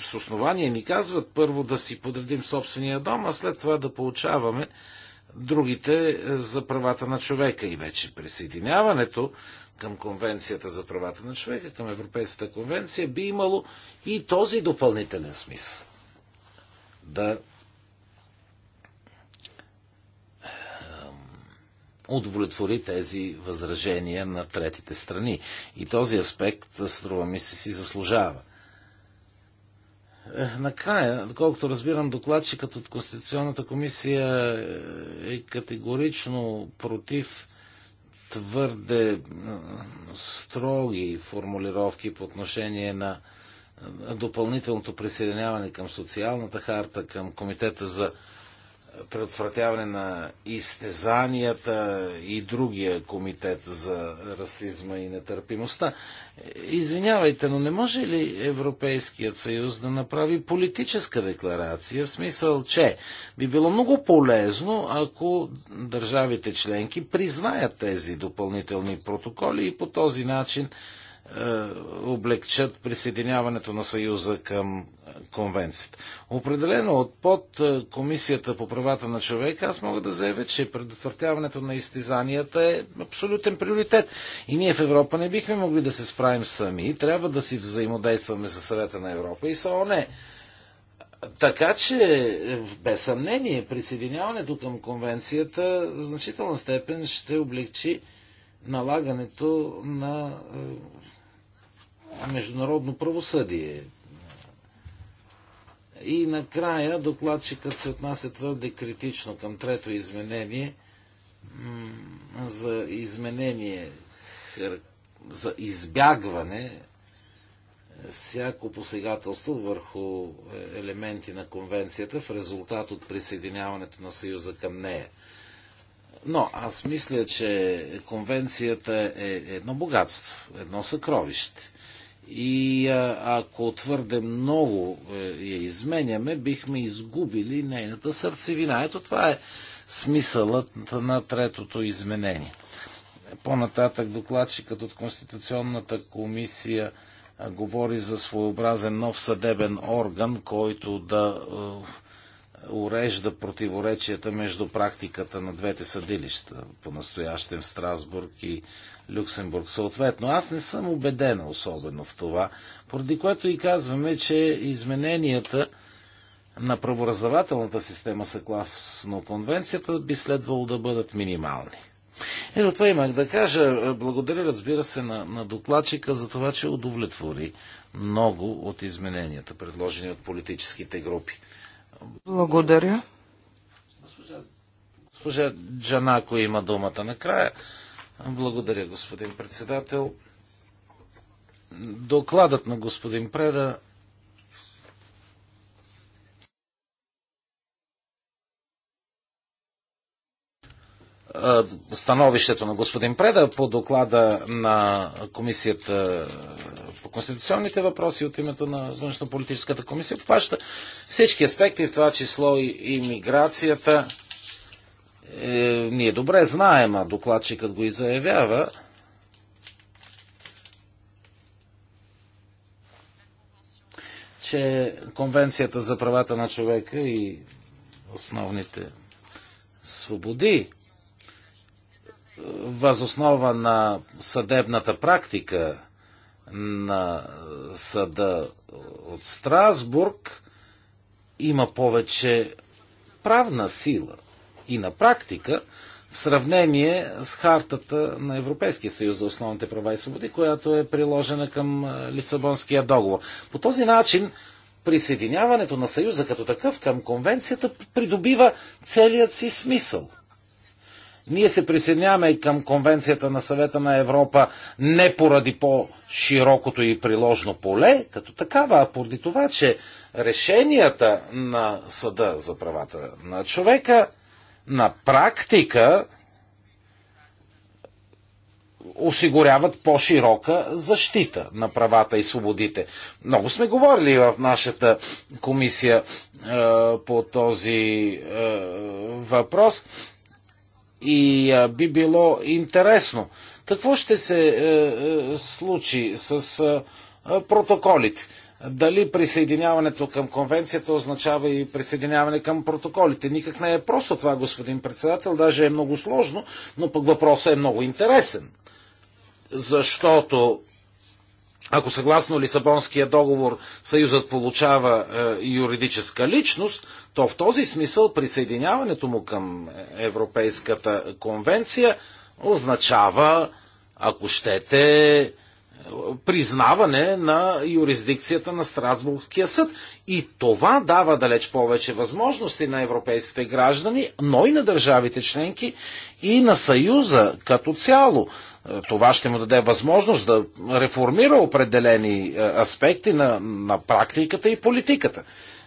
с основание ни казват първо да си подредим собствения дом, а след това да получаваме другите за правата на човека. И вече присъединяването към Конвенцията за правата на човека, към Европейската конвенция, би имало и този допълнителен смисъл. Да удовлетвори тези възражения на третите страни. И този аспект, струва ми се, си заслужава. Е, накрая, доколкото разбирам докладчикът от Конституционната комисия е, е категорично против твърде строги формулировки по отношение на допълнителното присъединяване към социалната харта, към комитета за предотвратяване на изтезанията и другия комитет за расизма и нетърпимостта. Извинявайте, но не може ли Европейският съюз да направи политическа декларация, в смисъл, че би било много полезно, ако държавите членки признаят тези допълнителни протоколи и по този начин е, облегчат присъединяването на Съюза към конвенцията. Определено от под е, Комисията по правата на човека аз мога да заявя, че предотвратяването на изтезанията е абсолютен приоритет. И ние в Европа не бихме могли да се справим сами. Трябва да си взаимодействаме с Съвета на Европа и с ООН. Така че, без съмнение, присъединяването към конвенцията в значителна степен ще облегчи налагането на е, международно правосъдие. И накрая докладчикът се отнася твърде критично към трето изменение за изменение, за избягване е, всяко посегателство върху е, елементи на конвенцията в резултат от присъединяването на Съюза към нея. Но аз мисля, че конвенцията е едно богатство, едно съкровище. И ако твърде много е, я изменяме, бихме изгубили нейната сърцевина. Ето това е смисълът на третото изменение. По-нататък докладчикът от Конституционната комисия говори за своеобразен нов съдебен орган, който да е, урежда противоречията между практиката на двете съдилища, по-настоящем Страсбург и Люксембург. Съответно, аз не съм убедена особено в това, поради което и казваме, че измененията на правораздавателната система съгласно конвенцията би следвало да бъдат минимални. Ето това имах да кажа. Благодаря, разбира се, на, на докладчика за това, че удовлетвори много от измененията, предложени от политическите групи. Благодаря. Госпожа, госпожа Джанако има думата накрая. Благодаря, господин председател. Докладът на господин Преда становището на господин Преда по доклада на комисията конституционните въпроси от името на политическата комисия обхваща всички аспекти, в това число и, иммиграцията. Е, ние добре знаем, а докладчикът го и заявява, че Конвенцията за правата на човека и основните свободи възоснова на съдебната практика на съда от Страсбург има повече правна сила и на практика в сравнение с хартата на Европейския съюз за основните права и свободи, която е приложена към Лисабонския договор. По този начин присъединяването на съюза като такъв към конвенцията придобива целият си смисъл – ние се присъединяваме към Конвенцията на съвета на Европа не поради по-широкото и приложно поле, като такава, а поради това, че решенията на Съда за правата на човека на практика осигуряват по-широка защита на правата и свободите. Много сме говорили в нашата комисия е, по този е, въпрос. И а, би било интересно. Какво ще се е, е, случи с е, е, протоколите? Дали присъединяването към конвенцията означава и присъединяване към протоколите? Никак не е просто това, господин председател, даже е много сложно, но пък въпросът е много интересен. Защото ако съгласно Лисабонския договор Съюзът получава е, юридическа личност, то в този смисъл присъединяването му към Европейската конвенция означава, ако щете, е, признаване на юрисдикцията на Страсбургския съд. И това дава далеч повече възможности на европейските граждани, но и на държавите членки и на Съюза като цяло е, това ще му даде възможност да реформира определени е, аспекти на, на практиката и политиката.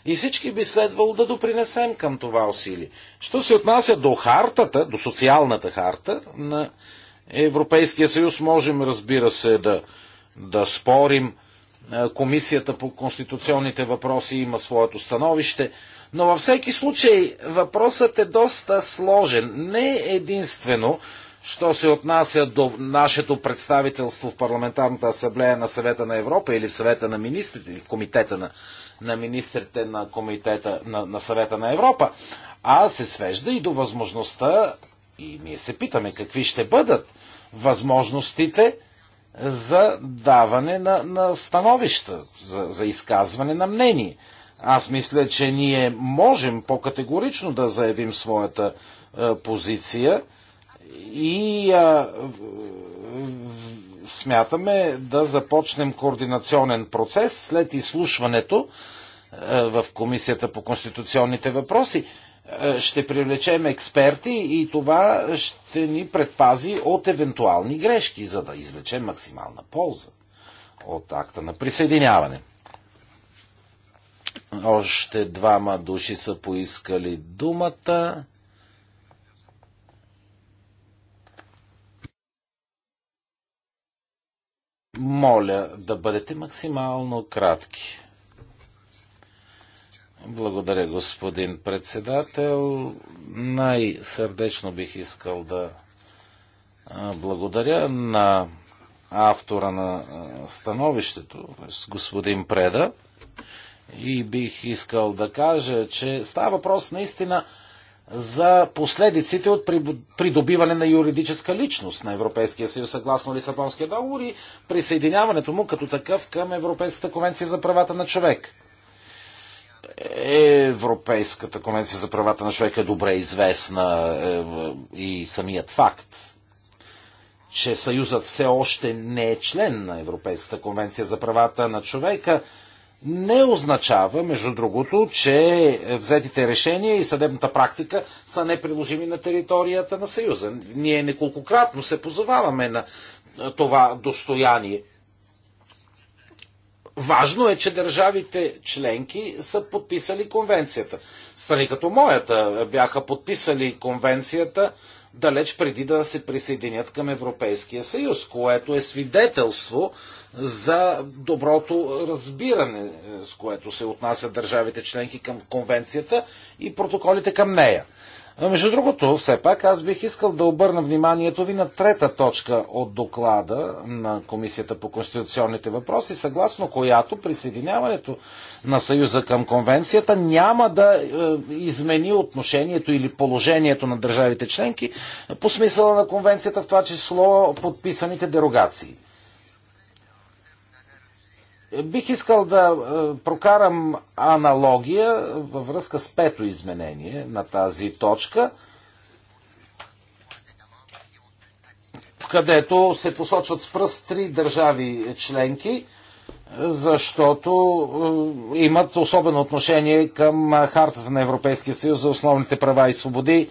И всички би следвало да допринесем към това усилие. Що се отнася до хартата, до социалната харта на Европейския съюз, можем, разбира се, да, да спорим. Е, комисията по конституционните въпроси има своето становище. Но във всеки случай въпросът е доста сложен. Не единствено Що се отнася до нашето представителство в Парламентарната асамблея на съвета на Европа или в съвета на министрите, или в комитета на, на министрите на комитета на, на съвета на Европа, а се свежда и до възможността, и ние се питаме какви ще бъдат възможностите за даване на, на становища, за, за изказване на мнение. Аз мисля, че ние можем по-категорично да заявим своята е, позиция и а, смятаме да започнем координационен процес след изслушването в Комисията по конституционните въпроси. Ще привлечем експерти и това ще ни предпази от евентуални грешки, за да извлечем максимална полза от акта на присъединяване. Още двама души са поискали думата. Моля да бъдете максимално кратки. Благодаря, господин председател. Най-сърдечно бих искал да благодаря на автора на становището, господин Преда. И бих искал да кажа, че става въпрос наистина за последиците от придобиване на юридическа личност на Европейския съюз съгласно Лисабонския договор и присъединяването му като такъв към Европейската конвенция за правата на човек. Европейската конвенция за правата на човека е добре известна е, е, и самият факт, че Съюзът все още не е член на Европейската конвенция за правата на човека – не означава, между другото, че взетите решения и съдебната практика са неприложими на територията на Съюза. Ние неколкократно се позоваваме на това достояние. Важно е, че държавите членки са подписали конвенцията. Страни като моята бяха подписали конвенцията далеч преди да се присъединят към Европейския съюз, което е свидетелство за доброто разбиране, е, с което се отнасят държавите членки към конвенцията и протоколите към нея. Между другото, все пак, аз бих искал да обърна вниманието ви на трета точка от доклада на Комисията по конституционните въпроси, съгласно която присъединяването на Съюза към конвенцията няма да е, измени отношението или положението на държавите членки по смисъла на конвенцията, в това число подписаните дерогации. Бих искал да е, прокарам аналогия във връзка с пето изменение на тази точка, където се посочват с пръст три държави членки, защото е, имат особено отношение към Хартата на Европейския съюз за основните права и свободи,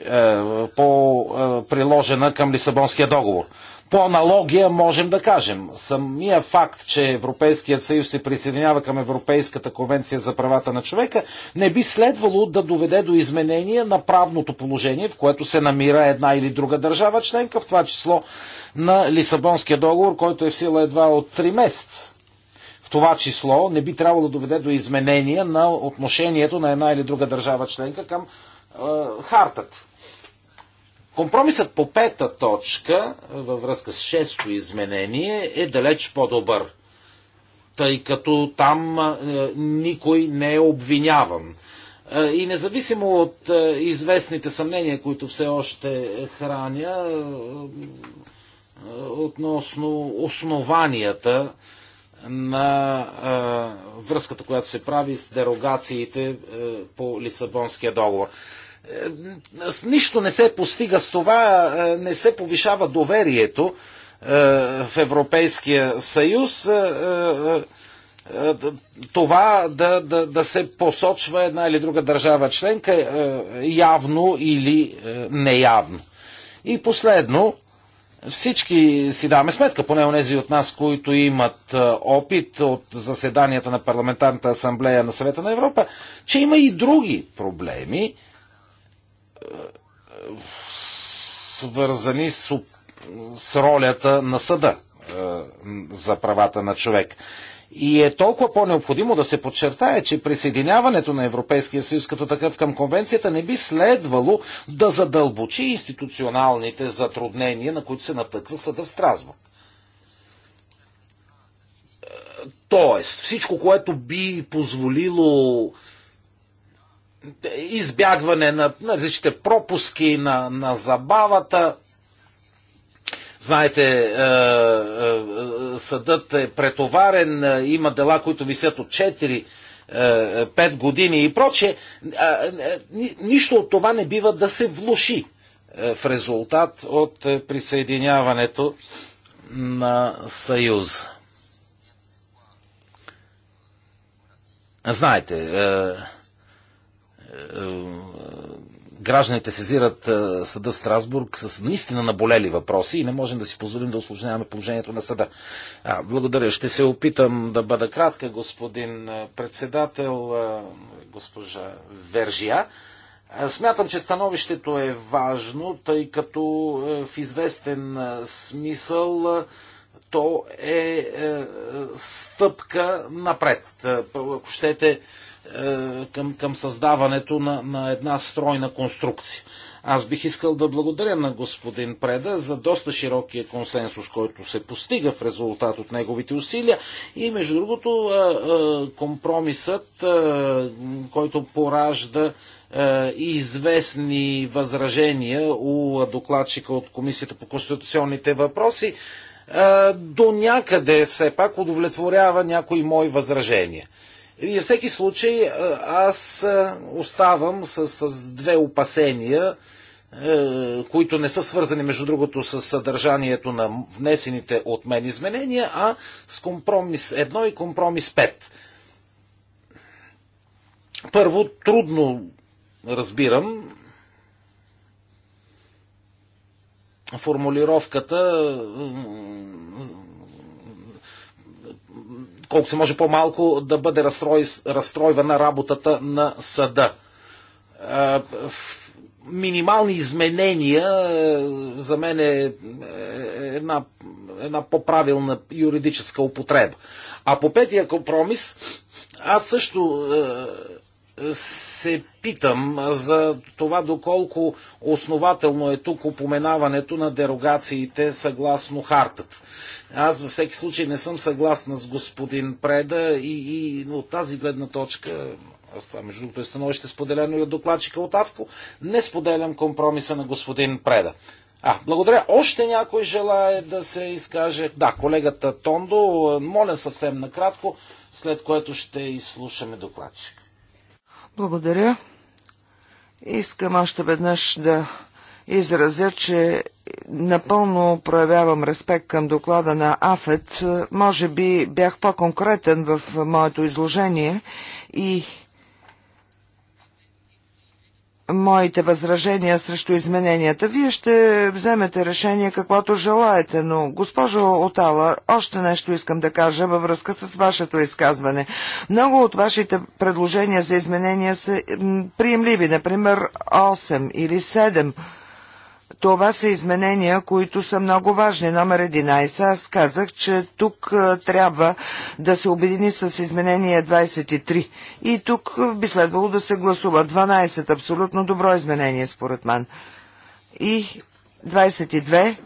е, по приложена към Лисабонския договор по аналогия можем да кажем. Самия факт, че Европейският съюз се присъединява към Европейската конвенция за правата на човека, не би следвало да доведе до изменения на правното положение, в което се намира една или друга държава членка, в това число на Лисабонския договор, който е в сила едва от 3 месеца. В това число не би трябвало да доведе до изменения на отношението на една или друга държава членка към е, хартата. Компромисът по пета точка във връзка с шесто изменение е далеч по-добър, тъй като там е, никой не е обвиняван. И независимо от известните съмнения, които все още храня относно основанията на връзката, която се прави с дерогациите по Лисабонския договор. Е, нищо не се постига с това, е, не се повишава доверието е, в Европейския съюз. Това да, да, да се посочва една или друга държава членка явно или неявно. И последно, всички си даваме сметка, поне онези от нас, които имат опит от заседанията на Парламентарната асамблея на Съвета на Европа, че има и други проблеми, свързани с, с ролята на съда е, за правата на човек. И е толкова по-необходимо да се подчертае, че присъединяването на Европейския съюз като такъв към конвенцията не би следвало да задълбочи институционалните затруднения, на които се натъква съда в Страсбург. Е, тоест, всичко, което би позволило избягване на, на различните пропуски, на, на забавата. Знаете, е, е, съдът е претоварен, е, има дела, които висят от 4 5 е, е, години и проче, е, нищо от това не бива да се влуши в резултат от присъединяването на Съюз. Знаете, е, е, гражданите сезират е, съда в Страсбург с наистина наболели въпроси и не можем да си позволим да осложняваме положението на съда. А, благодаря. Ще се опитам да бъда кратка, господин председател, госпожа Вержия. Смятам, че становището е важно, тъй като в известен смисъл то е стъпка напред. Ако щете, е, към, към създаването на, на една стройна конструкция. Аз бих искал да благодаря на господин Преда за доста широкия консенсус, който се постига в резултат от неговите усилия. И между другото, е, е, компромисът, който поражда и известни възражения у докладчика от Комисията по конституционните въпроси, до някъде все пак удовлетворява някои мои възражения. И във всеки случай аз оставам с, с две опасения, които не са свързани, между другото, с съдържанието на внесените от мен изменения, а с компромис 1 и компромис 5. Първо, трудно разбирам формулировката колко се може по-малко да бъде разстрой, разстройвана работата на съда. Е, минимални изменения е, за мен е, е една, една по-правилна юридическа употреба. А по петия компромис аз също се питам за това доколко основателно е тук упоменаването на дерогациите съгласно хартата. Аз във всеки случай не съм съгласна с господин Преда и, и от тази гледна точка аз това, между другото, е становище споделено и от докладчика от Авко. Не споделям компромиса на господин Преда. А, благодаря. Още някой желая да се изкаже? Да, колегата Тондо, моля съвсем накратко, след което ще изслушаме докладчик. Благодаря. Искам още веднъж да изразя, че напълно проявявам респект към доклада на АФЕТ. Може би бях по-конкретен в моето изложение и моите възражения срещу измененията. Вие ще вземете решение каквото желаете, но госпожо Отала, още нещо искам да кажа във връзка с вашето изказване. Много от вашите предложения за изменения са приемливи, например 8 или 7 това са изменения, които са много важни. Номер 11. Аз казах, че тук трябва да се обедини с изменение 23. И тук би следвало да се гласува 12. Абсолютно добро изменение, според мен. И 22.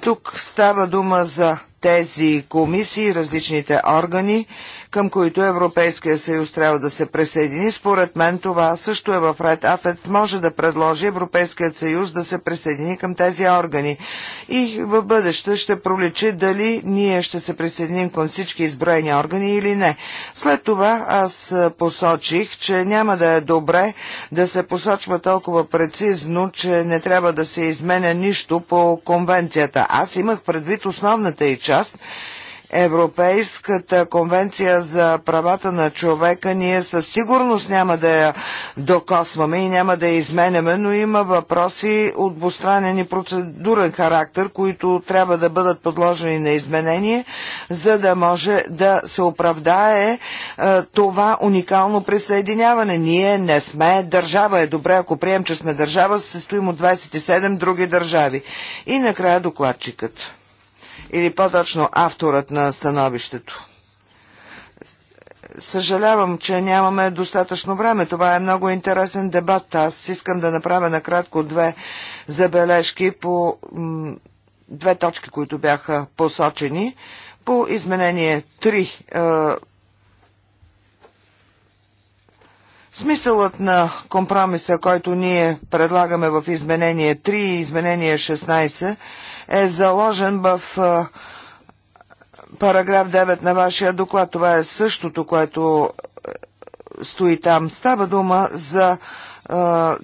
Тук става дума за тези комисии, различните органи към които Европейския съюз трябва да се присъедини. Според мен това също е в ред. АФЕТ може да предложи Европейският съюз да се присъедини към тези органи. И в бъдеще ще проличи дали ние ще се присъединим към всички изброени органи или не. След това аз посочих, че няма да е добре да се посочва толкова прецизно, че не трябва да се изменя нищо по конвенцията. Аз имах предвид основната и част – Европейската конвенция за правата на човека ние със сигурност няма да я докосваме и няма да я изменяме, но има въпроси от двустранен и процедурен характер, които трябва да бъдат подложени на изменение, за да може да се оправдае е, това уникално присъединяване. Ние не сме държава. Е добре, ако прием, че сме държава, се стоим от 27 други държави. И накрая докладчикът или по-точно авторът на становището. Съжалявам, че нямаме достатъчно време. Това е много интересен дебат. Аз искам да направя накратко две забележки по две точки, които бяха посочени. По изменение 3 Смисълът на компромиса, който ние предлагаме в изменение 3 и изменение 16, е заложен в параграф 9 на вашия доклад. Това е същото, което е, стои там. Става дума за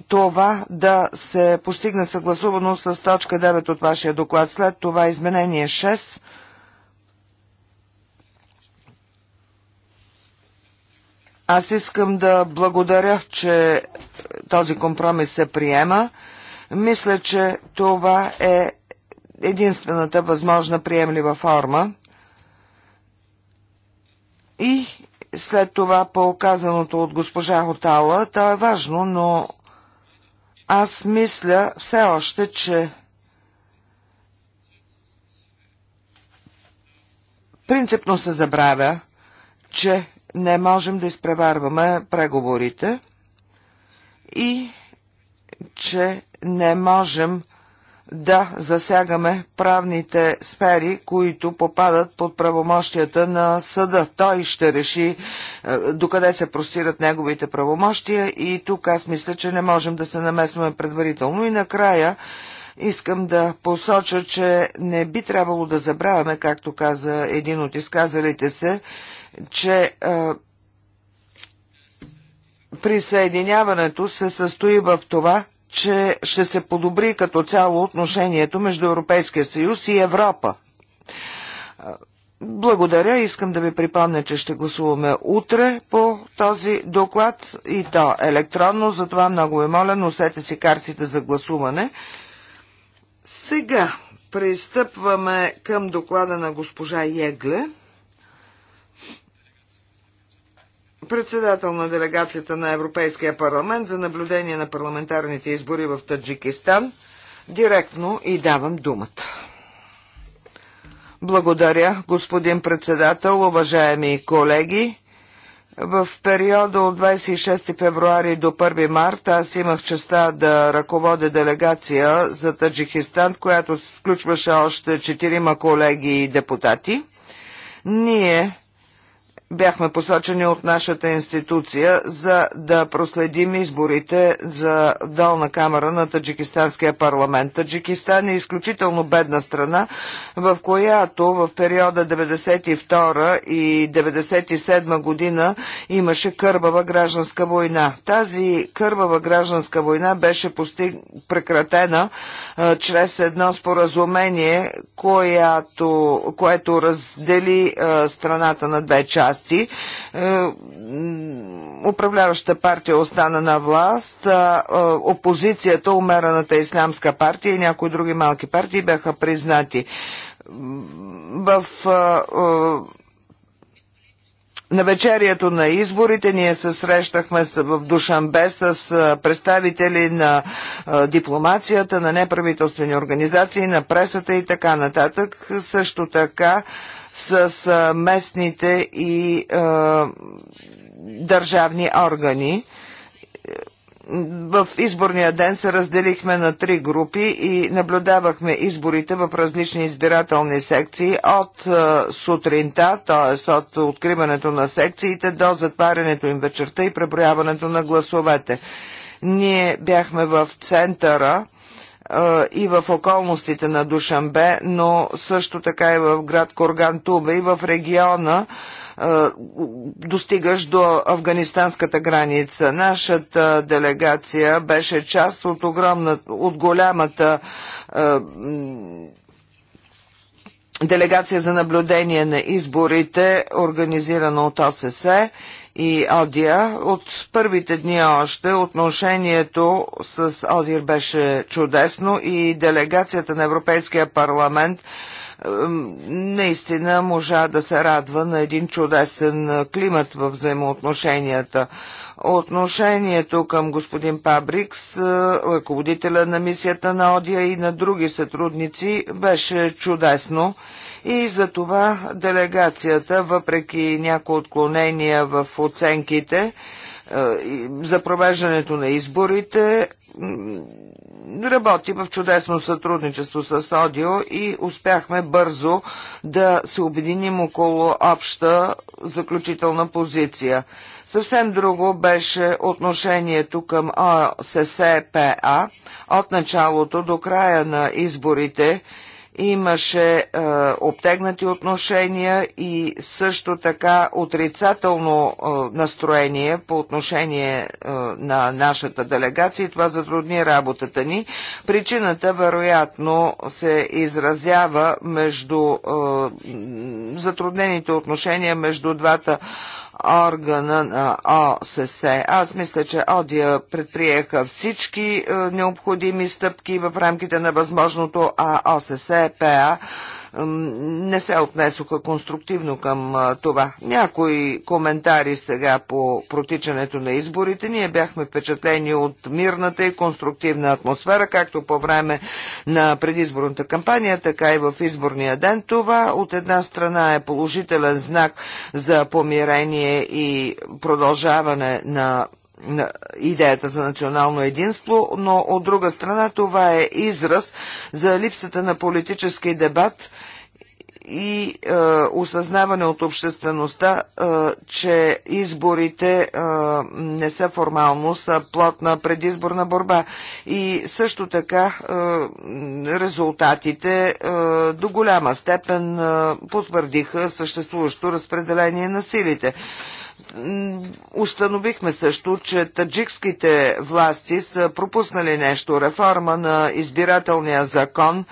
това да се постигне съгласувано с точка 9 от вашия доклад. След това изменение 6 Аз искам да благодаря, че този компромис се приема. Мисля, че това е единствената възможна приемлива форма. И след това по казаното от госпожа Хотала, то е важно, но аз мисля все още, че принципно се забравя, че не можем да изпреварваме преговорите и че не можем да засягаме правните сфери, които попадат под правомощията на съда. Той ще реши е, докъде се простират неговите правомощия и тук аз мисля, че не можем да се намесваме предварително. И накрая искам да посоча, че не би трябвало да забравяме, както каза един от изказалите се, че присъединяването се състои в това, че ще се подобри като цяло отношението между Европейския съюз и Европа. Благодаря. Искам да ви припомня, че ще гласуваме утре по този доклад и то електронно. Затова много ви моля, носете си картите за гласуване. Сега пристъпваме към доклада на госпожа Егле. председател на делегацията на Европейския парламент за наблюдение на парламентарните избори в Таджикистан. Директно и давам думата. Благодаря, господин председател, уважаеми колеги. В периода от 26 февруари до 1 март аз имах честа да ръководя делегация за Таджикистан, която включваше още 4 колеги и депутати. Ние бяхме посочени от нашата институция, за да проследим изборите за долна камера на Таджикистанския парламент. Таджикистан е изключително бедна страна, в която в периода 1992 и 1997 година имаше кърбава гражданска война. Тази кърбава гражданска война беше постиг... прекратена а, чрез едно споразумение, която... което раздели а, страната на две части власти. Е, управляваща партия остана на власт, опозицията, умерената ислямска партия и някои други малки партии бяха признати. В на вечерието на изборите ние се срещахме в Душанбе с представители на дипломацията, на неправителствени организации, на пресата и така нататък. Също така с местните и а, държавни органи. В изборния ден се разделихме на три групи и наблюдавахме изборите в различни избирателни секции от сутринта, т.е. от откриването на секциите до затварянето им вечерта и преброяването на гласовете. Ние бяхме в центъра и в околностите на Душанбе, но също така и в град Корган Тубе и в региона достигаш до афганистанската граница. Нашата делегация беше част от, огромна, от голямата делегация за наблюдение на изборите, организирана от ОССЕ и Одия. От първите дни още отношението с Одир беше чудесно и делегацията на Европейския парламент наистина можа да се радва на един чудесен е, климат в взаимоотношенията. Отношението към господин Пабрикс, е, ръководителя на мисията на Одия и на други сътрудници беше чудесно и за това делегацията, въпреки някои отклонения в оценките е, за провеждането на изборите, работи в чудесно сътрудничество с Одио и успяхме бързо да се обединим около обща заключителна позиция. Съвсем друго беше отношението към ОССПА от началото до края на изборите имаше е, обтегнати отношения и също така отрицателно е, настроение по отношение е, на нашата делегация и това затрудни работата ни. Причината вероятно се изразява между е, затруднените отношения между двата органа на ОССЕ. Аз мисля, че ОДИА предприеха всички е, необходими стъпки в рамките на възможното, а ОССЕ ПА не се отнесоха конструктивно към това. Някои коментари сега по протичането на изборите. Ние бяхме впечатлени от мирната и конструктивна атмосфера, както по време на предизборната кампания, така и в изборния ден. Това от една страна е положителен знак за помирение и продължаване на на идеята за национално единство, но от друга страна това е израз за липсата на политически дебат и е, осъзнаване от обществеността, е, че изборите е, не са формално, са плод на предизборна борба. И също така е, резултатите е, до голяма степен е, потвърдиха съществуващо разпределение на силите. Установихме също, че таджикските власти са пропуснали нещо реформа на избирателния закон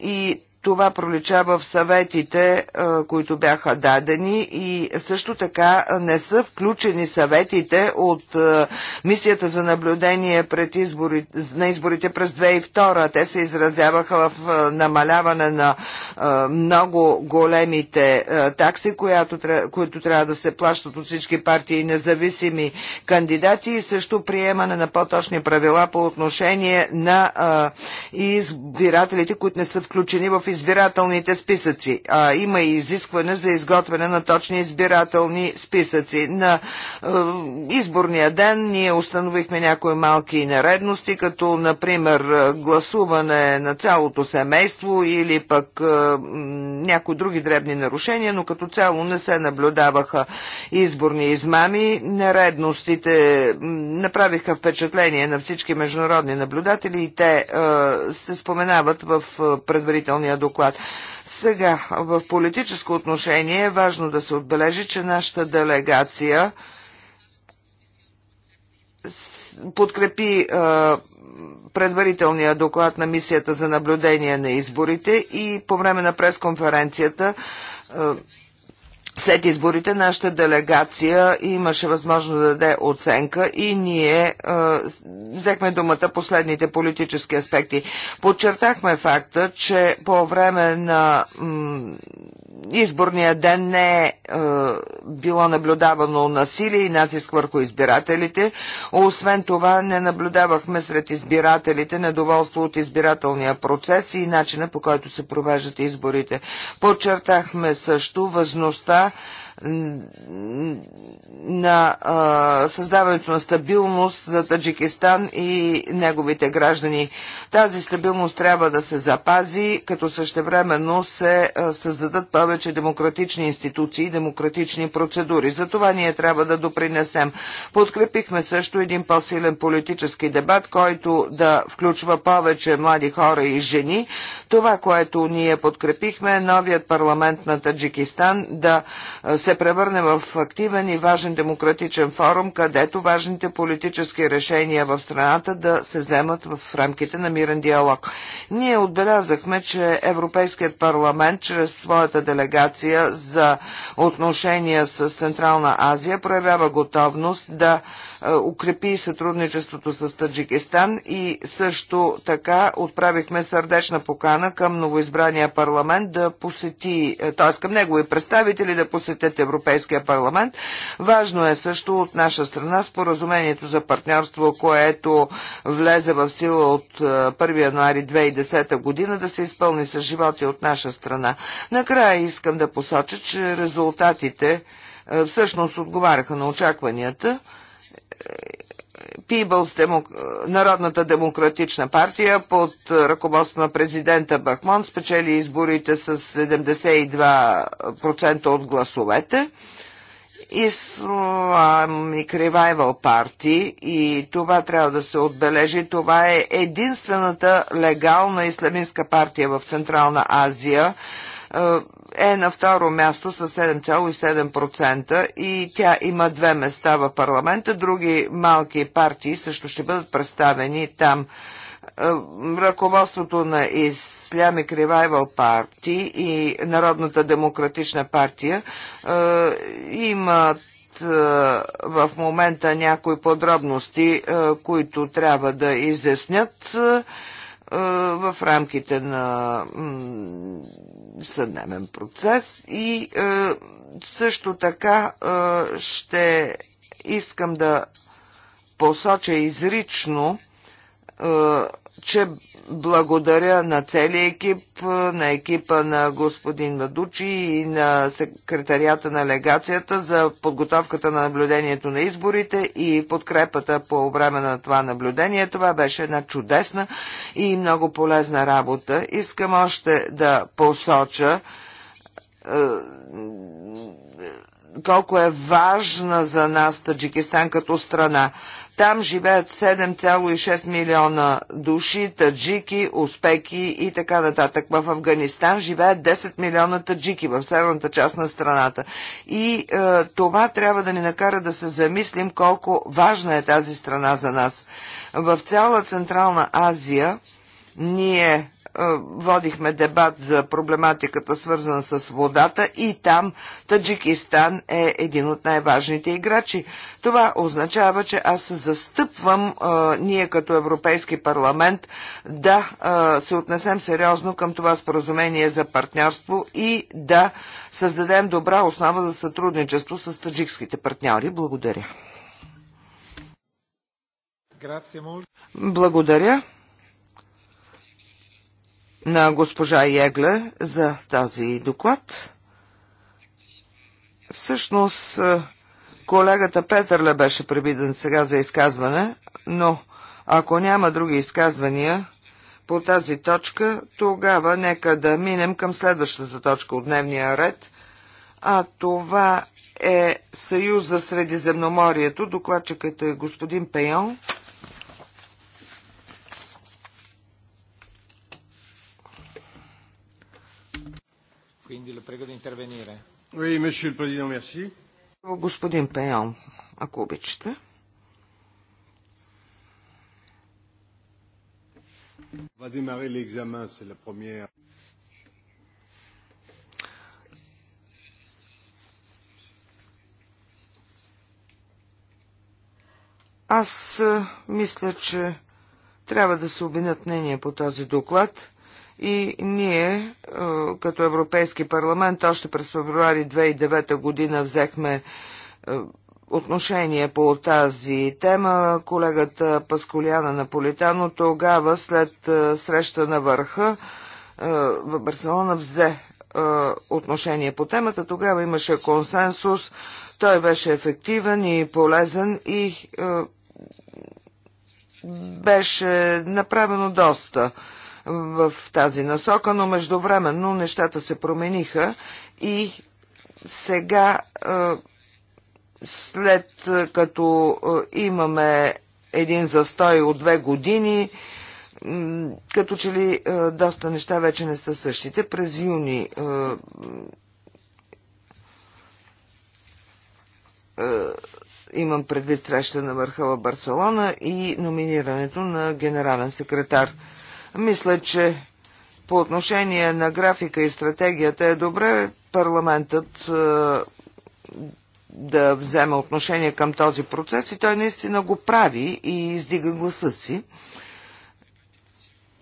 и това проличава в съветите, е, които бяха дадени и също така не са включени съветите от е, мисията за наблюдение пред избори, на изборите през 2002. Те се изразяваха в е, намаляване на много големите такси, която, които трябва да се плащат от всички партии и независими кандидати и също приемане на по-точни правила по отношение на избирателите, които не са включени в изборите избирателните списъци. А, има и изискване за изготвяне на точни избирателни списъци. На а, е, изборния ден ние установихме някои малки нередности, като например гласуване на цялото семейство или пък а, е, някои други дребни нарушения, но като цяло не се наблюдаваха изборни измами. Нередностите направиха впечатление на всички международни наблюдатели и те а, е, се споменават в предварителния доклад. Сега, в политическо отношение е важно да се отбележи, че нашата делегация подкрепи е, предварителния доклад на мисията за наблюдение на изборите и по време на пресконференцията е, след изборите нашата делегация имаше възможно да даде оценка и ние е, взехме думата последните политически аспекти. Подчертахме факта, че по време на изборния ден не е, е било наблюдавано насилие и натиск върху избирателите. Освен това, не наблюдавахме сред избирателите недоволство от избирателния процес и начина по който се провеждат изборите. Подчертахме също възможността на а, създаването на стабилност за Таджикистан и неговите граждани. Тази стабилност трябва да се запази, като същевременно се а, създадат повече демократични институции и демократични процедури. За това ние трябва да допринесем. Подкрепихме също един по-силен политически дебат, който да включва повече млади хора и жени. Това, което ние подкрепихме, е новият парламент на Таджикистан да се се превърне в активен и важен демократичен форум, където важните политически решения в страната да се вземат в рамките на мирен диалог. Ние отбелязахме, че Европейският парламент чрез своята делегация за отношения с Централна Азия проявява готовност да е, укрепи сътрудничеството с Таджикистан и също така отправихме сърдечна покана към новоизбрания парламент да посети, е, т.е. към негови представители да посетят Европейския парламент. Важно е също от наша страна споразумението за партньорство, което влезе в сила от 1 е, януари 2010 година да се изпълни с животи от наша страна. Накрая искам да посоча, че резултатите всъщност отговаряха на очакванията. Пибълс, Народната демократична партия под ръководство на президента Бахмон спечели изборите с 72% от гласовете. и кривайвал партии. и това трябва да се отбележи. Това е единствената легална исламистка партия в Централна Азия е, е на второ място с 7,7% и тя има две места в парламента. Други малки партии също ще бъдат представени там. Е, ръководството на Ислями Revival парти и Народната демократична партия е, имат е, в момента някои подробности, които трябва да изяснят в рамките на съдебен процес и е, също така е, ще искам да посоча изрично, е, че благодаря на целия екип, на екипа на господин Мадучи и на секретарията на легацията за подготовката на наблюдението на изборите и подкрепата по време на това наблюдение. Това беше една чудесна и много полезна работа. Искам още да посоча е, колко е важна за нас Таджикистан като страна. Там живеят 7,6 милиона души, таджики, успеки и така нататък. В Афганистан живеят 10 милиона таджики в северната част на страната. И е, това трябва да ни накара да се замислим колко важна е тази страна за нас. В цяла Централна Азия ние е, водихме дебат за проблематиката свързана с водата и там Таджикистан е един от най-важните играчи. Това означава, че аз застъпвам а, е, ние като Европейски парламент да а, е, се отнесем сериозно към това споразумение за партньорство и да създадем добра основа за сътрудничество с таджикските партньори. Благодаря. Благодаря на госпожа Егле за този доклад. Всъщност, е, колегата Петърле беше прибиден сега за изказване, но ако няма други изказвания по тази точка, тогава нека да минем към следващата точка от дневния ред, а това е Съюз за Средиземноморието. Докладчикът е господин Пейон. Quindi le prego di intervenire. Oui, monsieur le président, merci. Господин Пеон, ако обичате. va démarrer l'examen, c'est la première. Аз мисля, че трябва да се обединят мнения по този доклад. И ние, е, като Европейски парламент, още през февруари 2009 година взехме е, отношение по тази тема. Колегата Пасколяна Наполитано тогава, след е, среща на върха в Барселона, взе отношение по темата. Тогава имаше консенсус. Той беше ефективен и полезен и беше направено доста в тази насока, но междувременно нещата се промениха и сега след като имаме един застой от две години, като че ли доста неща вече не са същите. През юни имам предвид среща на върха в Барселона и номинирането на генерален секретар. Мисля, че по отношение на графика и стратегията е добре парламентът е, да вземе отношение към този процес и той наистина го прави и издига гласа си.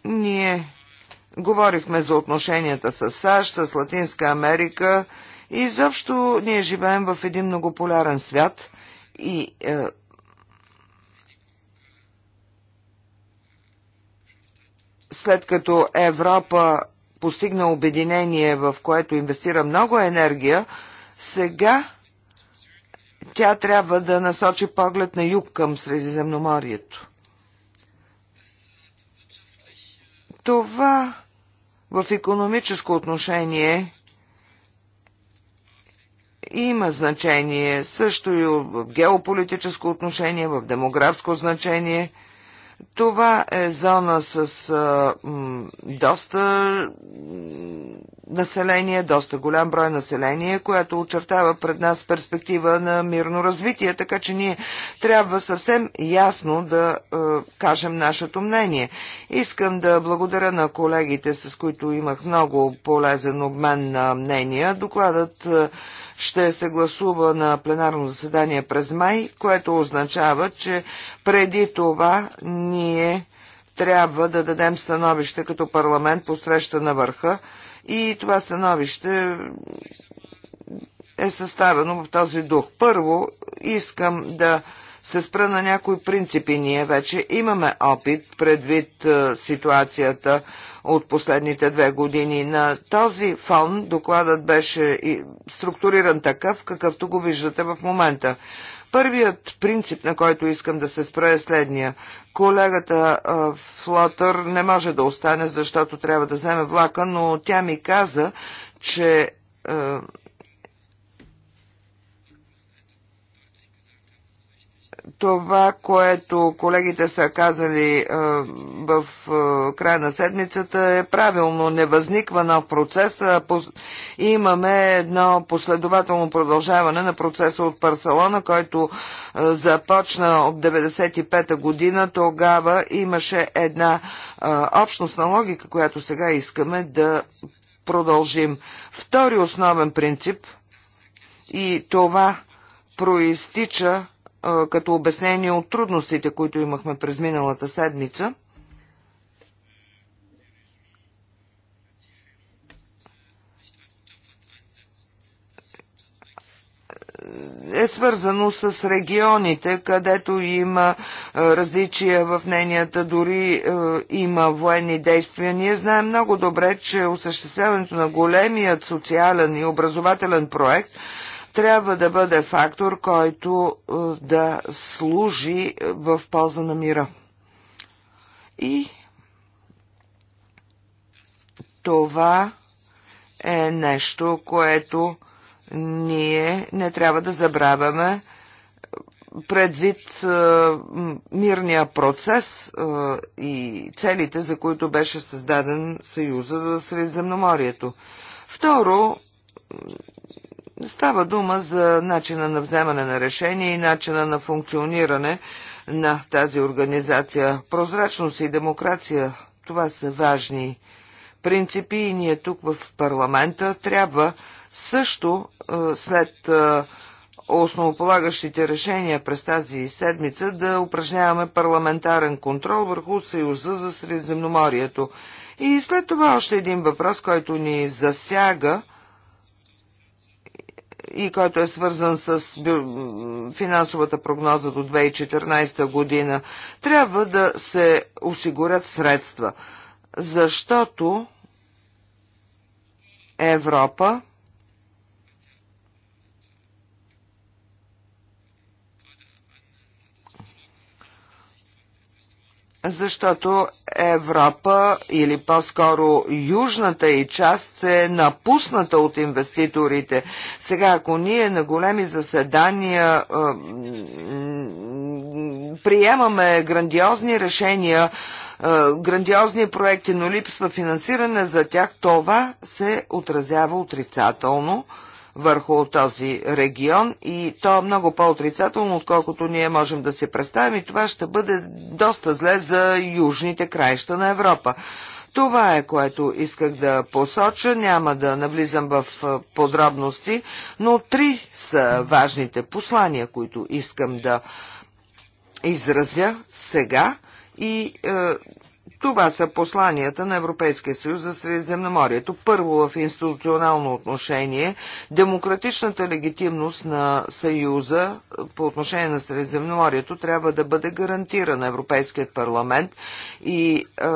Ние говорихме за отношенията с САЩ, с Латинска Америка и изобщо ние живеем в един многополярен свят и е, след като Европа постигна обединение, в което инвестира много енергия, сега тя трябва да насочи поглед на юг към Средиземноморието. Това в економическо отношение има значение, също и в геополитическо отношение, в демографско значение – това е зона с а, м, доста население, доста голям брой население, което очертава пред нас перспектива на мирно развитие, така че ние трябва съвсем ясно да а, кажем нашето мнение. Искам да благодаря на колегите, с които имах много полезен обмен на мнения. Докладът а, ще се гласува на пленарно заседание през май, което означава, че преди това ние трябва да дадем становище като парламент по среща на върха и това становище е съставено в този дух. Първо искам да се спра на някои принципи. Ние вече имаме опит предвид е, ситуацията от последните две години. На този фон докладът беше структуриран такъв, какъвто го виждате в момента. Първият принцип, на който искам да се спра е следния. Колегата а, е, Флотър не може да остане, защото трябва да вземе влака, но тя ми каза, че е, това, което колегите са казали е, в е, края на седмицата е правилно. Не възниква нов процес. А Имаме едно последователно продължаване на процеса от Барселона, който е, започна от 1995 година. Тогава имаше една общностна логика, която сега искаме да продължим. Втори основен принцип и това проистича като обяснение от трудностите, които имахме през миналата седмица. е свързано с регионите, където има различия в мненията, дори има военни действия. Ние знаем много добре, че осъществяването на големият социален и образователен проект – трябва да бъде фактор, който е, да служи в полза на мира. И това е нещо, което ние не трябва да забравяме предвид е, мирния процес е, и целите, за които беше създаден Съюза за Средиземноморието. Второ, Става дума за начина на вземане на решение и начина на функциониране на тази организация. Прозрачност и демокрация – това са важни принципи и ние тук в парламента трябва също е, след е, основополагащите решения през тази седмица да упражняваме парламентарен контрол върху Съюза за Средиземноморието. И след това още един въпрос, който ни засяга – и който е свързан с финансовата прогноза до 2014 година, трябва да се осигурят средства, защото Европа защото Европа или по-скоро южната и част е напусната от инвеститорите. Сега, ако ние на големи заседания приемаме грандиозни решения, грандиозни проекти, но липсва финансиране за тях, това се отразява отрицателно върху този регион и то е много по-отрицателно, отколкото ние можем да се представим и това ще бъде доста зле за южните краища на Европа. Това е което исках да посоча, няма да навлизам в подробности, но три са важните послания, които искам да изразя сега и е, това са посланията на Европейския съюз за Средиземноморието. Първо в институционално отношение, демократичната легитимност на съюза по отношение на Средиземноморието трябва да бъде гарантирана. Европейският парламент и е,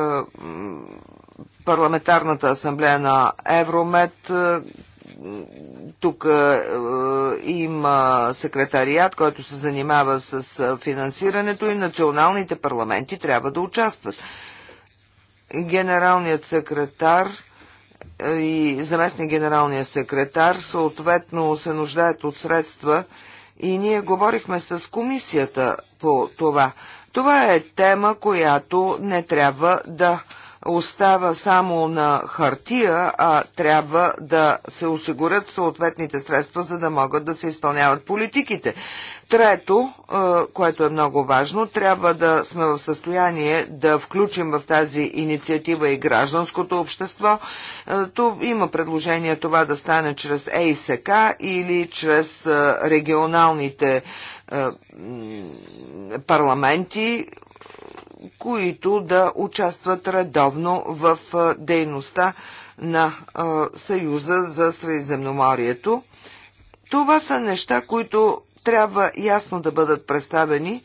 парламентарната асамблея на Евромед е, тук е, има секретариат, който се занимава с е, финансирането и националните парламенти трябва да участват генералният секретар е, и заместник генералния секретар съответно се нуждаят от средства и ние говорихме с комисията по това. Това е тема, която не трябва да остава само на хартия, а трябва да се осигурят съответните средства, за да могат да се изпълняват политиките. Трето, е, което е много важно, трябва да сме в състояние да включим в тази инициатива и гражданското общество. Е, то има предложение това да стане чрез ЕИСК или чрез е, регионалните парламенти, които да участват редовно в дейността на Съюза за Средиземноморието. Това са неща, които трябва ясно да бъдат представени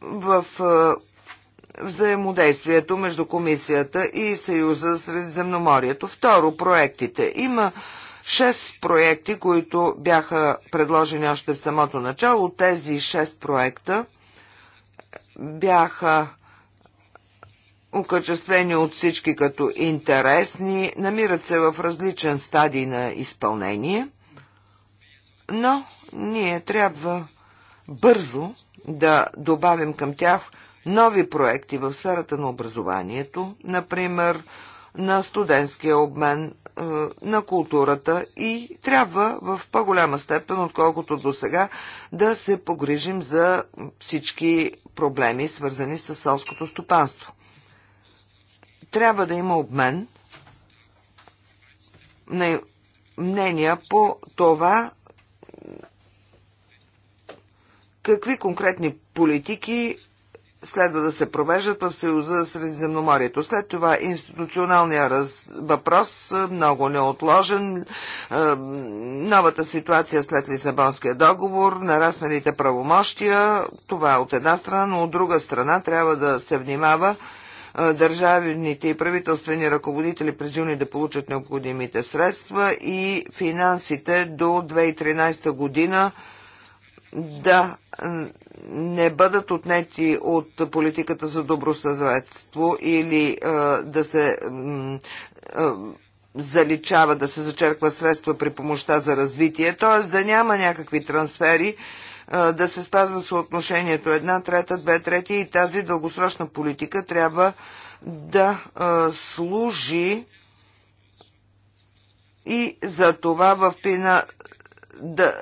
в взаимодействието между комисията и Съюза Средиземноморието. Второ, проектите. Има шест проекти, които бяха предложени още в самото начало. Тези шест проекта бяха окачествени от всички като интересни, намират се в различен стадий на изпълнение, но ние трябва бързо да добавим към тях нови проекти в сферата на образованието, например на студентския обмен, е, на културата и трябва в по-голяма степен, отколкото до сега, да се погрижим за всички проблеми, свързани с селското стопанство. Трябва да има обмен на мнения по това какви конкретни политики следва да се провеждат в Съюза за Средиземноморието. След това институционалния раз... въпрос е, много неотложен. Е, новата ситуация след Лисабонския договор, нарасналите правомощия, това е от една страна, но от друга страна трябва да се внимава е, държавните и правителствени ръководители през юни да получат необходимите средства и финансите до 2013 година да не бъдат отнети от политиката за добросъзветство или е, да се е, заличава, да се зачерква средства при помощта за развитие, т.е. да няма някакви трансфери, е, да се спазва съотношението една трета, две трети и тази дългосрочна политика трябва да служи и за това в пина да,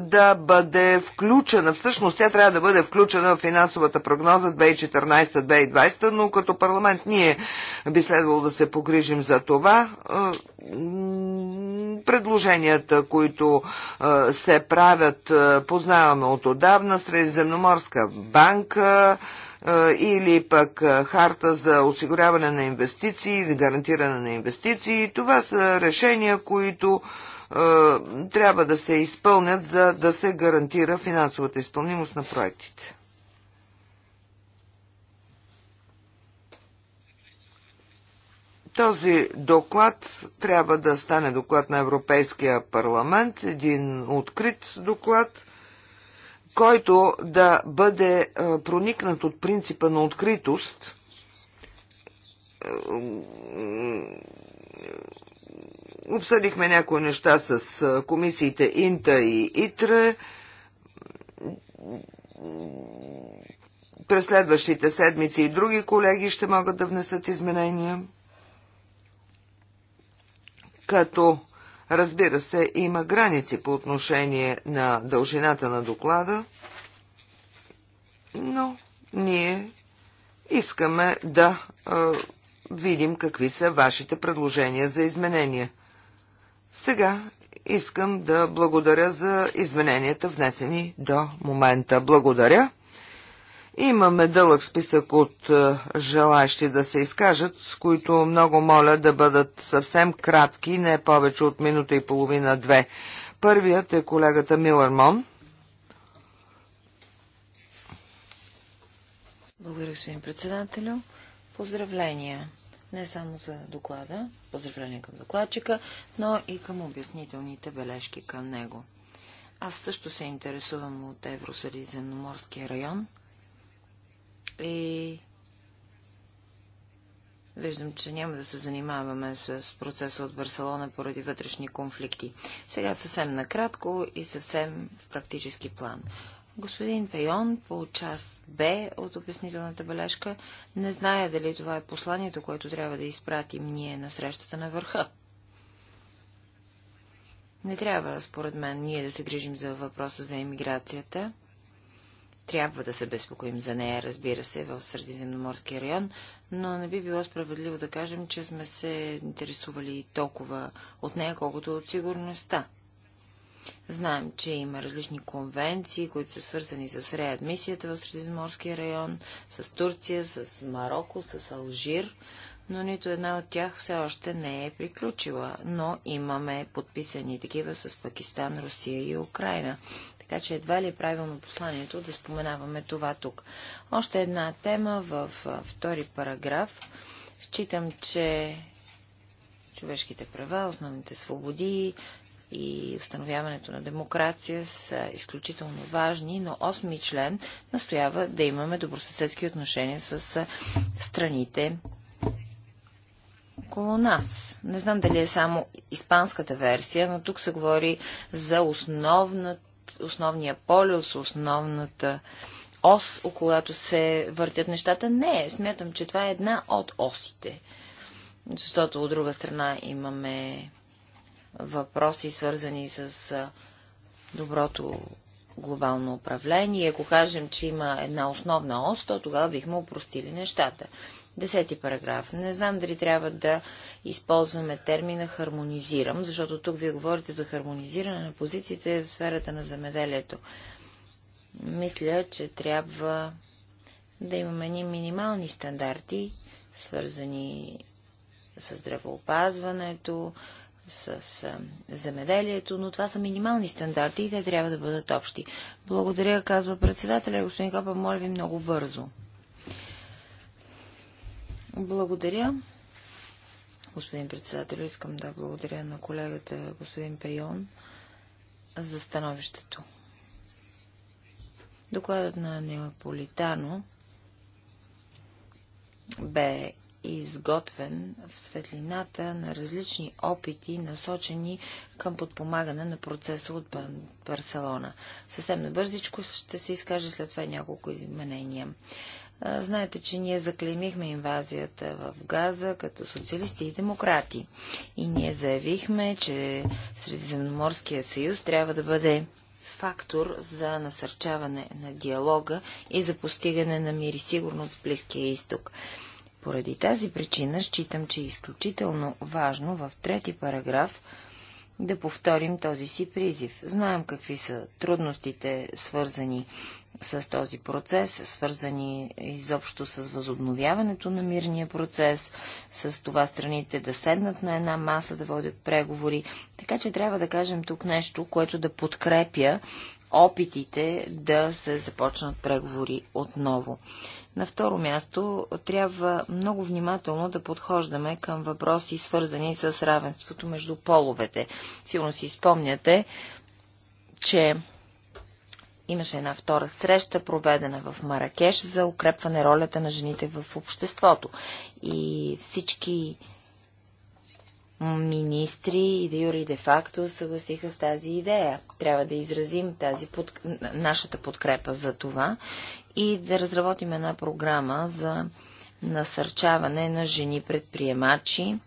да бъде включена, всъщност тя трябва да бъде включена в финансовата прогноза 2014-2020, но като парламент ние би следвало да се погрижим за това. Е, предложенията, които е, се правят, е, познаваме от отдавна, Средиземноморска банка, или пък харта за осигуряване на инвестиции, гарантиране на инвестиции. Това са решения, които е, трябва да се изпълнят, за да се гарантира финансовата изпълнимост на проектите. Този доклад трябва да стане доклад на Европейския парламент, един открит доклад, който да бъде е, проникнат от принципа на откритост Обсъдихме някои неща с комисиите Инта и Итре. През следващите седмици и други колеги ще могат да внесат изменения. Като, разбира се, има граници по отношение на дължината на доклада, но ние искаме да видим какви са вашите предложения за изменения. Сега искам да благодаря за измененията, внесени до момента. Благодаря. Имаме дълъг списък от е, желащи да се изкажат, които много моля да бъдат съвсем кратки, не повече от минута и половина-две. Първият е колегата Мон. Благодаря, господин председателю. Поздравления не само за доклада, поздравление към докладчика, но и към обяснителните бележки към него. Аз също се интересувам от Евросредиземноморския район и Виждам, че няма да се занимаваме с процеса от Барселона поради вътрешни конфликти. Сега съвсем накратко и съвсем в практически план. Господин Пейон по част Б от обяснителната бележка не зная дали това е посланието, което трябва да изпратим ние на срещата на върха. Не трябва, според мен, ние да се грижим за въпроса за емиграцията. Трябва да се безпокоим за нея, разбира се, в Средиземноморския район, но не би било справедливо да кажем, че сме се интересували толкова от нея, колкото от сигурността. Знаем, че има различни конвенции, които са свързани с реадмисията в Средиземорския район, с Турция, с Марокко, с Алжир, но нито една от тях все още не е приключила. Но имаме подписани такива с Пакистан, Русия и Украина. Така че едва ли е правилно посланието да споменаваме това тук. Още една тема в втори параграф. Считам, че човешките права, основните свободи, и установяването на демокрация са изключително важни, но 8 член настоява да имаме добросъседски отношения с страните около нас. Не знам дали е само испанската версия, но тук се говори за основната, основния полюс, основната ос, около която се въртят нещата. Не, смятам, че това е една от осите. Защото от друга страна имаме въпроси, свързани с доброто глобално управление. Ако кажем, че има една основна ос, то тогава бихме упростили нещата. Десети параграф. Не знам дали трябва да използваме термина хармонизирам, защото тук вие говорите за хармонизиране на позициите в сферата на замеделието. Мисля, че трябва да имаме ни минимални стандарти, свързани с здравеопазването, с земеделието, но това са минимални стандарти и те трябва да бъдат общи. Благодаря, казва председателя. Господин Капа, моля ви много бързо. Благодаря. Господин председател, искам да благодаря на колегата господин Пейон за становището. Докладът на Неаполитано бе изготвен в светлината на различни опити, насочени към подпомагане на процеса от Барселона. Съвсем набързичко ще се изкаже след това няколко изменения. Знаете, че ние заклеймихме инвазията в Газа като социалисти и демократи. И ние заявихме, че Средиземноморския съюз трябва да бъде фактор за насърчаване на диалога и за постигане на мир и сигурност в Близкия изток. Поради тази причина считам, че е изключително важно в трети параграф да повторим този си призив. Знаем какви са трудностите, свързани с този процес, свързани изобщо с възобновяването на мирния процес, с това страните да седнат на една маса, да водят преговори. Така че трябва да кажем тук нещо, което да подкрепя опитите да се започнат преговори отново. На второ място, трябва много внимателно да подхождаме към въпроси, свързани с равенството между половете. Сигурно си спомняте, че имаше една втора среща, проведена в Маракеш, за укрепване ролята на жените в обществото. И всички министри и да юри де факто съгласиха с тази идея. Трябва да изразим тази под... нашата подкрепа за това и да разработим една програма за насърчаване на жени предприемачи,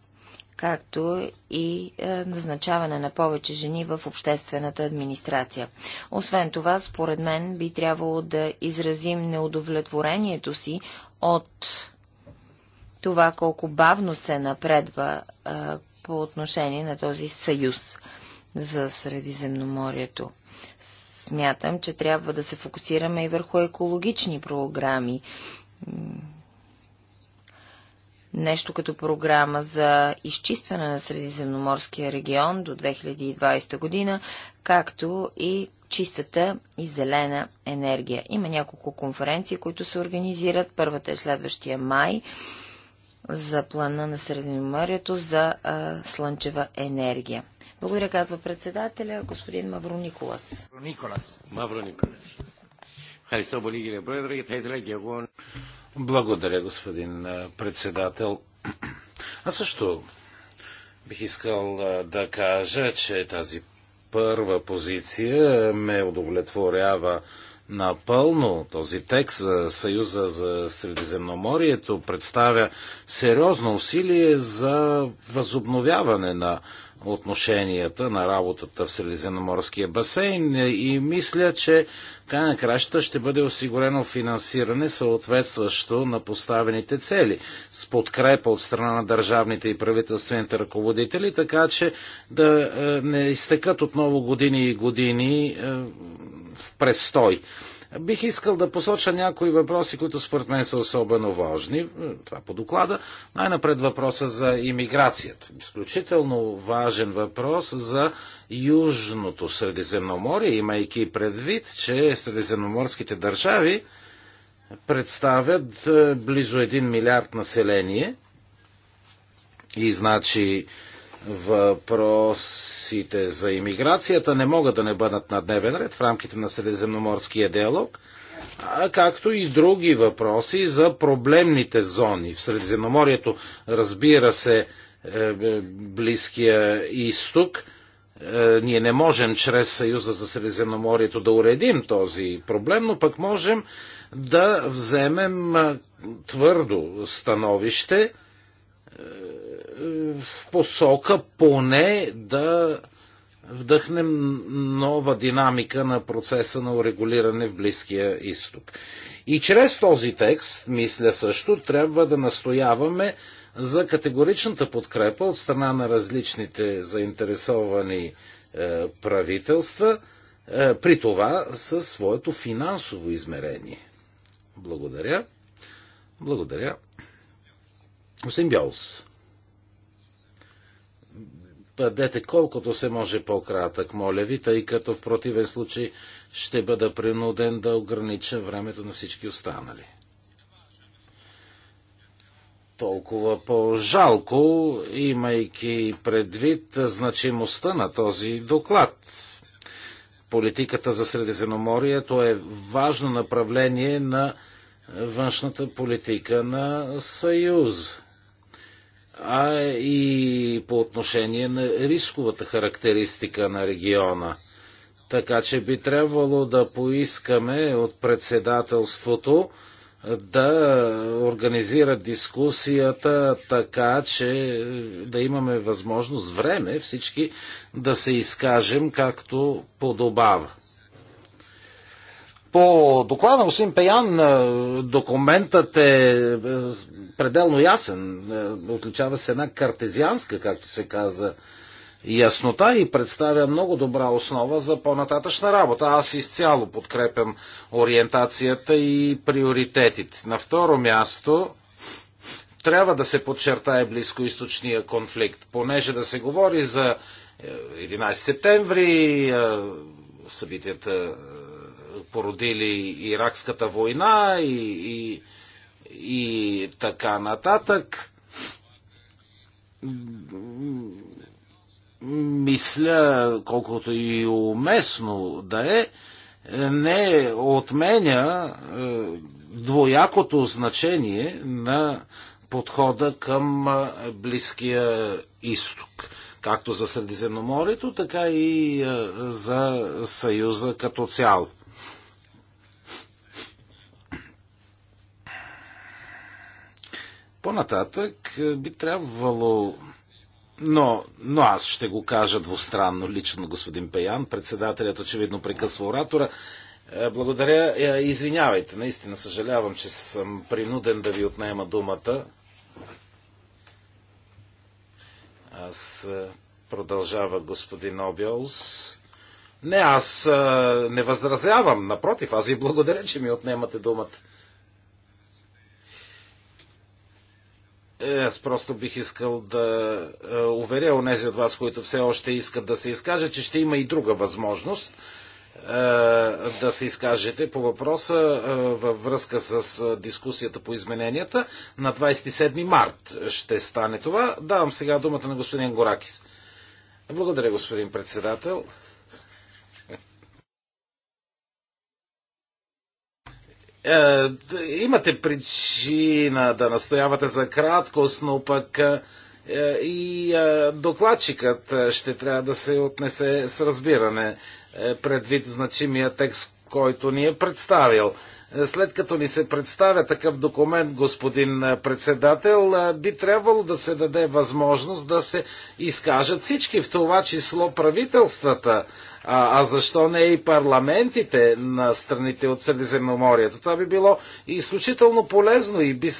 както и е, назначаване на повече жени в обществената администрация. Освен това, според мен, би трябвало да изразим неудовлетворението си от това колко бавно се напредва а, е, по отношение на този съюз за Средиземноморието. Смятам, че трябва да се фокусираме и върху екологични програми. Нещо като програма за изчистване на Средиземноморския регион до 2020 година, както и чистата и зелена енергия. Има няколко конференции, които се организират. Първата е следващия май за плана на Средноморието за а, слънчева енергия. Благодаря, казва председателя, господин Мавро Николас. Мавро Николас. Благодаря, господин председател. Аз също бих искал да кажа, че тази първа позиция ме удовлетворява напълно този текст за Съюза за Средиземноморието представя сериозно усилие за възобновяване на отношенията на работата в Средиземноморския басейн и мисля, че край на кращата ще бъде осигурено финансиране съответстващо на поставените цели с подкрепа от страна на държавните и правителствените ръководители, така че да е, не изтекат отново години и години е, в престой. Бих искал да посоча някои въпроси, които според мен са особено важни. Това по доклада. Най-напред въпроса за иммиграцията. Изключително важен въпрос за Южното Средиземноморие, имайки предвид, че средиземноморските държави представят е, близо 1 милиард население и значи Въпросите за иммиграцията не могат да не бъдат на дневен ред в рамките на средиземноморския диалог, както и други въпроси за проблемните зони в Средиземноморието. Разбира се, е, е, Близкия изток. Е, ние не можем чрез Съюза за Средиземноморието да уредим този проблем, но пък можем да вземем твърдо становище в посока поне да вдъхнем нова динамика на процеса на урегулиране в Близкия изток. И чрез този текст, мисля също, трябва да настояваме за категоричната подкрепа от страна на различните заинтересовани е, правителства, е, при това със своето финансово измерение. Благодаря. Благодаря. Усим Бялс бъдете колкото се може по-кратък, моля ви, тъй като в противен случай ще бъда принуден да огранича времето на всички останали. Толкова по-жалко, имайки предвид значимостта на този доклад. Политиката за Средиземноморието е важно направление на външната политика на Съюз а и по отношение на рисковата характеристика на региона. Така че би трябвало да поискаме от председателството да организира дискусията така, че да имаме възможност време всички да се изкажем както подобава. По доклада, на господин Пеян, е, документът е, е пределно ясен. Е, отличава се една картезианска, както се каза, яснота и представя много добра основа за по-нататъчна работа. Аз изцяло подкрепям ориентацията и приоритетите. На второ място трябва да се подчертае близкоисточния конфликт, понеже да се говори за 11 септември, събитията породили Иракската война и, и, и така нататък. Мисля, колкото и уместно да е, не отменя е, двоякото значение на подхода към е, Близкия изток. Както за Средиземноморието, така и е, за Съюза като цяло. По-нататък е, би трябвало но, но аз ще го кажа двустранно лично, господин Пеян, Председателят очевидно прекъсва оратора. Е, благодаря. Е, извинявайте, наистина съжалявам, че съм принуден да ви отнема думата. Аз продължава господин Обиолс. Не, аз не възразявам. Напротив, аз ви благодаря, че ми отнемате думата. Е, аз просто бих искал да е, уверя онези от вас, които все още искат да се изкажат, че ще има и друга възможност е, да се изкажете по въпроса във връзка с дискусията по измененията. На 27 март ще стане това. Давам сега думата на господин Горакис. Благодаря, господин председател. Е, имате причина да настоявате за краткост, но пък е, и е, докладчикът ще трябва да се отнесе с разбиране предвид значимия текст, който ни е представил. След като ни се представя такъв документ, господин председател, би трябвало да се даде възможност да се изкажат всички, в това число правителствата а, а защо не и парламентите на страните от Средиземноморието? Това би било изключително полезно и би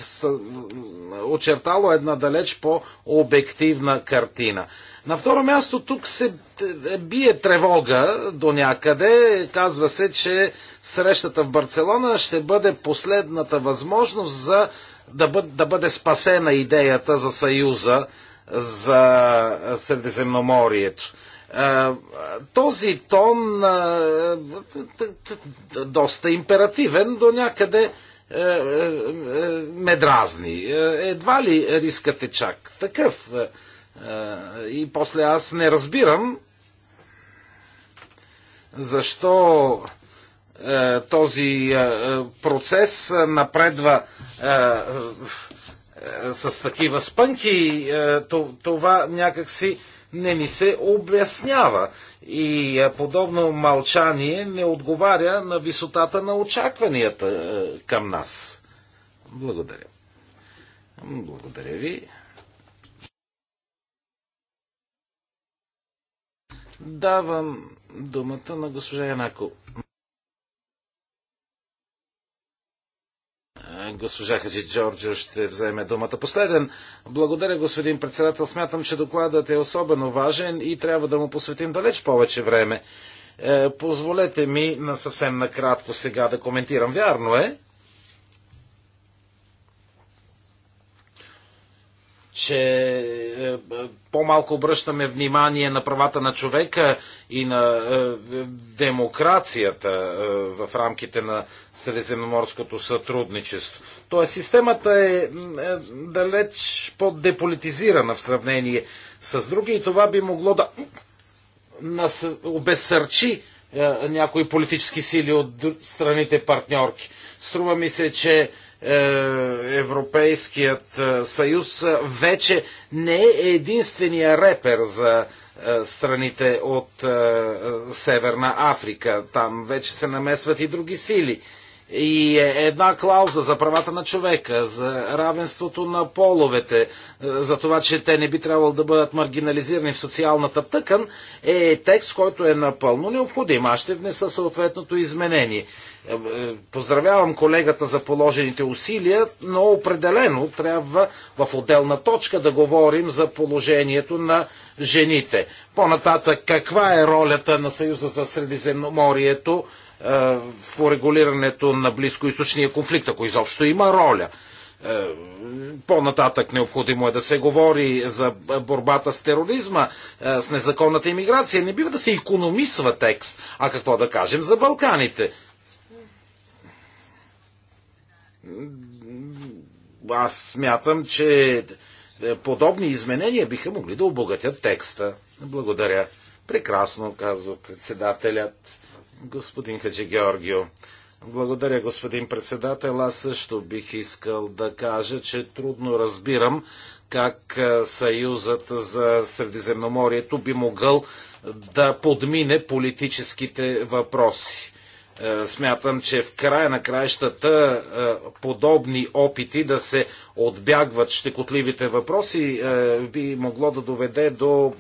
очертало една далеч по-обективна картина. На второ място тук се е, е, бие тревога до някъде. Казва се, че срещата в Барселона ще бъде последната възможност за да бъде, да бъде спасена идеята за Съюза за Средиземноморието. Този тон доста императивен до някъде е, е, е, ме дразни. Едва ли рискът е чак такъв. И после аз не разбирам защо този процес напредва с такива спънки. Това някакси не ни се обяснява. И е, подобно мълчание не отговаря на висотата на очакванията е, към нас. Благодаря. Благодаря ви. Давам думата на госпожа Янако. Госпожа Хаджи Джорджо ще вземе думата. Последен. Благодаря, господин председател. Смятам, че докладът е особено важен и трябва да му посветим далеч повече време. Е, позволете ми на съвсем накратко сега да коментирам. Вярно е, че е, по-малко обръщаме внимание на правата на човека и на е, демокрацията е, в рамките на средиземноморското сътрудничество. Тоест системата е далеч по-деполитизирана в сравнение с други и това би могло да обесърчи някои политически сили от страните партньорки. Струва ми се, че е, Европейският е, съюз е, вече не е единствения репер за страните от Северна Африка. Там вече се намесват и други сили и е една клауза за правата на човека, за равенството на половете, е, за това, че те не би трябвало да бъдат маргинализирани в социалната тъкан, е текст, който е напълно необходим. Аз ще внеса съответното изменение. Е, поздравявам колегата за положените усилия, но определено трябва в отделна точка да говорим за положението на жените. По-нататък, каква е ролята на Съюза за Средиземноморието? Е, в урегулирането на близкоисточния конфликт, ако изобщо има роля. Е, по-нататък необходимо е да се говори за борбата с тероризма, е, с незаконната иммиграция. Не бива да се економисва текст. А какво да кажем за Балканите? Аз смятам, че подобни изменения биха могли да обогатят текста. Благодаря. Прекрасно, казва председателят. Господин Хаджи Георгио, благодаря, господин председател. Аз също бих искал да кажа, че трудно разбирам как Съюзът за Средиземноморието би могъл да подмине политическите въпроси. Смятам, че в края на краищата подобни опити да се отбягват щекотливите въпроси би могло да доведе до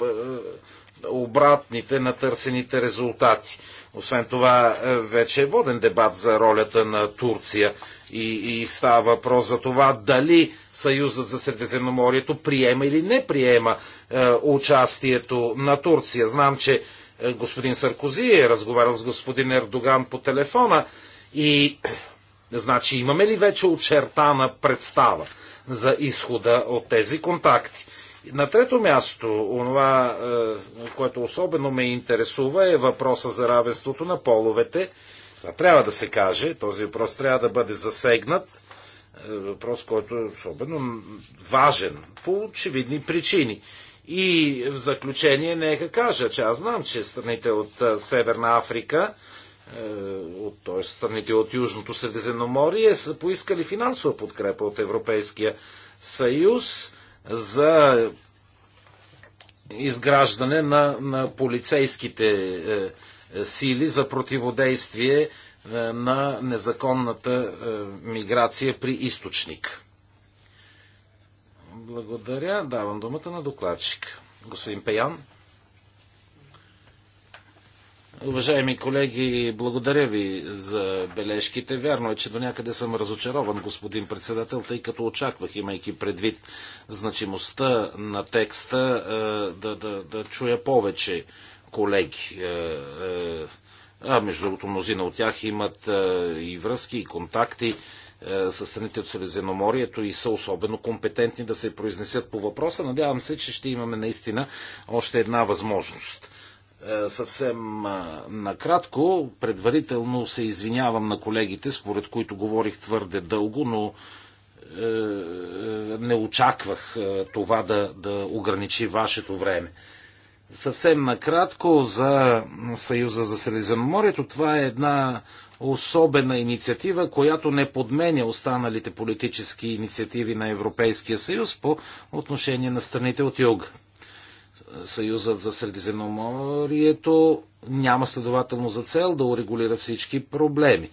обратните на търсените резултати. Освен това, е, вече е воден дебат за ролята на Турция и, и става въпрос за това дали Съюзът за Средиземноморието приема или не приема е, участието на Турция. Знам, че е, господин Саркози е разговарял с господин Ердоган по телефона и значи имаме ли вече очертана представа за изхода от тези контакти? На трето място, онова, е, което особено ме интересува, е въпроса за равенството на половете. Това трябва да се каже, този въпрос трябва да бъде засегнат. Е, въпрос, който е особено важен по очевидни причини. И в заключение нека кажа, че аз знам, че страните от е, Северна Африка, от, т.е. страните от Южното Средиземноморие, са поискали финансова подкрепа от Европейския съюз за изграждане на, на полицейските е, е, сили за противодействие е, на незаконната миграция при източник. Благодаря. Давам думата на докладчик. Господин Пеян. Уважаеми колеги, благодаря ви за бележките. Вярно е, че до някъде съм разочарован, господин председател, тъй като очаквах, имайки предвид значимостта на текста, е, да, да, да чуя повече колеги. Е, е, а между другото, мнозина от тях имат и връзки, и контакти с страните от Средиземноморието и са особено компетентни да се произнесят по въпроса. Надявам се, че ще имаме наистина още една възможност е, съвсем накратко. Предварително се извинявам на колегите, според които говорих твърде дълго, но е, е, не очаквах това да, да ограничи вашето време. Съвсем накратко за Съюза за Средиземноморието. Това е една особена инициатива, която не подменя останалите политически инициативи на Европейския съюз по отношение на страните от юг. Съюзът за Средиземноморието няма следователно за цел да урегулира всички проблеми.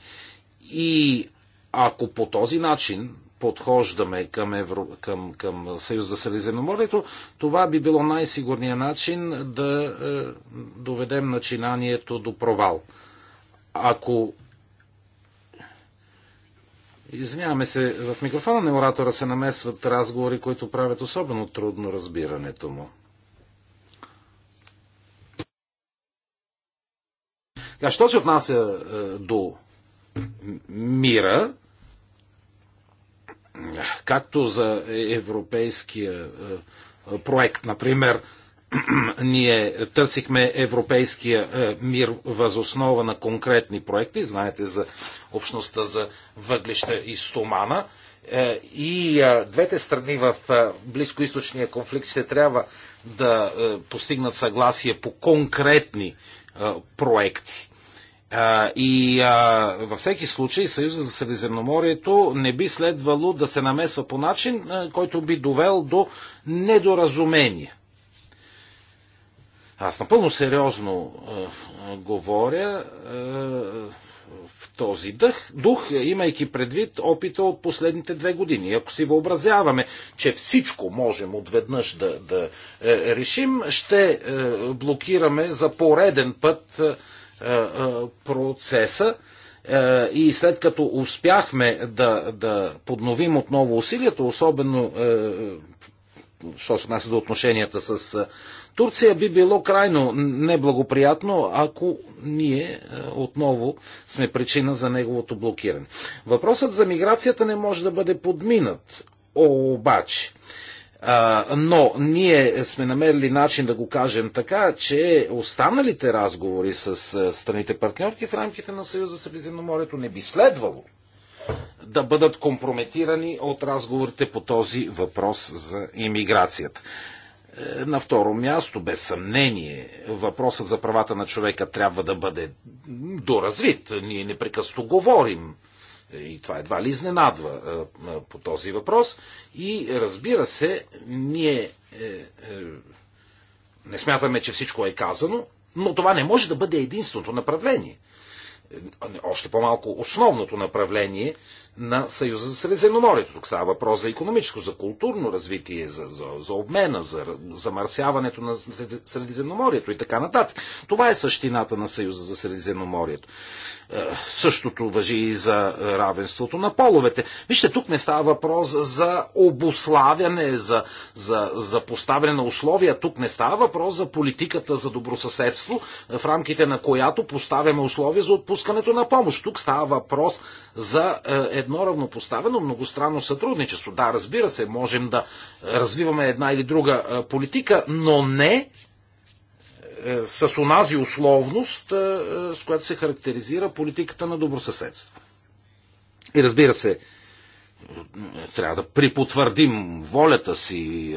И ако по този начин подхождаме към, Евро... към, към Съюз за Средиземноморието, това би било най-сигурният начин да е, доведем начинанието до провал. Ако Извиняваме се, в микрофона на оратора се намесват разговори, които правят особено трудно разбирането му. Така, що се отнася е, до мира, както за европейския е, проект, например, ние търсихме европейския е, мир възоснова на конкретни проекти, знаете за общността за въглища и стомана. И двете страни в близкоисточния конфликт ще трябва да постигнат съгласие по конкретни проекти. И във всеки случай Съюза за Средиземноморието не би следвало да се намесва по начин, който би довел до недоразумение. Аз напълно сериозно говоря този дъх, дух, имайки предвид опита от последните две години. Ако си въобразяваме, че всичко можем отведнъж да, да е, решим, ще е, блокираме за пореден път е, е, процеса е, и след като успяхме да, да подновим отново усилията, особено е, е що се отнася до отношенията с е, Турция би било крайно неблагоприятно, ако ние е, отново сме причина за неговото блокиране. Въпросът за миграцията не може да бъде подминат. Обаче, но ние сме намерили начин да го кажем така, че останалите разговори с е, страните партньорки в рамките на Съюза Средиземноморието не би следвало да бъдат компрометирани от разговорите по този въпрос за иммиграцията. На второ място, без съмнение, въпросът за правата на човека трябва да бъде доразвит. Ние непрекъсто говорим и това едва ли изненадва е, е, по този въпрос. И разбира се, ние е, не смятаме, че всичко е казано, но това не може да бъде единственото направление. Още по-малко основното направление на Съюза за Средиземноморието. Тук става въпрос за економическо, за културно развитие, за, за, за обмена, за замърсяването на Средиземноморието и така нататък. Това е същината на Съюза за Средиземноморието. Е, същото въжи и за равенството на половете. Вижте, тук не става въпрос за обославяне, за, за, за поставяне на условия. Тук не става въпрос за политиката за добросъседство, в рамките на която поставяме условия за отпускането на помощ. Тук става въпрос за е, едно равнопоставено многостранно сътрудничество. Да, разбира се, можем да развиваме една или друга е, политика, но не е, с онази условност, е, е, с която се характеризира политиката на добросъседство. И разбира се, трябва да припотвърдим волята си,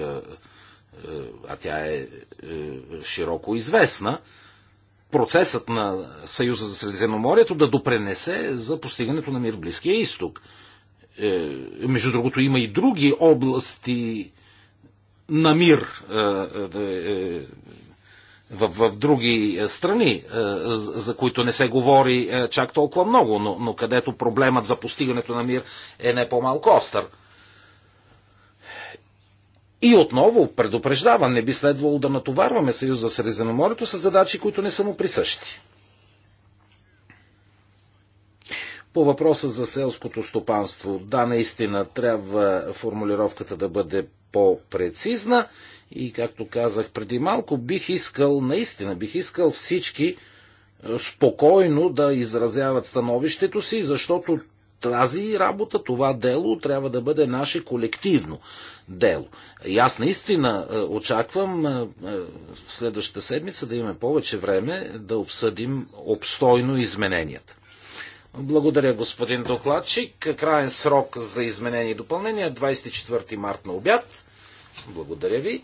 а тя е широко известна, процесът на Съюза за Средиземноморието да допренесе за постигането на мир в Близкия изток. Между другото, има и други области на мир, в, в други е, страни, е, за които не се говори е, чак толкова много, но, но където проблемът за постигането на мир е не по-малко остър. И отново предупреждавам, не би следвало да натоварваме Съюз за Средиземноморието с задачи, които не са му присъщи. По въпроса за селското стопанство, да, наистина трябва формулировката да бъде по-прецизна и както казах преди малко, бих искал, наистина бих искал всички е, спокойно да изразяват становището си, защото тази работа, това дело трябва да бъде наше колективно дело. И аз наистина е, очаквам е, в следващата седмица да имаме повече време да обсъдим обстойно измененията. Благодаря, господин докладчик. Краен срок за изменение и допълнение 24 март на обяд. Благодаря ви.